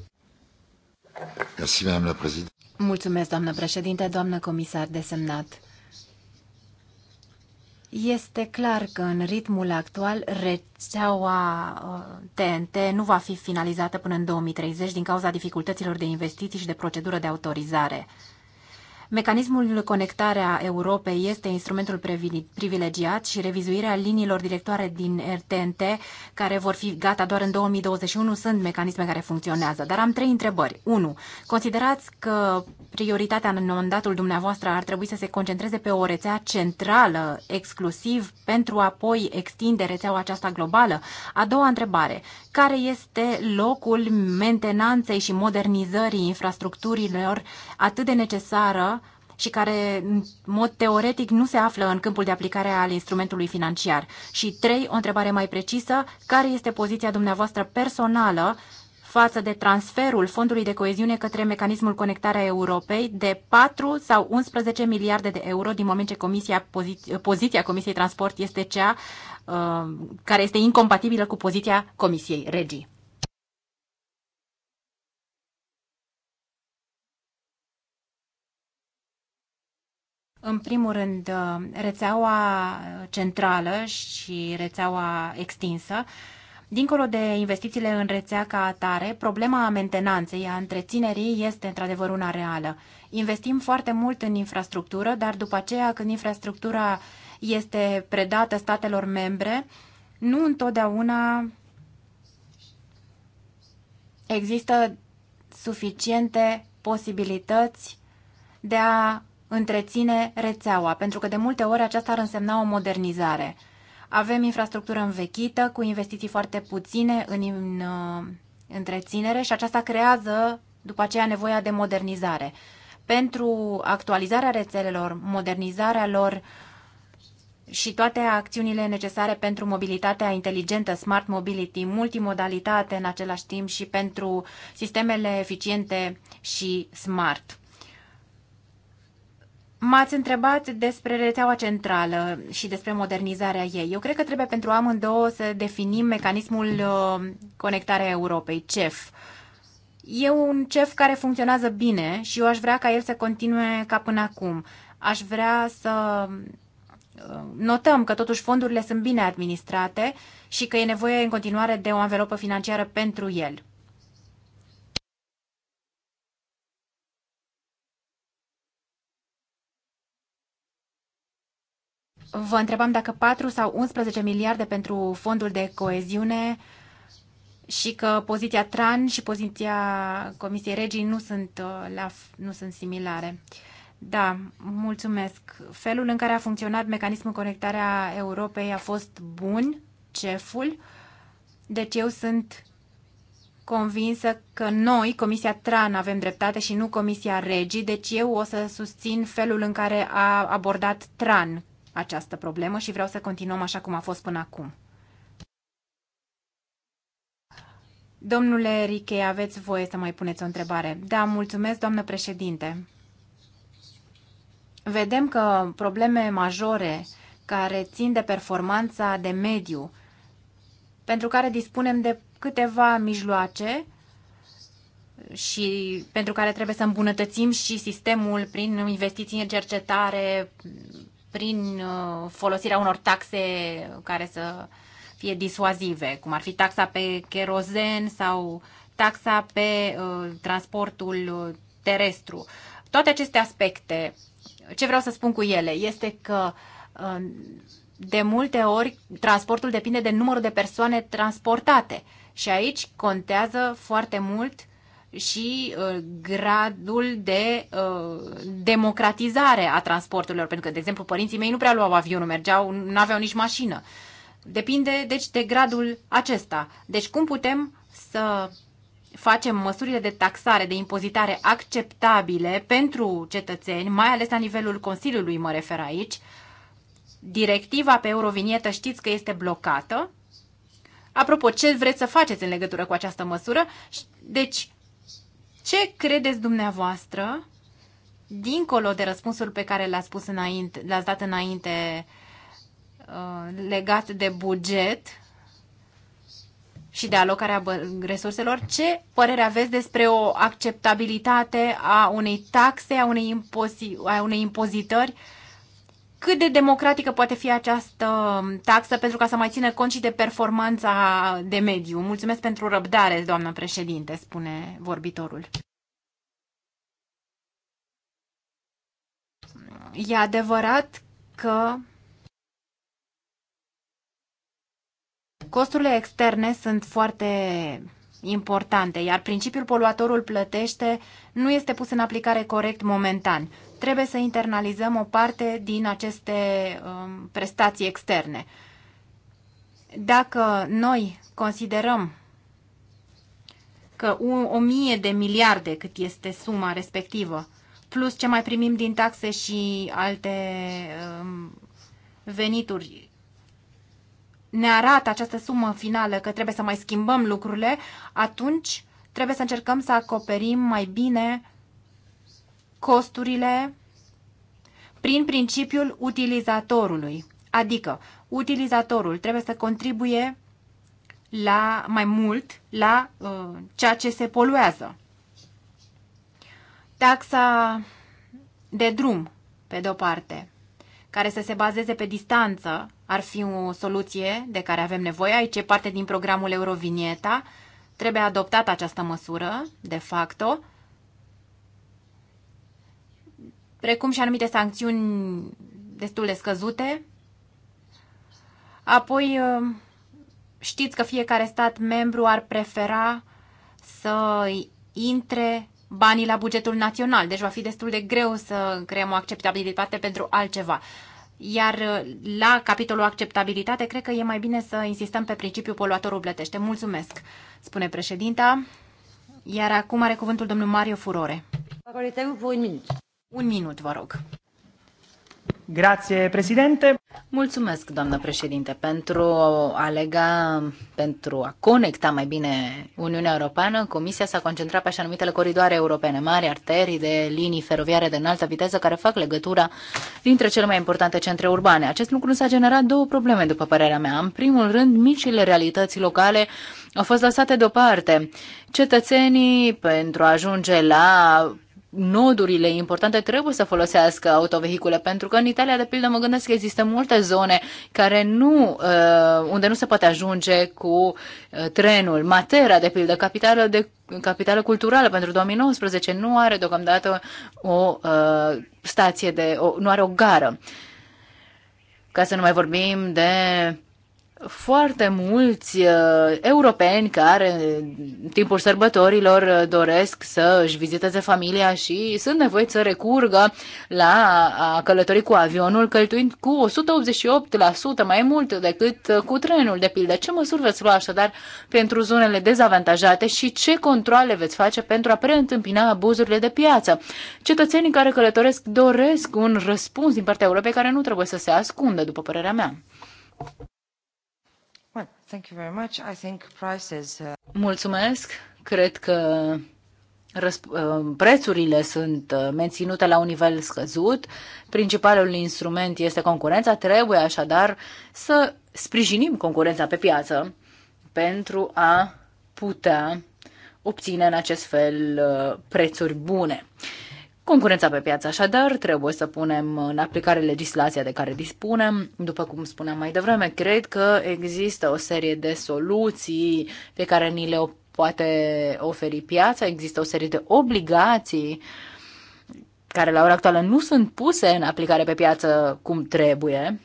Mulțumesc, doamnă președinte, doamnă comisar desemnat. Este clar că în ritmul actual rețeaua TNT uh, nu va fi finalizată până în 2030 din cauza dificultăților de investiții și de procedură de autorizare. Mecanismul de conectare a Europei este instrumentul privilegiat și revizuirea liniilor directoare din RTNT, care vor fi gata doar în 2021, sunt mecanisme care funcționează. Dar am trei întrebări. 1. Considerați că prioritatea în mandatul dumneavoastră ar trebui să se concentreze pe o rețea centrală, exclusiv, pentru a apoi extinde rețeaua aceasta globală? A doua întrebare. Care este locul mentenanței și modernizării infrastructurilor atât de necesară și care, în mod teoretic, nu se află în câmpul de aplicare al instrumentului financiar? Și trei, o întrebare mai precisă, care este poziția dumneavoastră personală față de transferul fondului de coeziune către mecanismul conectarea Europei de 4 sau 11 miliarde de euro din moment ce comisia, poziția, poziția Comisiei Transport este cea uh, care este incompatibilă cu poziția Comisiei Regii. În primul rând, uh, rețeaua centrală și rețeaua extinsă. Dincolo de investițiile în rețea ca atare, problema a mentenanței, a întreținerii este într-adevăr una reală. Investim foarte mult în infrastructură, dar după aceea când infrastructura este predată statelor membre, nu întotdeauna există suficiente posibilități de a întreține rețeaua, pentru că de multe ori aceasta ar însemna o modernizare. Avem infrastructură învechită, cu investiții foarte puține în, în uh, întreținere și aceasta creează după aceea nevoia de modernizare. Pentru actualizarea rețelelor, modernizarea lor și toate acțiunile necesare pentru mobilitatea inteligentă, smart mobility, multimodalitate în același timp și pentru sistemele eficiente și smart. M-ați întrebat despre rețeaua centrală și despre modernizarea ei. Eu cred că trebuie pentru amândouă să definim mecanismul uh, conectarea Europei, CEF. E un CEF care funcționează bine și eu aș vrea ca el să continue ca până acum. Aș vrea să uh, notăm că totuși fondurile sunt bine administrate și că e nevoie în continuare de o anvelopă financiară pentru el. Vă întrebam dacă 4 sau 11 miliarde pentru fondul de coeziune și că poziția TRAN și poziția Comisiei Regii nu sunt, uh, la, nu sunt similare. Da, mulțumesc. Felul în care a funcționat mecanismul conectarea Europei a fost bun, ceful. Deci eu sunt convinsă că noi, Comisia TRAN, avem dreptate și nu Comisia Regii, deci eu o să susțin felul în care a abordat TRAN această problemă și vreau să continuăm așa cum a fost până acum. Domnule Riche, aveți voie să mai puneți o întrebare. Da, mulțumesc, doamnă președinte. Vedem că probleme majore care țin de performanța de mediu, pentru care dispunem de câteva mijloace și pentru care trebuie să îmbunătățim și sistemul prin investiții în cercetare, prin uh, folosirea unor taxe care să fie disuazive, cum ar fi taxa pe cherozen sau taxa pe uh, transportul uh, terestru. Toate aceste aspecte, ce vreau să spun cu ele este că de multe ori transportul depinde de numărul de persoane transportate și aici contează foarte mult și uh, gradul de uh, democratizare a transporturilor, pentru că, de exemplu, părinții mei nu prea luau avionul, mergeau, nu aveau nici mașină. Depinde, deci, de gradul acesta. Deci, cum putem să facem măsurile de taxare, de impozitare acceptabile pentru cetățeni, mai ales la nivelul Consiliului, mă refer aici. Directiva pe eurovinietă știți că este blocată. Apropo, ce vreți să faceți în legătură cu această măsură? Deci, ce credeți dumneavoastră, dincolo de răspunsul pe care l-ați, înainte, l-ați dat înainte uh, legat de buget și de alocarea resurselor, ce părere aveți despre o acceptabilitate a unei taxe, a unei, impozi- a unei impozitări cât de democratică poate fi această taxă pentru ca să mai țină cont și de performanța de mediu. Mulțumesc pentru răbdare, doamnă președinte, spune vorbitorul. E adevărat că costurile externe sunt foarte importante, iar principiul poluatorul plătește nu este pus în aplicare corect momentan trebuie să internalizăm o parte din aceste um, prestații externe. Dacă noi considerăm că o mie de miliarde cât este suma respectivă, plus ce mai primim din taxe și alte um, venituri, ne arată această sumă finală că trebuie să mai schimbăm lucrurile, atunci trebuie să încercăm să acoperim mai bine costurile prin principiul utilizatorului. Adică, utilizatorul trebuie să contribuie la mai mult la uh, ceea ce se poluează. Taxa de drum, pe de-o parte, care să se bazeze pe distanță, ar fi o soluție de care avem nevoie. Aici e parte din programul Eurovinieta. Trebuie adoptată această măsură, de facto, precum și anumite sancțiuni destul de scăzute. Apoi, ă, știți că fiecare stat membru ar prefera să intre banii la bugetul național, deci va fi destul de greu să creăm o acceptabilitate pentru altceva. Iar ă, la capitolul acceptabilitate, cred că e mai bine să insistăm pe principiul poluatorul plătește. Mulțumesc, spune președinta. Iar acum are cuvântul domnul Mario Furore. minut. Un minut, vă rog. președinte. Mulțumesc, doamnă președinte, pentru a lega, pentru a conecta mai bine Uniunea Europeană. Comisia s-a concentrat pe așa numitele coridoare europene, mari arterii de linii feroviare de înaltă viteză care fac legătura dintre cele mai importante centre urbane. Acest lucru s-a generat două probleme, după părerea mea. În primul rând, micile realități locale au fost lăsate deoparte. Cetățenii, pentru a ajunge la nodurile importante trebuie să folosească autovehicule, pentru că în Italia, de pildă, mă gândesc că există multe zone care nu, uh, unde nu se poate ajunge cu uh, trenul. Matera, de pildă, capitală, de, capitală culturală pentru 2019, nu are deocamdată o uh, stație de, o, nu are o gară. Ca să nu mai vorbim de foarte mulți uh, europeni care în timpul sărbătorilor uh, doresc să își viziteze familia și sunt nevoiți să recurgă la a călători cu avionul, cheltuind cu 188% mai mult decât uh, cu trenul, de pildă. Ce măsuri veți lua așadar pentru zonele dezavantajate și ce controle veți face pentru a preîntâmpina abuzurile de piață? Cetățenii care călătoresc doresc un răspuns din partea Europei care nu trebuie să se ascundă, după părerea mea. Uh, Mulțumesc. Cred că uh, prețurile sunt uh, menținute la un nivel scăzut. Principalul instrument este concurența. Trebuie așadar să sprijinim concurența pe piață pentru a putea obține în acest fel prețuri bune. Concurența pe piață, așadar, trebuie să punem în aplicare legislația de care dispunem. După cum spuneam mai devreme, cred că există o serie de soluții pe care ni le poate oferi piața, există o serie de obligații care la ora actuală nu sunt puse în aplicare pe piață cum trebuie.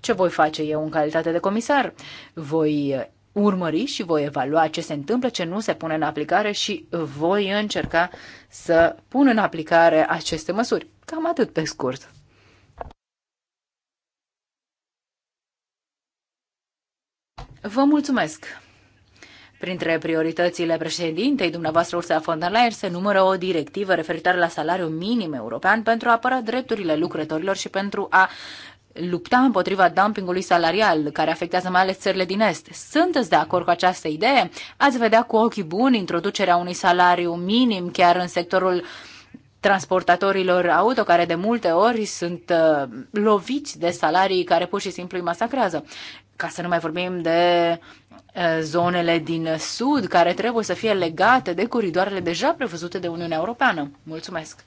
Ce voi face eu în calitate de comisar? Voi urmări și voi evalua ce se întâmplă, ce nu se pune în aplicare și voi încerca să pun în aplicare aceste măsuri. Cam atât pe scurt. Vă mulțumesc! Printre prioritățile președintei dumneavoastră Ursula von der Leyen se numără o directivă referitoare la salariul minim european pentru a apăra drepturile lucrătorilor și pentru a lupta împotriva dumpingului salarial, care afectează mai ales țările din Est. Sunteți de acord cu această idee? Ați vedea cu ochii buni introducerea unui salariu minim chiar în sectorul transportatorilor auto, care de multe ori sunt uh, loviți de salarii care pur și simplu îi masacrează. Ca să nu mai vorbim de uh, zonele din sud, care trebuie să fie legate de coridoarele deja prevăzute de Uniunea Europeană. Mulțumesc!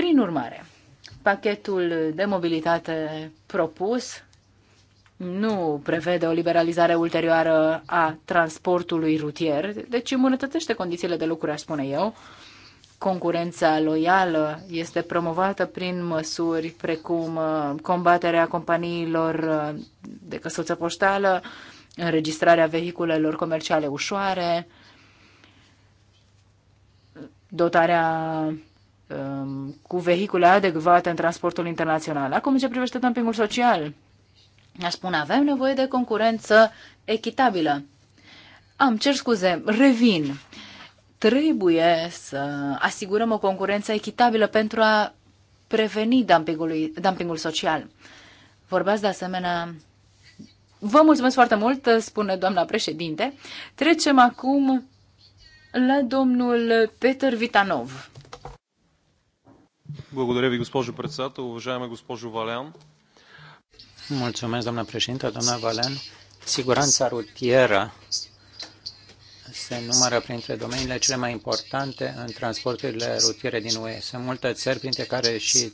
Prin urmare, pachetul de mobilitate propus nu prevede o liberalizare ulterioară a transportului rutier, deci îmbunătățește condițiile de lucru, aș spune eu. Concurența loială este promovată prin măsuri precum uh, combaterea companiilor uh, de căsuță poștală, înregistrarea vehiculelor comerciale ușoare, dotarea Um, cu vehicule adecvate în transportul internațional. Acum, ce privește dumpingul social, a spune, avem nevoie de concurență echitabilă. Am cer scuze, revin. Trebuie să asigurăm o concurență echitabilă pentru a preveni dumpingul, dumpingul social. Vorbeați de asemenea Vă mulțumesc foarte mult, spune doamna președinte. Trecem acum la domnul Peter Vitanov. Благодаря ви, госпожо председател. Уважаема госпожо Вален. Mulțumesc, doamna președinte, doamna Valen. Siguranța rutieră se numără printre domeniile cele mai importante în transporturile rutiere din UE. Sunt multe țări, printre care și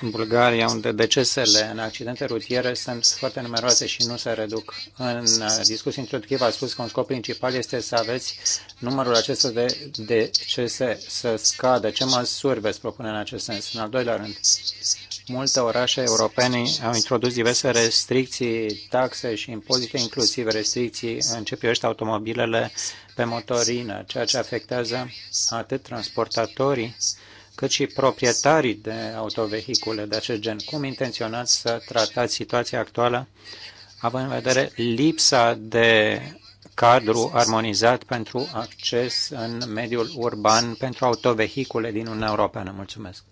în Bulgaria, unde decesele în accidente rutiere sunt foarte numeroase și nu se reduc. În uh, discuții introductive a spus că un scop principal este să aveți numărul acesta de decese să scadă. Ce măsuri veți propune în acest sens? În al doilea rând, multe orașe europene au introdus diverse restricții, taxe și impozite, inclusiv restricții în ce privește automobilele pe motorină, ceea ce afectează atât transportatorii, cât și proprietarii de autovehicule de acest gen. Cum intenționați să tratați situația actuală, având în vedere lipsa de cadru armonizat pentru acces în mediul urban pentru autovehicule din Uniunea Europeană? Mulțumesc!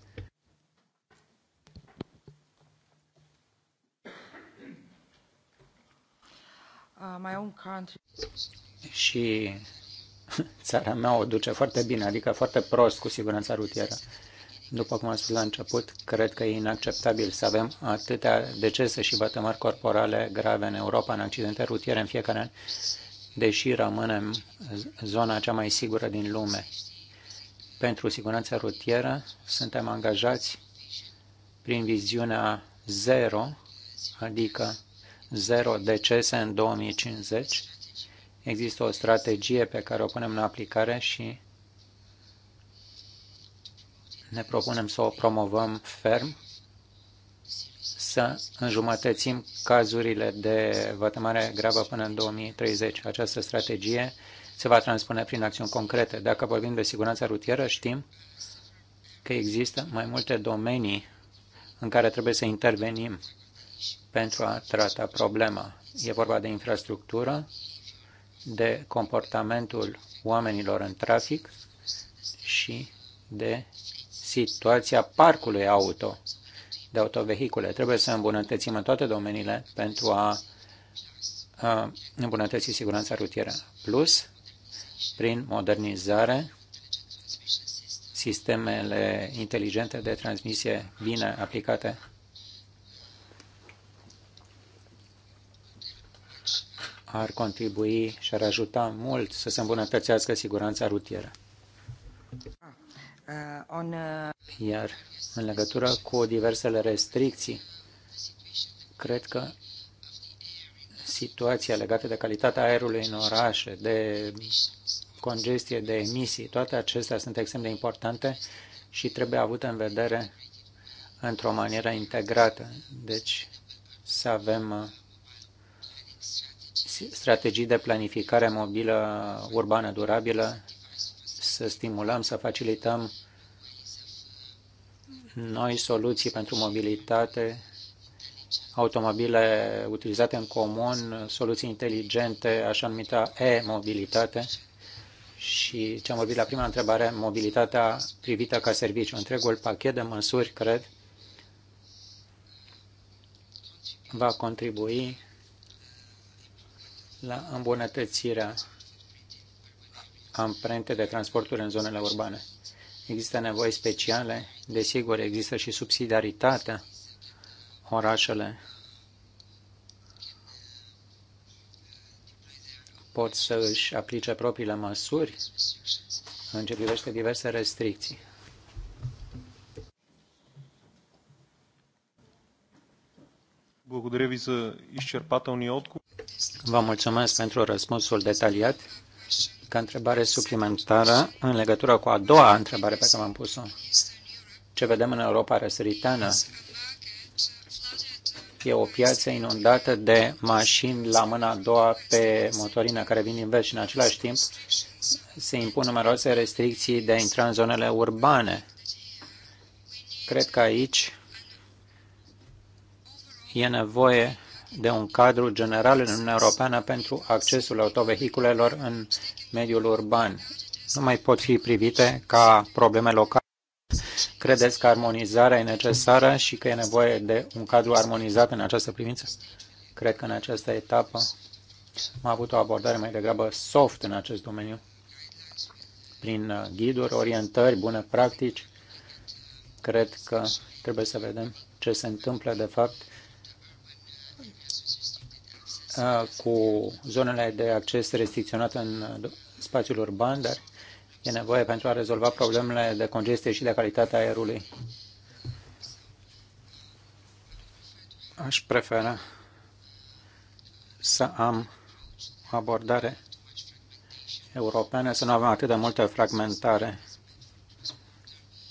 Uh, my own country. Și Țara mea o duce foarte bine, adică foarte prost cu siguranța rutieră. După cum am spus la început, cred că e inacceptabil să avem atâtea decese și bătămări corporale grave în Europa, în accidente rutiere în fiecare an, deși rămânem zona cea mai sigură din lume. Pentru siguranța rutieră suntem angajați prin viziunea zero, adică zero decese în 2050, Există o strategie pe care o punem în aplicare și ne propunem să o promovăm ferm, să înjumătățim cazurile de vătămare gravă până în 2030. Această strategie se va transpune prin acțiuni concrete. Dacă vorbim de siguranța rutieră, știm că există mai multe domenii în care trebuie să intervenim pentru a trata problema. E vorba de infrastructură, de comportamentul oamenilor în trafic și de situația parcului auto, de autovehicule. Trebuie să îmbunătățim în toate domeniile pentru a, a îmbunătăți siguranța rutieră. Plus, prin modernizare, sistemele inteligente de transmisie bine aplicate ar contribui și ar ajuta mult să se îmbunătățească siguranța rutieră. Ah, uh, Iar în legătură cu diversele restricții, cred că situația legată de calitatea aerului în orașe, de congestie, de emisii, toate acestea sunt extrem de importante și trebuie avute în vedere într-o manieră integrată. Deci să avem uh, strategii de planificare mobilă urbană durabilă, să stimulăm, să facilităm noi soluții pentru mobilitate, automobile utilizate în comun, soluții inteligente, așa numită e-mobilitate și ce am vorbit la prima întrebare, mobilitatea privită ca serviciu. Întregul pachet de măsuri, cred, va contribui la îmbunătățirea amprente de transporturi în zonele urbane. Există nevoi speciale, desigur, există și subsidiaritatea. Orașele pot să își aplice propriile măsuri în ce privește diverse restricții. Благодаря ви за изчерпателния отговор. Vă mulțumesc pentru răspunsul detaliat. Ca întrebare suplimentară, în legătură cu a doua întrebare pe care am pus-o, ce vedem în Europa răsăritană e o piață inundată de mașini la mâna a doua pe motorină care vin din vest și în același timp se impun numeroase restricții de a intra în zonele urbane. Cred că aici e nevoie de un cadru general în Uniunea Europeană pentru accesul autovehiculelor în mediul urban. Nu mai pot fi privite ca probleme locale. Credeți că armonizarea e necesară și că e nevoie de un cadru armonizat în această privință? Cred că în această etapă am avut o abordare mai degrabă soft în acest domeniu, prin uh, ghiduri, orientări, bune practici. Cred că trebuie să vedem ce se întâmplă de fapt cu zonele de acces restricționat în spațiul urban, dar e nevoie pentru a rezolva problemele de congestie și de calitatea aerului. Aș prefera să am o abordare europeană, să nu avem atât de multă fragmentare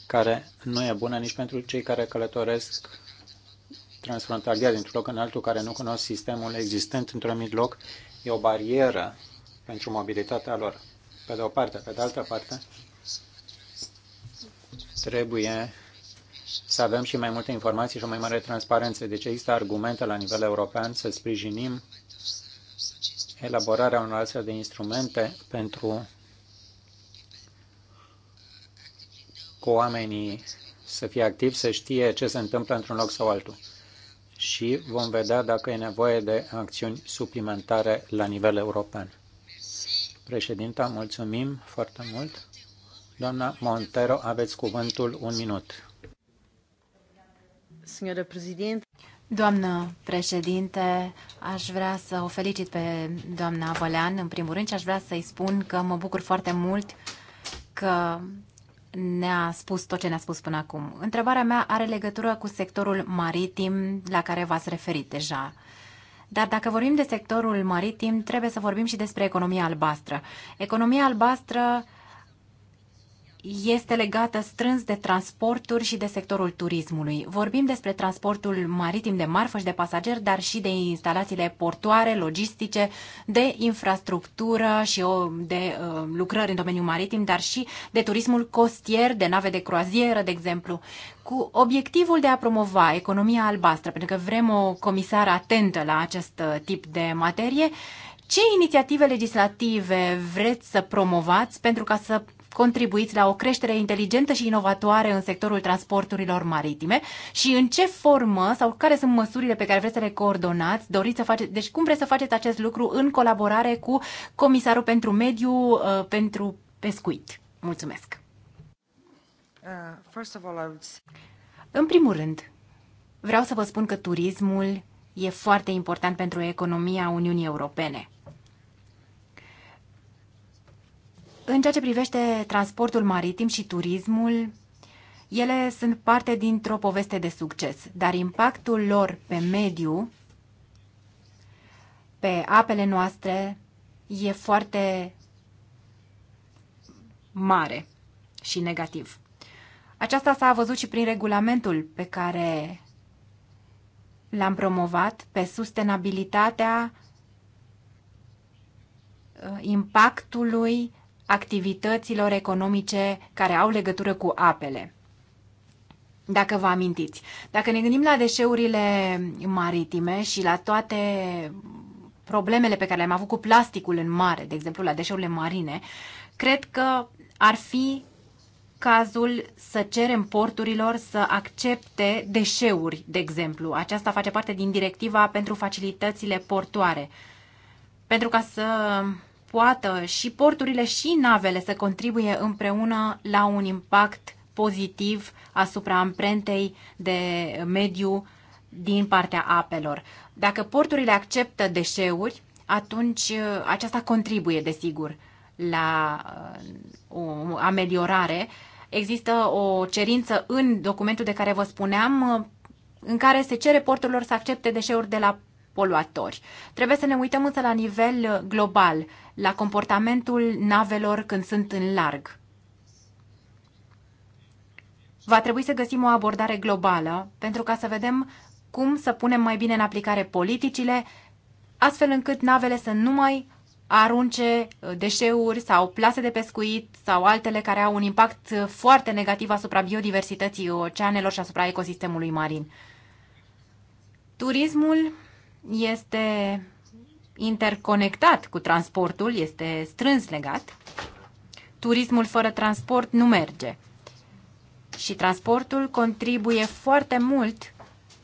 care nu e bună nici pentru cei care călătoresc transfrontalier dintr-un loc în altul care nu cunosc sistemul existent într-un anumit loc e o barieră pentru mobilitatea lor. Pe de o parte, pe de altă parte, trebuie să avem și mai multe informații și o mai mare transparență. Deci există argumente la nivel european să sprijinim elaborarea unor astfel de instrumente pentru cu oamenii să fie activi, să știe ce se întâmplă într-un loc sau altul și vom vedea dacă e nevoie de acțiuni suplimentare la nivel european. Președinta, mulțumim foarte mult. Doamna Montero, aveți cuvântul un minut. președinte, Doamnă președinte, aș vrea să o felicit pe doamna Vălean, în primul rând, și aș vrea să-i spun că mă bucur foarte mult că ne-a spus tot ce ne-a spus până acum. Întrebarea mea are legătură cu sectorul maritim la care v-ați referit deja. Dar dacă vorbim de sectorul maritim, trebuie să vorbim și despre economia albastră. Economia albastră este legată strâns de transporturi și de sectorul turismului. Vorbim despre transportul maritim de marfă și de pasageri, dar și de instalațiile portoare, logistice, de infrastructură și de uh, lucrări în domeniul maritim, dar și de turismul costier, de nave de croazieră, de exemplu, cu obiectivul de a promova economia albastră, pentru că vrem o comisară atentă la acest uh, tip de materie. Ce inițiative legislative vreți să promovați pentru ca să contribuiți la o creștere inteligentă și inovatoare în sectorul transporturilor maritime și în ce formă sau care sunt măsurile pe care vreți să le coordonați, doriți să faceți, deci cum vreți să faceți acest lucru în colaborare cu Comisarul pentru Mediu, uh, pentru Pescuit. Mulțumesc! Uh, first of all, I would... În primul rând, vreau să vă spun că turismul e foarte important pentru economia Uniunii Europene. În ceea ce privește transportul maritim și turismul, ele sunt parte dintr-o poveste de succes, dar impactul lor pe mediu, pe apele noastre, e foarte mare și negativ. Aceasta s-a văzut și prin regulamentul pe care l-am promovat pe sustenabilitatea uh, impactului activităților economice care au legătură cu apele. Dacă vă amintiți, dacă ne gândim la deșeurile maritime și la toate problemele pe care le-am avut cu plasticul în mare, de exemplu la deșeurile marine, cred că ar fi cazul să cerem porturilor să accepte deșeuri, de exemplu. Aceasta face parte din directiva pentru facilitățile portoare. Pentru ca să poată și porturile și navele să contribuie împreună la un impact pozitiv asupra amprentei de mediu din partea apelor. Dacă porturile acceptă deșeuri, atunci uh, aceasta contribuie, desigur, la uh, o ameliorare. Există o cerință în documentul de care vă spuneam uh, în care se cere porturilor să accepte deșeuri de la poluatori. Trebuie să ne uităm însă la nivel uh, global, la comportamentul navelor când sunt în larg. Va trebui să găsim o abordare globală pentru ca să vedem cum să punem mai bine în aplicare politicile, astfel încât navele să nu mai arunce uh, deșeuri sau plase de pescuit sau altele care au un impact uh, foarte negativ asupra biodiversității oceanelor și asupra ecosistemului marin. Turismul este interconectat cu transportul, este strâns legat. Turismul fără transport nu merge. Și transportul contribuie foarte mult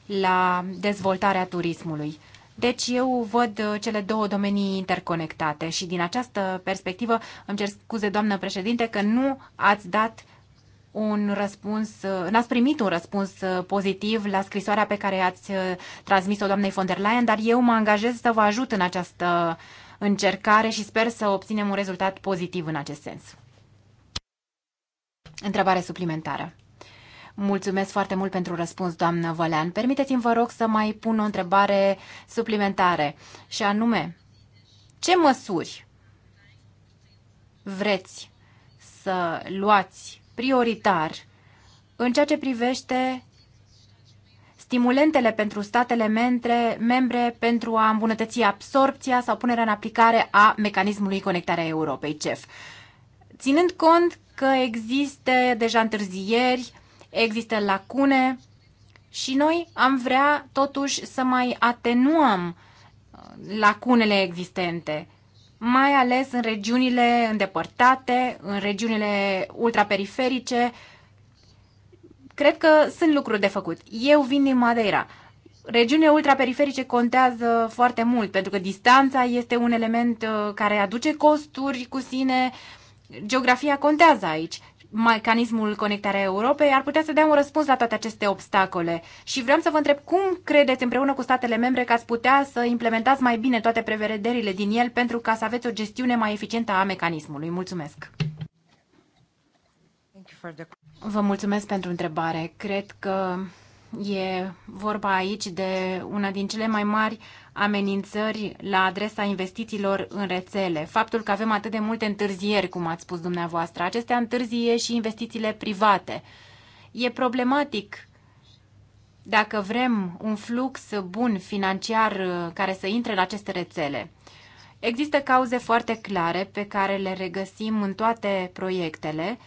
la dezvoltarea turismului. Deci eu văd uh, cele două domenii interconectate și din această perspectivă îmi cer scuze, doamnă președinte, că nu ați dat un răspuns, uh, n-ați primit un răspuns uh, pozitiv la scrisoarea pe care ați uh, transmis-o doamnei von der Leyen, dar eu mă angajez să vă ajut în această încercare și sper să obținem un rezultat pozitiv în acest sens. Întrebare suplimentară. Mulțumesc foarte mult pentru răspuns, doamnă Vălean. Permiteți-mi, vă rog, să mai pun o întrebare suplimentare, și anume, ce măsuri vreți să luați prioritar în ceea ce privește stimulentele pentru statele membre, membre pentru a îmbunătăți absorpția sau punerea în aplicare a mecanismului conectarea Europei, CEF. Ținând cont că există deja întârzieri, există lacune și noi am vrea totuși să mai atenuăm uh, lacunele existente mai ales în regiunile îndepărtate, în regiunile ultraperiferice. Cred că sunt lucruri de făcut. Eu vin din Madeira. Regiunile ultraperiferice contează foarte mult, pentru că distanța este un element uh, care aduce costuri cu sine. Geografia contează aici mecanismul Conectarea Europei ar putea să dea un răspuns la toate aceste obstacole. Și vreau să vă întreb cum credeți împreună cu statele membre că ați putea să implementați mai bine toate prevederile din el pentru ca să aveți o gestiune mai eficientă a mecanismului. Mulțumesc! Vă mulțumesc pentru întrebare. Cred că E vorba aici de una din cele mai mari amenințări la adresa investițiilor în rețele. Faptul că avem atât de multe întârzieri, cum ați spus dumneavoastră, acestea întârzie și investițiile private. E problematic dacă vrem un flux bun financiar uh, care să intre la aceste rețele. Există cauze foarte clare pe care le regăsim în toate proiectele,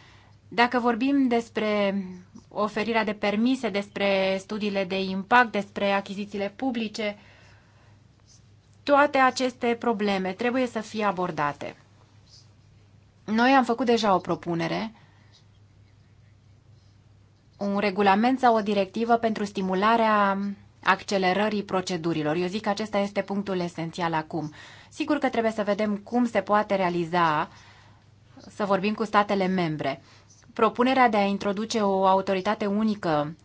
dacă vorbim despre oferirea de permise, despre studiile de impact, despre achizițiile publice, toate aceste probleme trebuie să fie abordate. Noi am făcut deja o propunere, un regulament sau o directivă pentru stimularea accelerării procedurilor. Eu zic că acesta este punctul esențial acum. Sigur că trebuie să vedem cum se poate realiza, să vorbim cu statele membre. Propunerea de a introduce o autoritate unică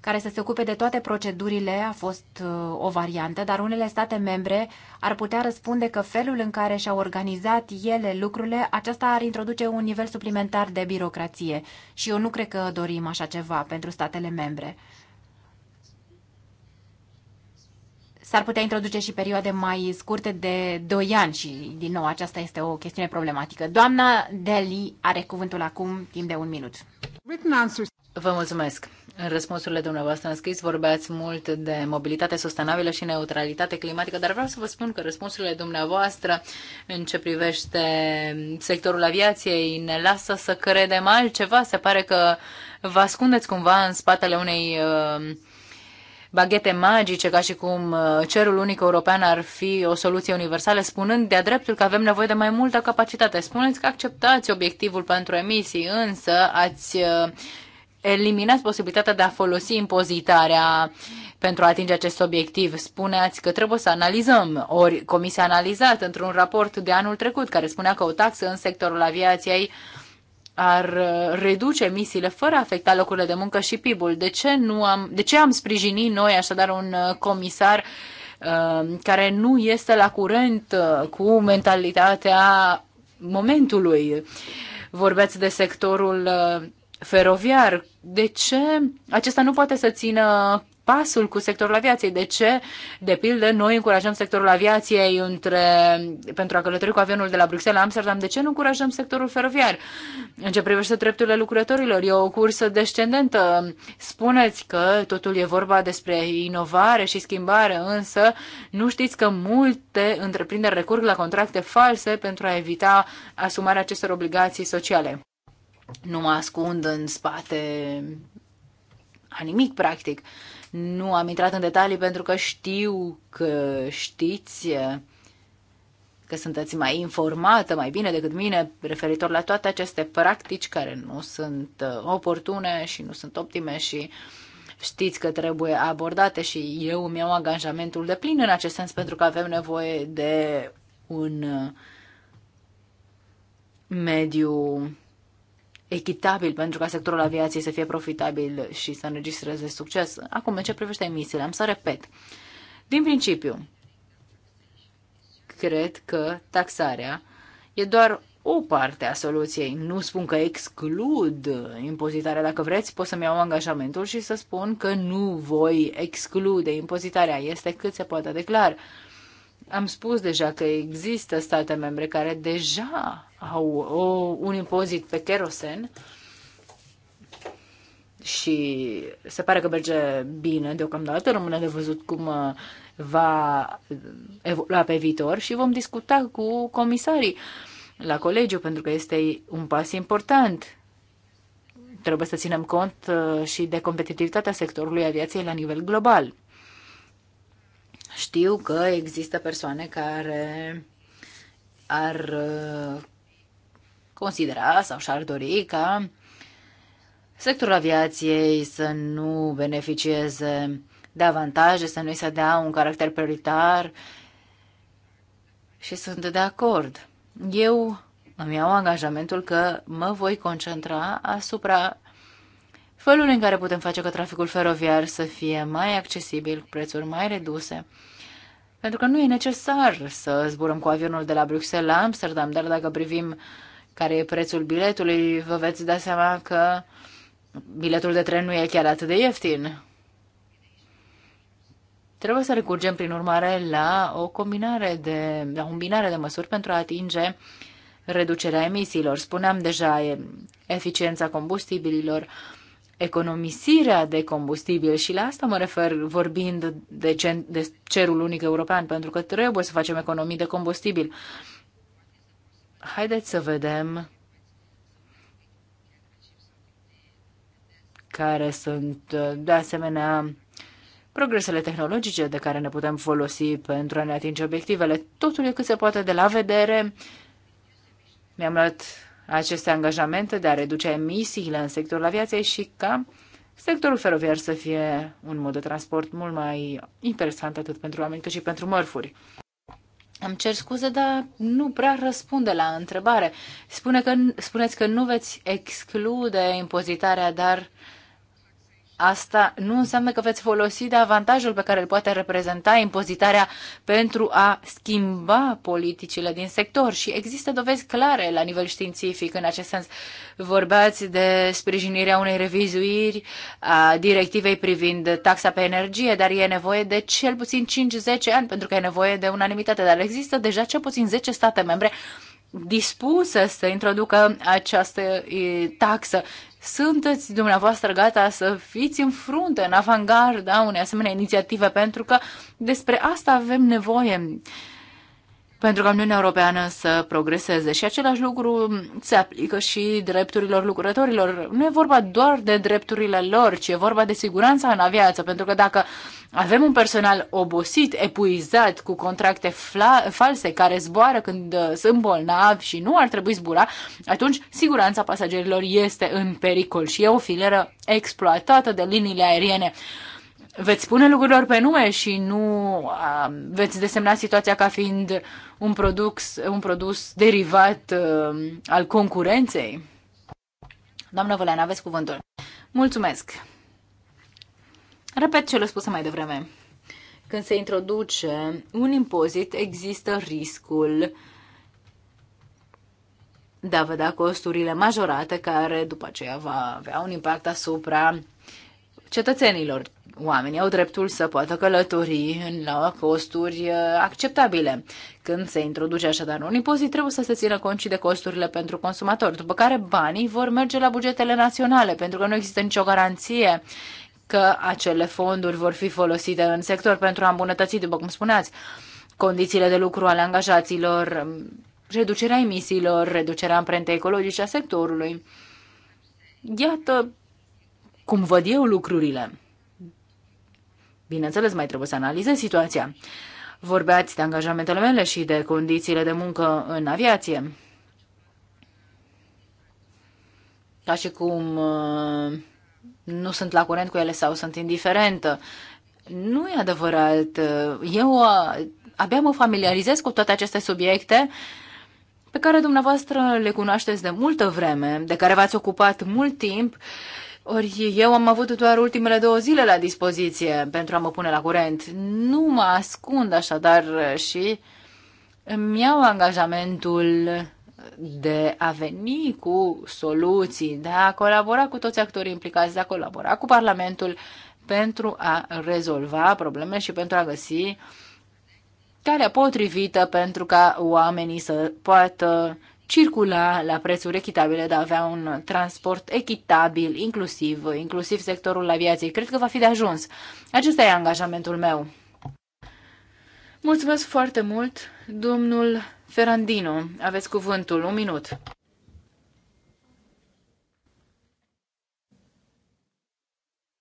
care să se ocupe de toate procedurile a fost uh, o variantă, dar unele state membre ar putea răspunde că felul în care și-au organizat ele lucrurile, aceasta ar introduce un nivel suplimentar de birocrație și eu nu cred că dorim așa ceva pentru statele membre. s-ar putea introduce și perioade mai scurte de 2 ani și, din nou, aceasta este o chestiune problematică. Doamna Deli are cuvântul acum, timp de un minut. Vă mulțumesc. În răspunsurile dumneavoastră în scris vorbeați mult de mobilitate sustenabilă și neutralitate climatică, dar vreau să vă spun că răspunsurile dumneavoastră în ce privește sectorul aviației ne lasă să credem altceva. Se pare că vă ascundeți cumva în spatele unei uh, baghete magice, ca și cum uh, cerul unic european ar fi o soluție universală, spunând de-a dreptul că avem nevoie de mai multă capacitate. Spuneți că acceptați obiectivul pentru emisii, însă ați uh, eliminați posibilitatea de a folosi impozitarea pentru a atinge acest obiectiv. Spuneați că trebuie să analizăm, ori Comisia a analizat într-un raport de anul trecut care spunea că o taxă în sectorul aviației ar uh, reduce emisiile fără a afecta locurile de muncă și PIB-ul. De ce, nu am, de ce am sprijinit noi așadar un uh, comisar uh, care nu este la curent cu mentalitatea momentului? Vorbeați de sectorul feroviar. De ce acesta nu poate să țină pasul cu sectorul aviației. De ce, de pildă, noi încurajăm sectorul aviației între, pentru a călători cu avionul de la Bruxelles la Amsterdam? De ce nu încurajăm sectorul feroviar? În ce privește drepturile lucrătorilor, e o cursă descendentă. Spuneți că totul e vorba despre inovare și schimbare, însă nu știți că multe întreprinderi recurg la contracte false pentru a evita asumarea acestor obligații sociale. Nu mă ascund în spate a nimic, practic. Nu am intrat în detalii pentru că știu că știți că sunteți mai informată, mai bine decât mine, referitor la toate aceste practici care nu sunt uh, oportune și nu sunt optime și știți că trebuie abordate și eu îmi iau angajamentul de plin în acest sens pentru că avem nevoie de un uh, mediu echitabil pentru ca sectorul aviației să fie profitabil și să înregistreze succes. Acum, în ce privește emisiile, am să repet. Din principiu, cred că taxarea e doar o parte a soluției. Nu spun că exclud impozitarea. Dacă vreți, pot să-mi iau angajamentul și să spun că nu voi exclude impozitarea. Este cât se poate declara am spus deja că există state membre care deja au o, un impozit pe kerosen și se pare că merge bine deocamdată. Rămâne de văzut cum uh, va evolua pe viitor și vom discuta cu comisarii la colegiu pentru că este un pas important. Trebuie să ținem cont uh, și de competitivitatea sectorului aviației la nivel global. Știu că există persoane care ar uh, considera sau și-ar dori ca sectorul aviației să nu beneficieze de avantaje, să nu-i se dea un caracter prioritar și sunt de acord. Eu îmi iau angajamentul că mă voi concentra asupra felul în care putem face ca traficul feroviar să fie mai accesibil, cu prețuri mai reduse. Pentru că nu e necesar să zburăm cu avionul de la Bruxelles la Amsterdam, dar dacă privim care e prețul biletului, vă veți da seama că biletul de tren nu e chiar atât de ieftin. Trebuie să recurgem, prin urmare, la o combinare de, la o binare de măsuri pentru a atinge reducerea emisiilor. Spuneam deja eficiența combustibililor, economisirea de combustibil și la asta mă refer vorbind de, cen, de cerul unic european, pentru că trebuie să facem economii de combustibil. Haideți să vedem care sunt, de asemenea, progresele tehnologice de care ne putem folosi pentru a ne atinge obiectivele. Totul e cât se poate de la vedere. Mi-am luat aceste angajamente de a reduce emisiile în sectorul aviației și ca sectorul feroviar să fie un mod de transport mult mai interesant atât pentru oameni cât și pentru mărfuri. Am cer scuze, dar nu prea răspunde la întrebare. Spune că, spuneți că nu veți exclude impozitarea, dar uh, Asta nu înseamnă că veți folosi de avantajul pe care îl poate reprezenta impozitarea pentru a schimba politicile din sector și există dovezi clare la nivel științific în acest sens. Vorbeați de sprijinirea unei revizuiri a directivei privind taxa pe energie, dar e nevoie de cel puțin 5-10 ani pentru că e nevoie de unanimitate, dar există deja cel puțin 10 state membre dispusă să introducă această taxă sunteți dumneavoastră gata să fiți în frunte, în avangarda unei asemenea inițiative, pentru că despre asta avem nevoie pentru ca Uniunea Europeană să progreseze. Și același lucru se aplică și drepturilor lucrătorilor. Nu e vorba doar de drepturile lor, ci e vorba de siguranța în aviață. pentru că dacă avem un personal obosit, epuizat, cu contracte false, care zboară când uh, sunt bolnavi și nu ar trebui zbura, atunci siguranța pasagerilor este în pericol și e o filieră exploatată de liniile aeriene veți spune lucrurilor pe nume și nu uh, veți desemna situația ca fiind un produs, un produs derivat uh, al concurenței? Doamnă Vălean, aveți cuvântul. Mulțumesc. Repet ce l-a spus mai devreme. Când se introduce un impozit, există riscul de a vedea costurile majorate care după aceea va avea un impact asupra cetățenilor oamenii au dreptul să poată călători la costuri uh, acceptabile. Când se introduce așadar un impozit, trebuie să se țină cont și de costurile pentru consumatori, după care banii vor merge la bugetele naționale, pentru că nu există nicio garanție că acele fonduri vor fi folosite în sector pentru a îmbunătăți, după cum spuneați, condițiile de lucru ale angajaților, um, reducerea emisiilor, reducerea amprentei ecologice a sectorului. Iată cum văd eu lucrurile. Bineînțeles, mai trebuie să analizez situația. Vorbeați de angajamentele mele și de condițiile de muncă în aviație. Ca și cum uh, nu sunt la curent cu ele sau sunt indiferentă. Nu e adevărat. Eu uh, abia mă familiarizez cu toate aceste subiecte pe care dumneavoastră le cunoașteți de multă vreme, de care v-ați ocupat mult timp ori eu am avut doar ultimele două zile la dispoziție pentru a mă pune la curent. Nu mă ascund așadar și îmi iau angajamentul de a veni cu soluții, de a colabora cu toți actorii implicați, de a colabora cu Parlamentul pentru a rezolva probleme și pentru a găsi calea potrivită pentru ca oamenii să poată circula la prețuri echitabile, de a avea un transport echitabil, inclusiv, inclusiv sectorul aviației. Cred că va fi de ajuns. Acesta e angajamentul meu. Mulțumesc foarte mult, domnul Ferandino. Aveți cuvântul, un minut.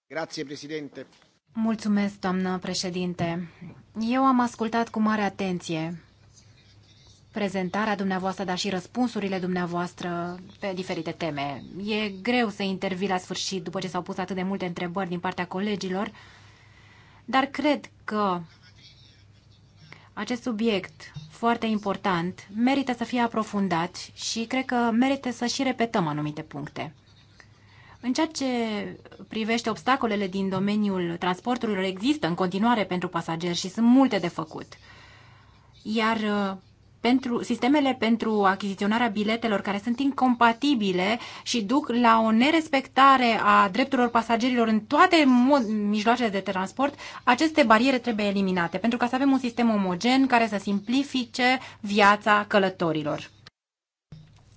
Grazie, președinte. Mulțumesc, doamnă președinte. Eu am ascultat cu mare atenție prezentarea dumneavoastră, dar și răspunsurile dumneavoastră pe diferite teme. E greu să intervii la sfârșit după ce s-au pus atât de multe întrebări din partea colegilor, dar cred că acest subiect foarte important merită să fie aprofundat și cred că merită să și repetăm anumite puncte. În ceea ce privește obstacolele din domeniul transporturilor, există în continuare pentru pasageri și sunt multe de făcut. Iar uh, pentru sistemele pentru achiziționarea biletelor care sunt incompatibile și duc la o nerespectare a drepturilor pasagerilor în toate mod, mijloacele de transport, aceste bariere trebuie eliminate pentru ca să avem un sistem omogen care să simplifice viața călătorilor.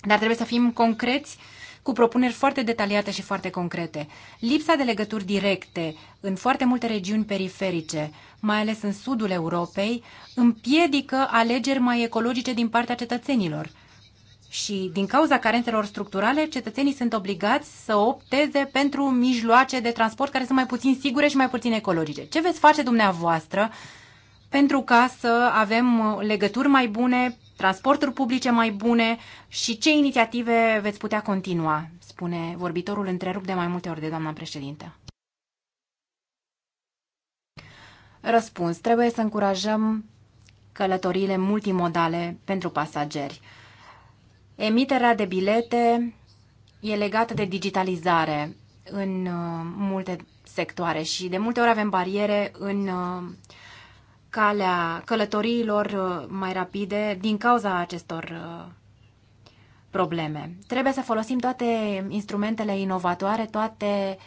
Dar trebuie să fim concreți cu propuneri foarte detaliate și foarte concrete. Lipsa de legături directe în foarte multe regiuni periferice, mai ales în sudul Europei, împiedică alegeri mai ecologice din partea cetățenilor. Și din cauza carențelor structurale, cetățenii sunt obligați să opteze pentru mijloace de transport care sunt mai puțin sigure și mai puțin ecologice. Ce veți face dumneavoastră pentru ca să avem legături mai bune transporturi publice mai bune și ce inițiative veți putea continua, spune vorbitorul întrerup de mai multe ori de doamna președintă. Răspuns. Trebuie să încurajăm călătoriile multimodale pentru pasageri. Emiterea de bilete e legată de digitalizare în uh, multe sectoare și de multe ori avem bariere în uh, calea călătoriilor uh, mai rapide din cauza acestor uh, probleme. Trebuie să folosim toate instrumentele inovatoare, toate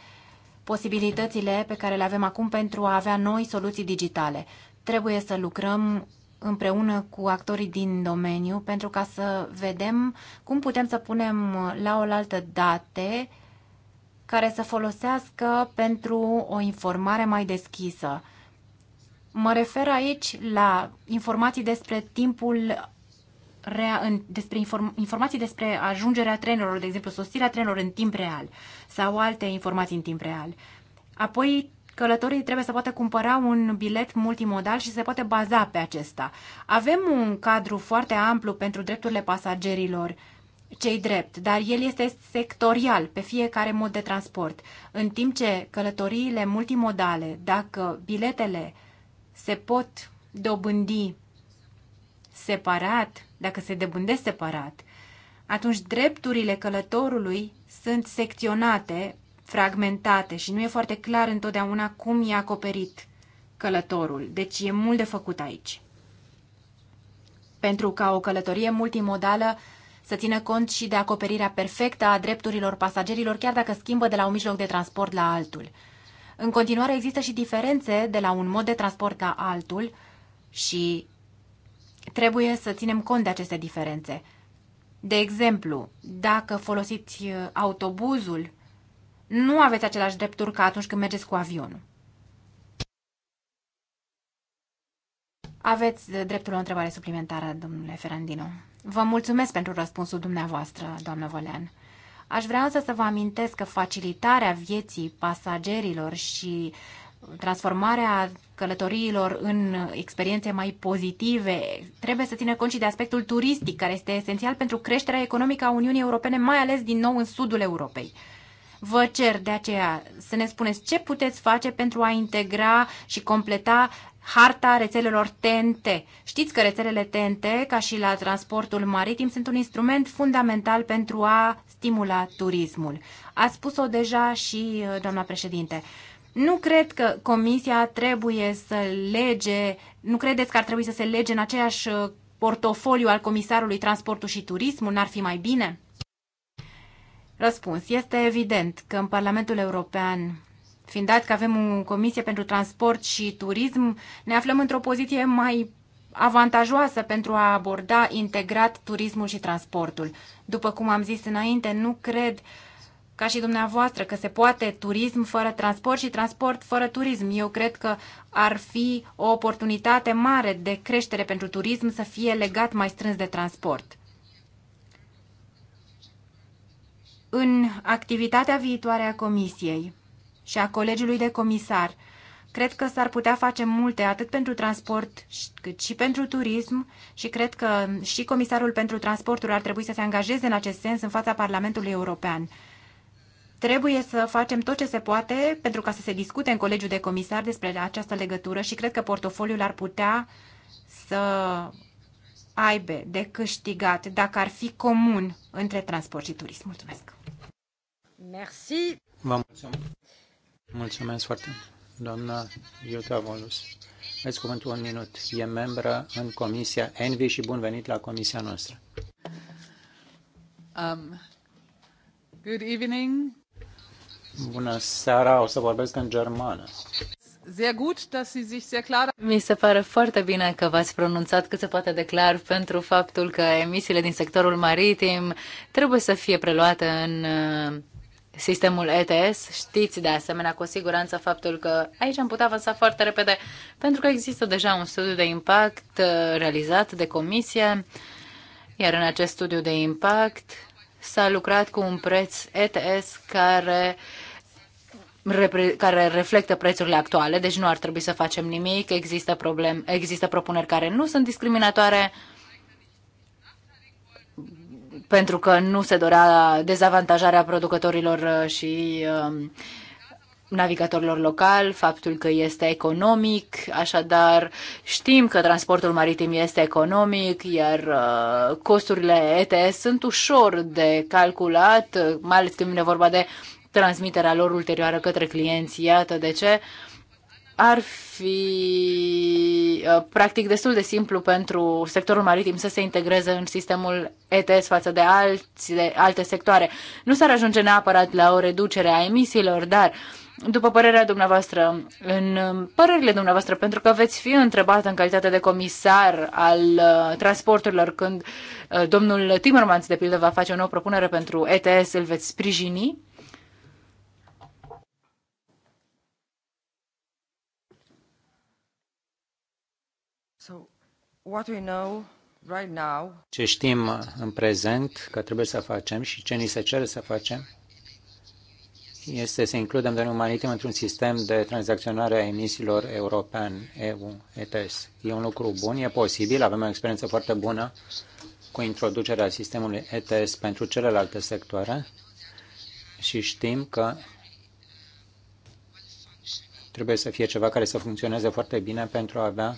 posibilitățile pe care le avem acum pentru a avea noi soluții digitale. Trebuie să lucrăm împreună cu actorii din domeniu pentru ca să vedem cum putem să punem la oaltă date care să folosească pentru o informare mai deschisă Mă refer aici la informații despre timpul rea, despre inform, informații despre ajungerea trenurilor, de exemplu, sosirea trenurilor în timp real sau alte informații în timp real. Apoi, călătorii trebuie să poată cumpăra un bilet multimodal și se poate baza pe acesta. Avem un cadru foarte amplu pentru drepturile pasagerilor, cei drept, dar el este sectorial pe fiecare mod de transport, în timp ce călătoriile multimodale, dacă biletele se pot dobândi separat, dacă se dobândesc separat, atunci drepturile călătorului sunt secționate, fragmentate și nu e foarte clar întotdeauna cum e acoperit călătorul. Deci e mult de făcut aici. Pentru ca o călătorie multimodală să țină cont și de acoperirea perfectă a drepturilor pasagerilor, chiar dacă schimbă de la un mijloc de transport la altul. În continuare există și diferențe de la un mod de transport la altul și trebuie să ținem cont de aceste diferențe. De exemplu, dacă folosiți uh, autobuzul, nu aveți același drepturi ca atunci când mergeți cu avionul. Aveți uh, dreptul la o întrebare suplimentară, domnule Ferandino. Vă mulțumesc pentru răspunsul dumneavoastră, doamnă Volean. Aș vrea însă să vă amintesc că facilitarea vieții pasagerilor și transformarea călătoriilor în experiențe mai pozitive trebuie să țină cont și de aspectul turistic, care este esențial pentru creșterea economică a Uniunii Europene, mai ales din nou în sudul Europei. Vă cer de aceea să ne spuneți ce puteți face pentru a integra și completa harta rețelelor TNT. Știți că rețelele TNT, ca și la transportul maritim, sunt un instrument fundamental pentru a stimula turismul. A spus-o deja și uh, doamna președinte. Nu cred că comisia trebuie să lege, nu credeți că ar trebui să se lege în aceeași uh, portofoliu al comisarului transportul și turismul, n-ar fi mai bine? Răspuns. Este evident că în Parlamentul European Fiind dat că avem o comisie pentru transport și turism, ne aflăm într-o poziție mai avantajoasă pentru a aborda integrat turismul și transportul. După cum am zis înainte, nu cred ca și dumneavoastră că se poate turism fără transport și transport fără turism. Eu cred că ar fi o oportunitate mare de creștere pentru turism să fie legat mai strâns de transport. În activitatea viitoare a Comisiei, și a colegiului de comisar. Cred că s-ar putea face multe, atât pentru transport cât și pentru turism și cred că și comisarul pentru transporturi ar trebui să se angajeze în acest sens în fața Parlamentului European. Trebuie să facem tot ce se poate pentru ca să se discute în Colegiul de Comisar despre această legătură și cred că portofoliul ar putea să aibă de câștigat dacă ar fi comun între transport și turism. Mulțumesc! Merci! Vă mulțumesc! Mulțumesc foarte mult. Doamna Iuta Volus, aveți cuvântul un minut. E membră în Comisia Envi și bun venit la Comisia noastră. Um, good evening. Bună seara, o să vorbesc în germană. Sehr gut, dass Sie sich sehr klar... Mi se pare foarte bine că v-ați pronunțat cât se poate de clar pentru faptul că emisiile din sectorul maritim trebuie să fie preluate în uh, sistemul ETS. Știți de asemenea cu siguranță faptul că aici am putea avansa foarte repede pentru că există deja un studiu de impact uh, realizat de comisie, iar în acest studiu de impact s-a lucrat cu un preț ETS care care reflectă prețurile actuale, deci nu ar trebui să facem nimic. Există, problem, există propuneri care nu sunt discriminatoare, uh, pentru că nu se dorea dezavantajarea producătorilor uh, și um, navigatorilor local, faptul că este economic, așadar știm că transportul maritim este economic, iar uh, costurile ETS sunt ușor de calculat, mai ales când vine vorba de transmiterea lor ulterioară către clienți. Iată de ce uh, ar fi uh, practic destul de simplu pentru sectorul maritim să se integreze în sistemul ETS față de, alți, de alte sectoare. Nu s-ar ajunge neapărat la o reducere a emisiilor, dar după părerea dumneavoastră, în părerile dumneavoastră, pentru că veți fi întrebat în calitate de comisar al uh, transporturilor când uh, domnul Timmermans, de pildă, va face o nouă propunere pentru ETS, îl veți sprijini? ce știm în prezent că trebuie să facem și ce ni se cere să facem este să includem domeniul maritim într-un sistem de tranzacționare a emisiilor european, EU, ETS. E un lucru bun, e posibil, avem o experiență foarte bună cu introducerea sistemului ETS pentru celelalte sectoare și știm că trebuie să fie ceva care să funcționeze foarte bine pentru a avea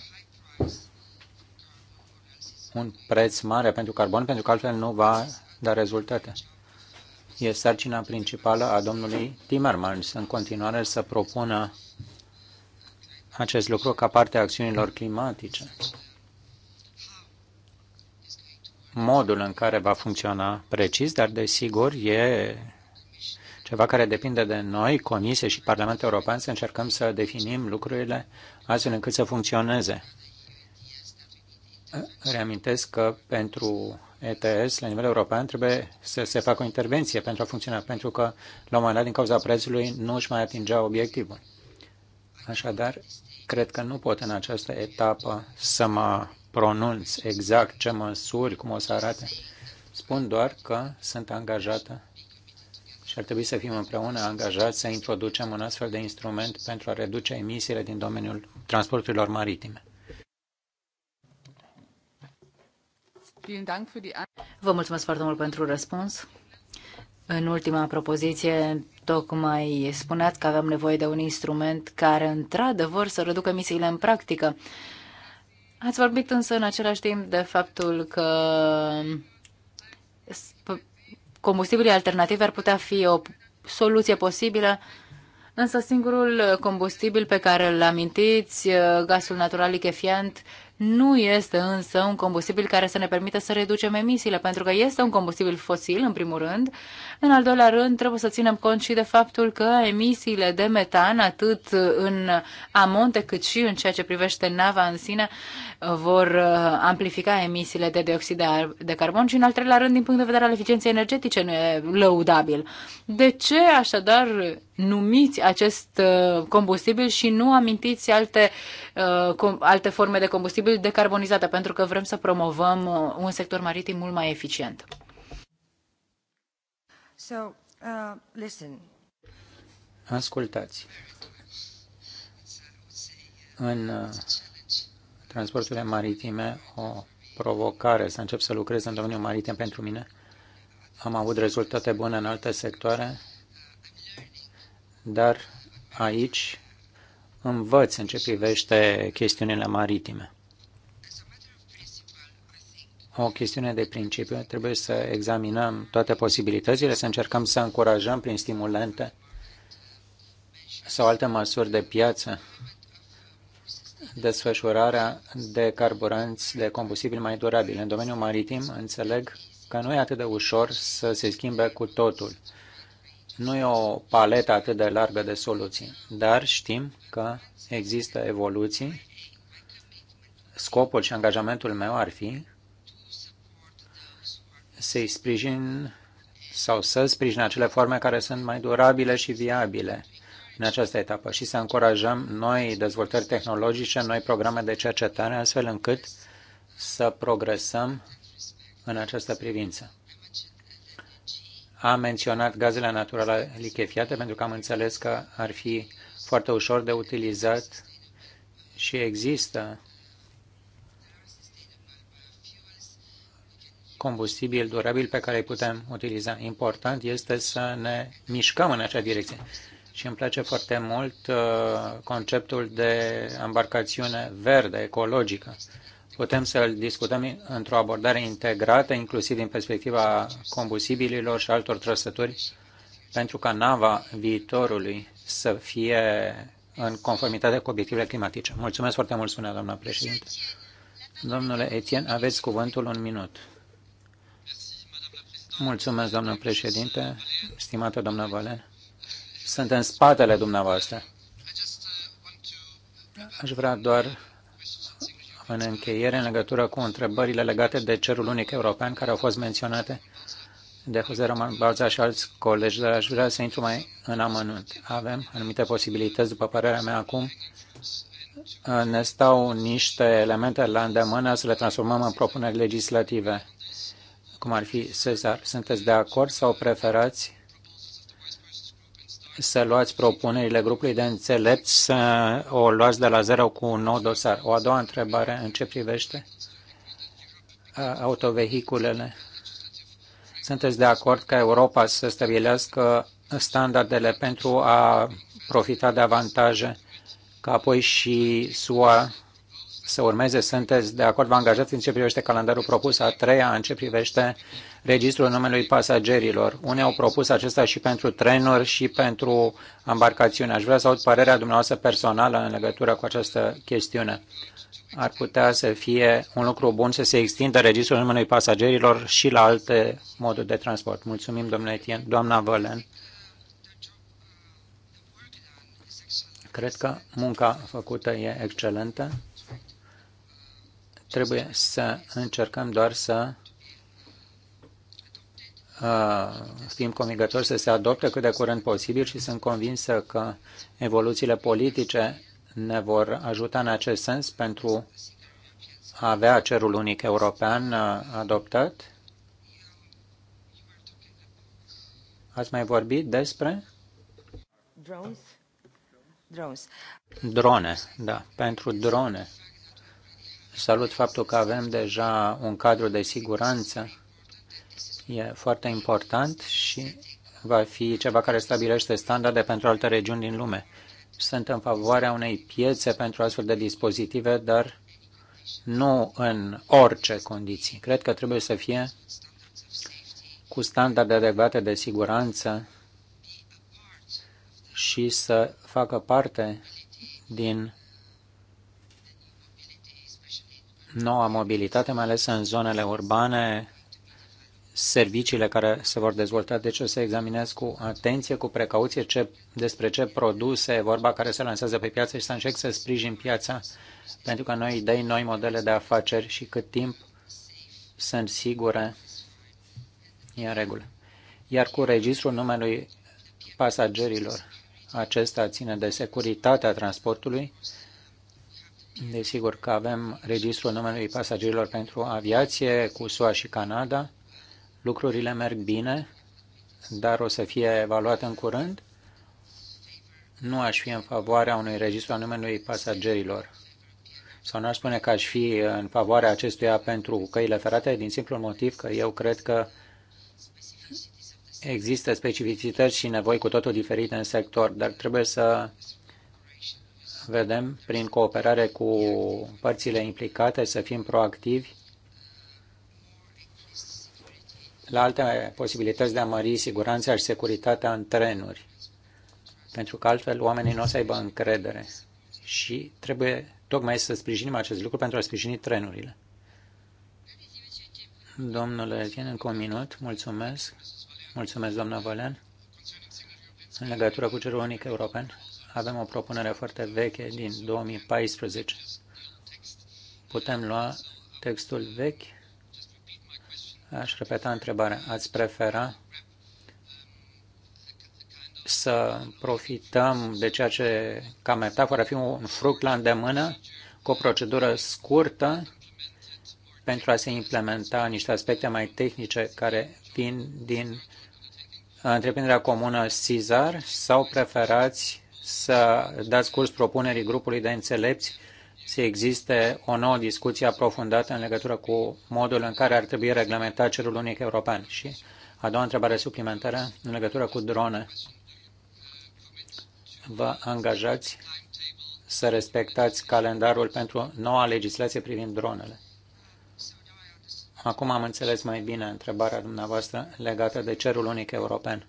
un preț mare pentru carbon, pentru că altfel nu va da rezultate. E sarcina principală a domnului Timmermans în continuare să propună acest lucru ca parte a acțiunilor climatice. Modul în care va funcționa precis, dar desigur e ceva care depinde de noi, Comisie și Parlamentul European, să încercăm să definim lucrurile astfel încât să funcționeze reamintesc că pentru ETS la nivel european trebuie să se facă o intervenție pentru a funcționa, pentru că la un moment dat, din cauza prețului, nu își mai atingea obiectivul. Așadar, cred că nu pot în această etapă să mă pronunț exact ce măsuri, cum o să arate. Spun doar că sunt angajată și ar trebui să fim împreună angajați să introducem un astfel de instrument pentru a reduce emisiile din domeniul transporturilor maritime. Vă mulțumesc foarte mult pentru răspuns. În ultima propoziție, tocmai spuneați că avem nevoie de un instrument care, într-adevăr, să reducă misiile în practică. Ați vorbit însă în același timp de faptul că combustibilii alternativi ar putea fi o soluție posibilă, însă singurul combustibil pe care îl amintiți, gazul natural lichefiant, nu este însă un combustibil care să ne permită să reducem emisiile, pentru că este un combustibil fosil, în primul rând, în al doilea rând, trebuie să ținem cont și de faptul că emisiile de metan, atât în amonte cât și în ceea ce privește nava în sine, vor uh, amplifica emisiile de dioxid de carbon și, în al treilea rând, din punct de vedere al eficienței energetice, nu e lăudabil. De ce, așadar, numiți acest uh, combustibil și nu amintiți alte, uh, alte forme de combustibil decarbonizate, pentru că vrem să promovăm un sector maritim mult mai eficient? So, uh, listen. Ascultați. În uh, transporturile maritime, o provocare să încep să lucrez în domeniul maritim pentru mine. Am avut rezultate bune în alte sectoare, dar aici învăț în ce privește chestiunile maritime o chestiune de principiu. Trebuie să examinăm toate posibilitățile, să încercăm să încurajăm prin stimulente sau alte măsuri de piață desfășurarea de carburanți de combustibil mai durabili. În domeniul maritim înțeleg că nu e atât de ușor să se schimbe cu totul. Nu e o paletă atât de largă de soluții, dar știm că există evoluții. Scopul și angajamentul meu ar fi să-i sprijin sau să sprijin acele forme care sunt mai durabile și viabile în această etapă și să încurajăm noi dezvoltări tehnologice, noi programe de cercetare, astfel încât să progresăm în această privință. Am menționat gazele naturale lichefiate pentru că am înțeles că ar fi foarte ușor de utilizat și există combustibil durabil pe care îi putem utiliza. Important este să ne mișcăm în acea direcție. Și îmi place foarte mult uh, conceptul de embarcațiune verde, ecologică. Putem să-l discutăm într-o abordare integrată, inclusiv din perspectiva combustibililor și altor trăsături, pentru ca nava viitorului să fie în conformitate cu obiectivele climatice. Mulțumesc foarte mult, spunea doamna președinte. Domnule Etienne, aveți cuvântul un minut. Mulțumesc, doamnă președinte, stimată doamnă Valen. Sunt în spatele dumneavoastră. Aș vrea doar în încheiere, în legătură cu întrebările legate de cerul unic european care au fost menționate de Jose Roman Balza și alți colegi, dar aș vrea să intru mai în amănunt. Avem anumite posibilități, după părerea mea, acum ne stau niște elemente la îndemână să le transformăm în propuneri legislative cum ar fi Cezar, sunteți de acord sau preferați să luați propunerile grupului de înțelepți, să o luați de la zero cu un nou dosar? O a doua întrebare în ce privește autovehiculele. Sunteți de acord ca Europa să stabilească standardele pentru a profita de avantaje, ca apoi și SUA să urmeze, sunteți de acord, vă angajați în ce privește calendarul propus, a treia în ce privește registrul numelui pasagerilor. Unii au propus acesta și pentru trenuri și pentru embarcațiune. Aș vrea să aud părerea dumneavoastră personală în legătură cu această chestiune. Ar putea să fie un lucru bun să se extindă registrul numelui pasagerilor și la alte moduri de transport. Mulțumim, domnule Tien, doamna Vălen. Cred că munca făcută e excelentă. Trebuie să încercăm doar să fim convingători să se adopte cât de curând posibil și sunt convinsă că evoluțiile politice ne vor ajuta în acest sens pentru a avea cerul unic european adoptat. Ați mai vorbit despre? Drones. Drones. Drone, da, pentru drone. Salut faptul că avem deja un cadru de siguranță. E foarte important și va fi ceva care stabilește standarde pentru alte regiuni din lume. Sunt în favoarea unei piețe pentru astfel de dispozitive, dar nu în orice condiții. Cred că trebuie să fie cu standarde adecvate de siguranță și să facă parte din noua mobilitate, mai ales în zonele urbane, serviciile care se vor dezvolta. Deci o să examinez cu atenție, cu precauție ce, despre ce produse e vorba care se lansează pe piață și să încerc să sprijin piața pentru că noi idei, noi modele de afaceri și cât timp sunt sigure, e în regulă. Iar cu registrul numelui pasagerilor, acesta ține de securitatea transportului, Desigur că avem registrul numelui pasagerilor pentru aviație cu SUA și Canada. Lucrurile merg bine, dar o să fie evaluat în curând. Nu aș fi în favoarea unui registru al numelui pasagerilor. Sau nu aș spune că aș fi în favoarea acestuia pentru căile ferate, din simplul motiv că eu cred că există specificități și nevoi cu totul diferite în sector, dar trebuie să vedem prin cooperare cu părțile implicate să fim proactivi la alte posibilități de a mări siguranța și securitatea în trenuri, pentru că altfel oamenii nu o să aibă încredere și trebuie tocmai să sprijinim acest lucru pentru a sprijini trenurile. Domnule vin încă un minut. Mulțumesc. Mulțumesc, doamna Valen. În legătură cu cerul unic european, avem o propunere foarte veche din 2014. Putem lua textul vechi? Aș repeta întrebarea. Ați prefera să profităm de ceea ce, ca metaforă, ar fi un fruct la îndemână, cu o procedură scurtă, pentru a se implementa niște aspecte mai tehnice care vin din întreprinderea comună CISAR sau preferați să dați curs propunerii grupului de înțelepți să existe o nouă discuție aprofundată în legătură cu modul în care ar trebui reglementat cerul unic european. Și a doua întrebare suplimentară în legătură cu drone. Vă angajați să respectați calendarul pentru noua legislație privind dronele. Acum am înțeles mai bine întrebarea dumneavoastră legată de cerul unic european.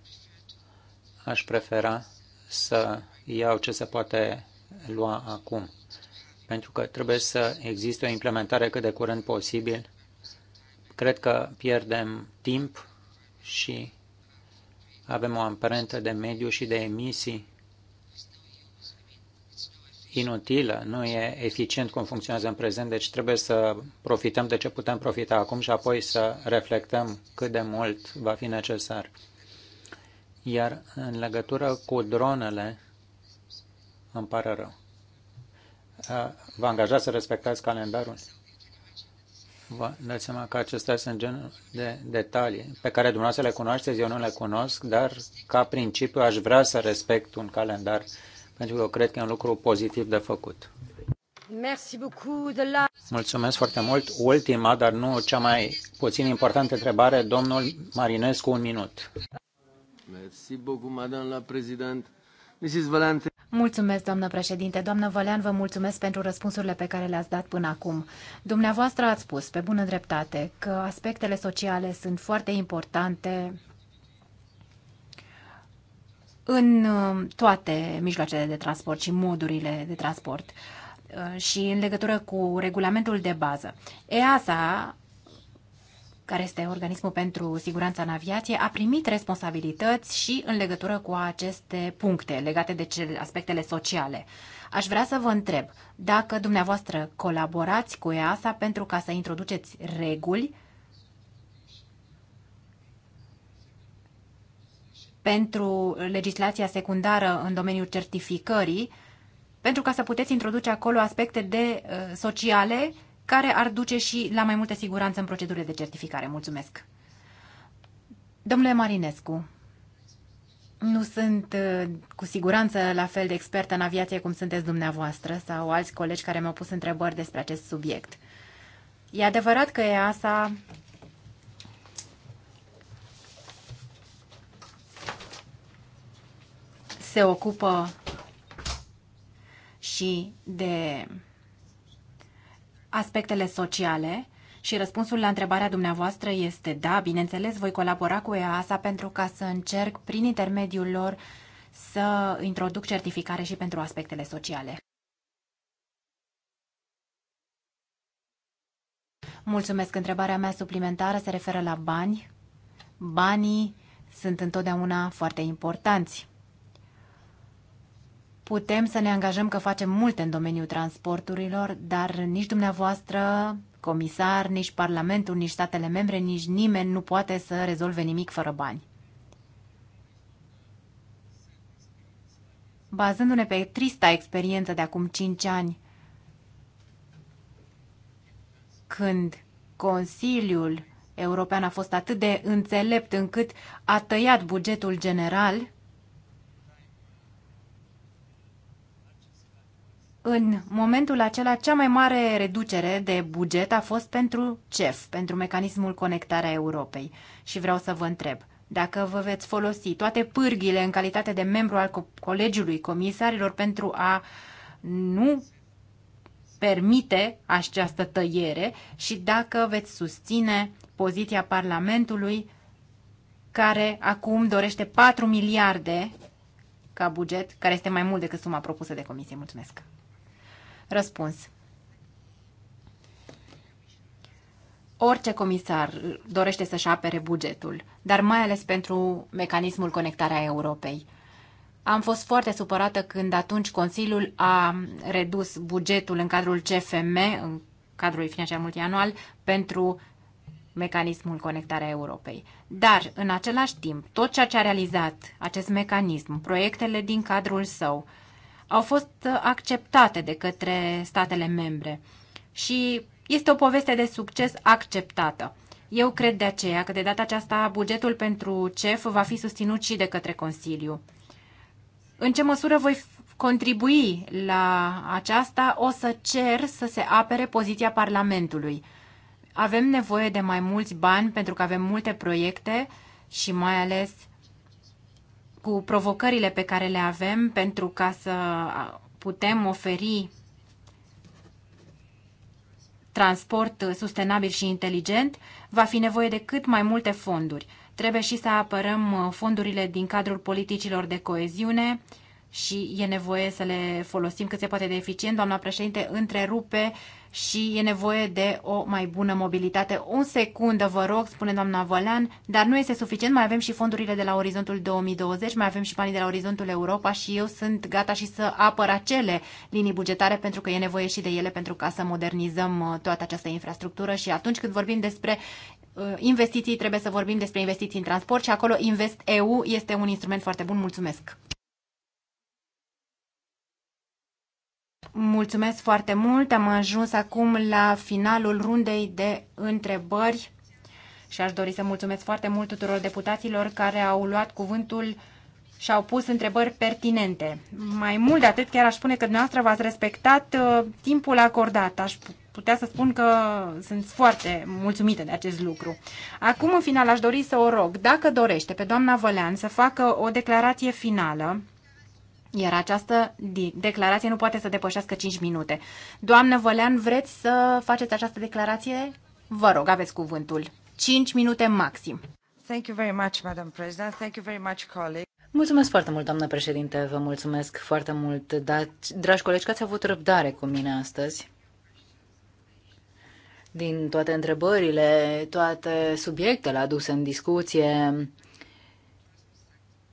Aș prefera să iau ce se poate lua acum. Pentru că trebuie să existe o implementare cât de curând posibil. Cred că pierdem timp și avem o amprentă de mediu și de emisii inutilă, nu e eficient cum funcționează în prezent, deci trebuie să profităm de ce putem profita acum și apoi să reflectăm cât de mult va fi necesar. Iar în legătură cu dronele, îmi pare rău. Vă angajați să respectați calendarul? Vă dați seama că acestea sunt genul de detalii pe care dumneavoastră le cunoașteți, eu nu le cunosc, dar ca principiu aș vrea să respect un calendar, pentru că eu cred că e un lucru pozitiv de făcut. Mulțumesc foarte mult. Ultima, dar nu cea mai puțin importantă întrebare, domnul Marinescu, un minut beaucoup, madame la présidente. Mrs. Valente. Mulțumesc, doamnă președinte. Doamnă Vălean, vă mulțumesc pentru răspunsurile pe care le-ați dat până acum. Dumneavoastră ați spus, pe bună dreptate, că aspectele sociale sunt foarte importante în uh, toate mijloacele de transport și modurile de transport uh, și în legătură cu regulamentul de bază. EASA care este organismul pentru siguranța în aviație, a primit responsabilități și în legătură cu aceste puncte legate de aspectele sociale. Aș vrea să vă întreb dacă dumneavoastră colaborați cu EASA pentru ca să introduceți reguli pentru legislația secundară în domeniul certificării, pentru ca să puteți introduce acolo aspecte de uh, sociale care ar duce și la mai multă siguranță în procedurile de certificare. Mulțumesc! Domnule Marinescu, nu sunt uh, cu siguranță la fel de expertă în aviație cum sunteți dumneavoastră sau alți colegi care mi-au pus întrebări despre acest subiect. E adevărat că EASA se ocupă și de aspectele sociale și răspunsul la întrebarea dumneavoastră este da, bineînțeles, voi colabora cu EASA pentru ca să încerc prin intermediul lor să introduc certificare și pentru aspectele sociale. Mulțumesc. Întrebarea mea suplimentară se referă la bani. Banii sunt întotdeauna foarte importanți. Putem să ne angajăm că facem multe în domeniul transporturilor, dar nici dumneavoastră, comisar, nici Parlamentul, nici statele membre, nici nimeni nu poate să rezolve nimic fără bani. Bazându-ne pe trista experiență de acum 5 ani, când Consiliul European a fost atât de înțelept încât a tăiat bugetul general, în momentul acela cea mai mare reducere de buget a fost pentru CEF, pentru mecanismul conectarea Europei. Și vreau să vă întreb, dacă vă veți folosi toate pârghile în calitate de membru al co Colegiului Comisarilor pentru a nu permite această tăiere și dacă veți susține poziția Parlamentului care acum dorește 4 miliarde ca buget, care este mai mult decât suma propusă de comisie. Mulțumesc! Răspuns. Orice comisar dorește să-și apere bugetul, dar mai ales pentru mecanismul conectarea Europei. Am fost foarte supărată când atunci Consiliul a redus bugetul în cadrul CFM, în cadrul financiar multianual, pentru mecanismul conectarea Europei. Dar, în același timp, tot ceea ce a realizat acest mecanism, proiectele din cadrul său, au fost acceptate de către statele membre și este o poveste de succes acceptată. Eu cred de aceea că de data aceasta bugetul pentru CEF va fi susținut și de către Consiliu. În ce măsură voi contribui la aceasta, o să cer să se apere poziția Parlamentului. Avem nevoie de mai mulți bani pentru că avem multe proiecte și mai ales cu provocările pe care le avem pentru ca să putem oferi transport sustenabil și inteligent, va fi nevoie de cât mai multe fonduri. Trebuie și să apărăm fondurile din cadrul politicilor de coeziune, și e nevoie să le folosim cât se poate de eficient. Doamna președinte, întrerupe și e nevoie de o mai bună mobilitate. Un secundă, vă rog, spune doamna Vălean, dar nu este suficient, mai avem și fondurile de la Orizontul 2020, mai avem și banii de la Orizontul Europa și eu sunt gata și să apăr acele linii bugetare pentru că e nevoie și de ele pentru ca să modernizăm uh, toată această infrastructură și atunci când vorbim despre uh, investiții, trebuie să vorbim despre investiții în transport și acolo Invest EU este un instrument foarte bun. Mulțumesc! Mulțumesc foarte mult. Am ajuns acum la finalul rundei de întrebări și aș dori să mulțumesc foarte mult tuturor deputaților care au luat cuvântul și au pus întrebări pertinente. Mai mult de atât, chiar aș spune că dumneavoastră v-ați respectat uh, timpul acordat. Aș putea să spun că sunt foarte mulțumită de acest lucru. Acum, în final, aș dori să o rog, dacă dorește pe doamna Vălean să facă o declarație finală, iar această declarație nu poate să depășească 5 minute. Doamnă Vălean, vreți să faceți această declarație? Vă rog, aveți cuvântul. 5 minute maxim. Thank you very much, Madam President. Thank you very much, colleague. Mulțumesc foarte mult, doamnă președinte. Vă mulțumesc foarte mult. Dar, dragi colegi, că ați avut răbdare cu mine astăzi. Din toate întrebările, toate subiectele aduse în discuție,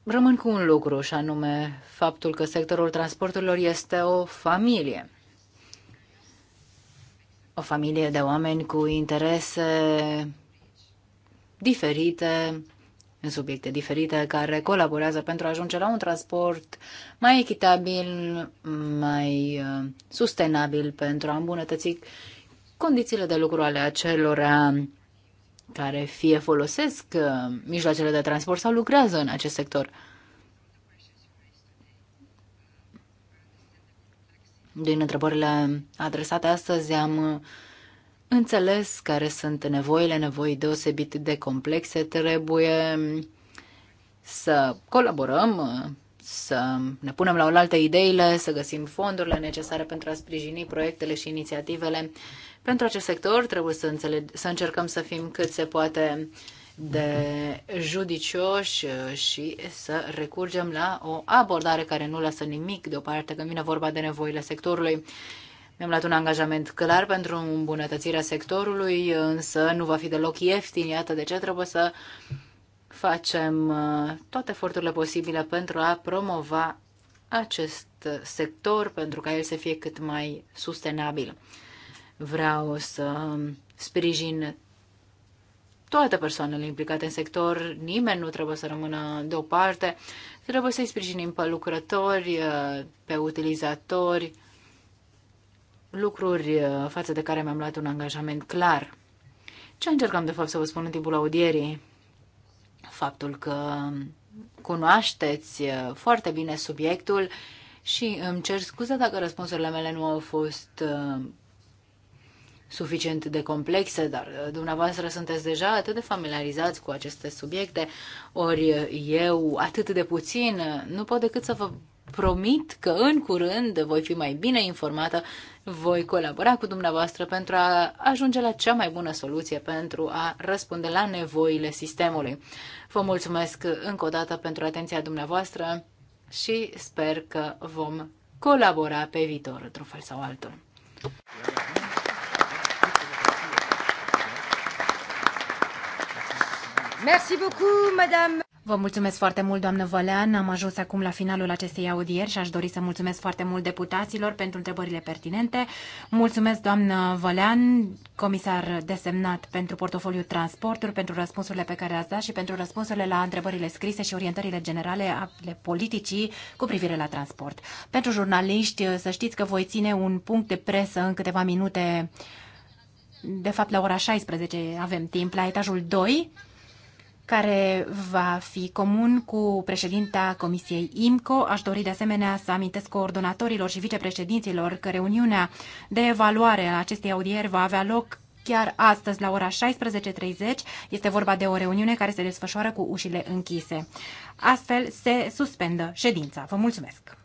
Rămân cu un lucru, și anume faptul că sectorul transporturilor este o familie. O familie de oameni cu interese diferite, în subiecte diferite, care colaborează pentru a ajunge la un transport mai echitabil, mai uh, sustenabil pentru a îmbunătăți condițiile de lucru ale acelora care fie folosesc uh, mijloacele de transport sau lucrează în acest sector. Din întrebările adresate astăzi am uh, înțeles care sunt nevoile, nevoi deosebit de complexe. Trebuie um, să colaborăm, uh, să ne punem la oaltă ideile, să găsim fondurile necesare pentru a sprijini proiectele și inițiativele pentru acest sector trebuie să, înțeleg, să încercăm să fim cât se poate de judicioși uh, și să recurgem la o abordare care nu lasă nimic deoparte când vine vorba de nevoile sectorului. Mi-am luat un angajament clar pentru îmbunătățirea sectorului, însă nu va fi deloc ieftin, iată de ce trebuie să facem uh, toate eforturile posibile pentru a promova acest sector, pentru ca el să fie cât mai sustenabil. Vreau să sprijin toate persoanele implicate în sector, nimeni nu trebuie să rămână deoparte, trebuie să-i sprijinim pe lucrători, pe utilizatori, lucruri uh, față de care mi-am luat un angajament clar. Ce încercam de fapt să vă spun în timpul audierii? Faptul că cunoașteți uh, foarte bine subiectul și îmi cer scuze dacă răspunsurile mele nu au fost uh, suficient de complexe, dar uh, dumneavoastră sunteți deja atât de familiarizați cu aceste subiecte, ori uh, eu atât de puțin, uh, nu pot decât să vă promit că în curând voi fi mai bine informată, voi colabora cu dumneavoastră pentru a ajunge la cea mai bună soluție pentru a răspunde la nevoile sistemului. Vă mulțumesc încă o dată pentru atenția dumneavoastră și sper că vom colabora pe viitor într-un fel sau altul. Yeah. Merci beaucoup, madame. Vă mulțumesc foarte mult, doamnă Vălean. Am ajuns acum la finalul acestei audieri și aș dori să mulțumesc foarte mult deputaților pentru întrebările pertinente. Mulțumesc, doamnă Vălean, comisar desemnat pentru portofoliul transporturi, pentru răspunsurile pe care le-ați dat și pentru răspunsurile la întrebările scrise și orientările generale ale politicii cu privire la transport. Pentru jurnaliști, să știți că voi ține un punct de presă în câteva minute de fapt, la ora 16 avem timp, la etajul 2 care va fi comun cu președinta Comisiei IMCO. Aș dori de asemenea să amintesc coordonatorilor și vicepreședinților că reuniunea de evaluare a acestei audieri va avea loc chiar astăzi la ora 16.30. Este vorba de o reuniune care se desfășoară cu ușile închise. Astfel se suspendă ședința. Vă mulțumesc!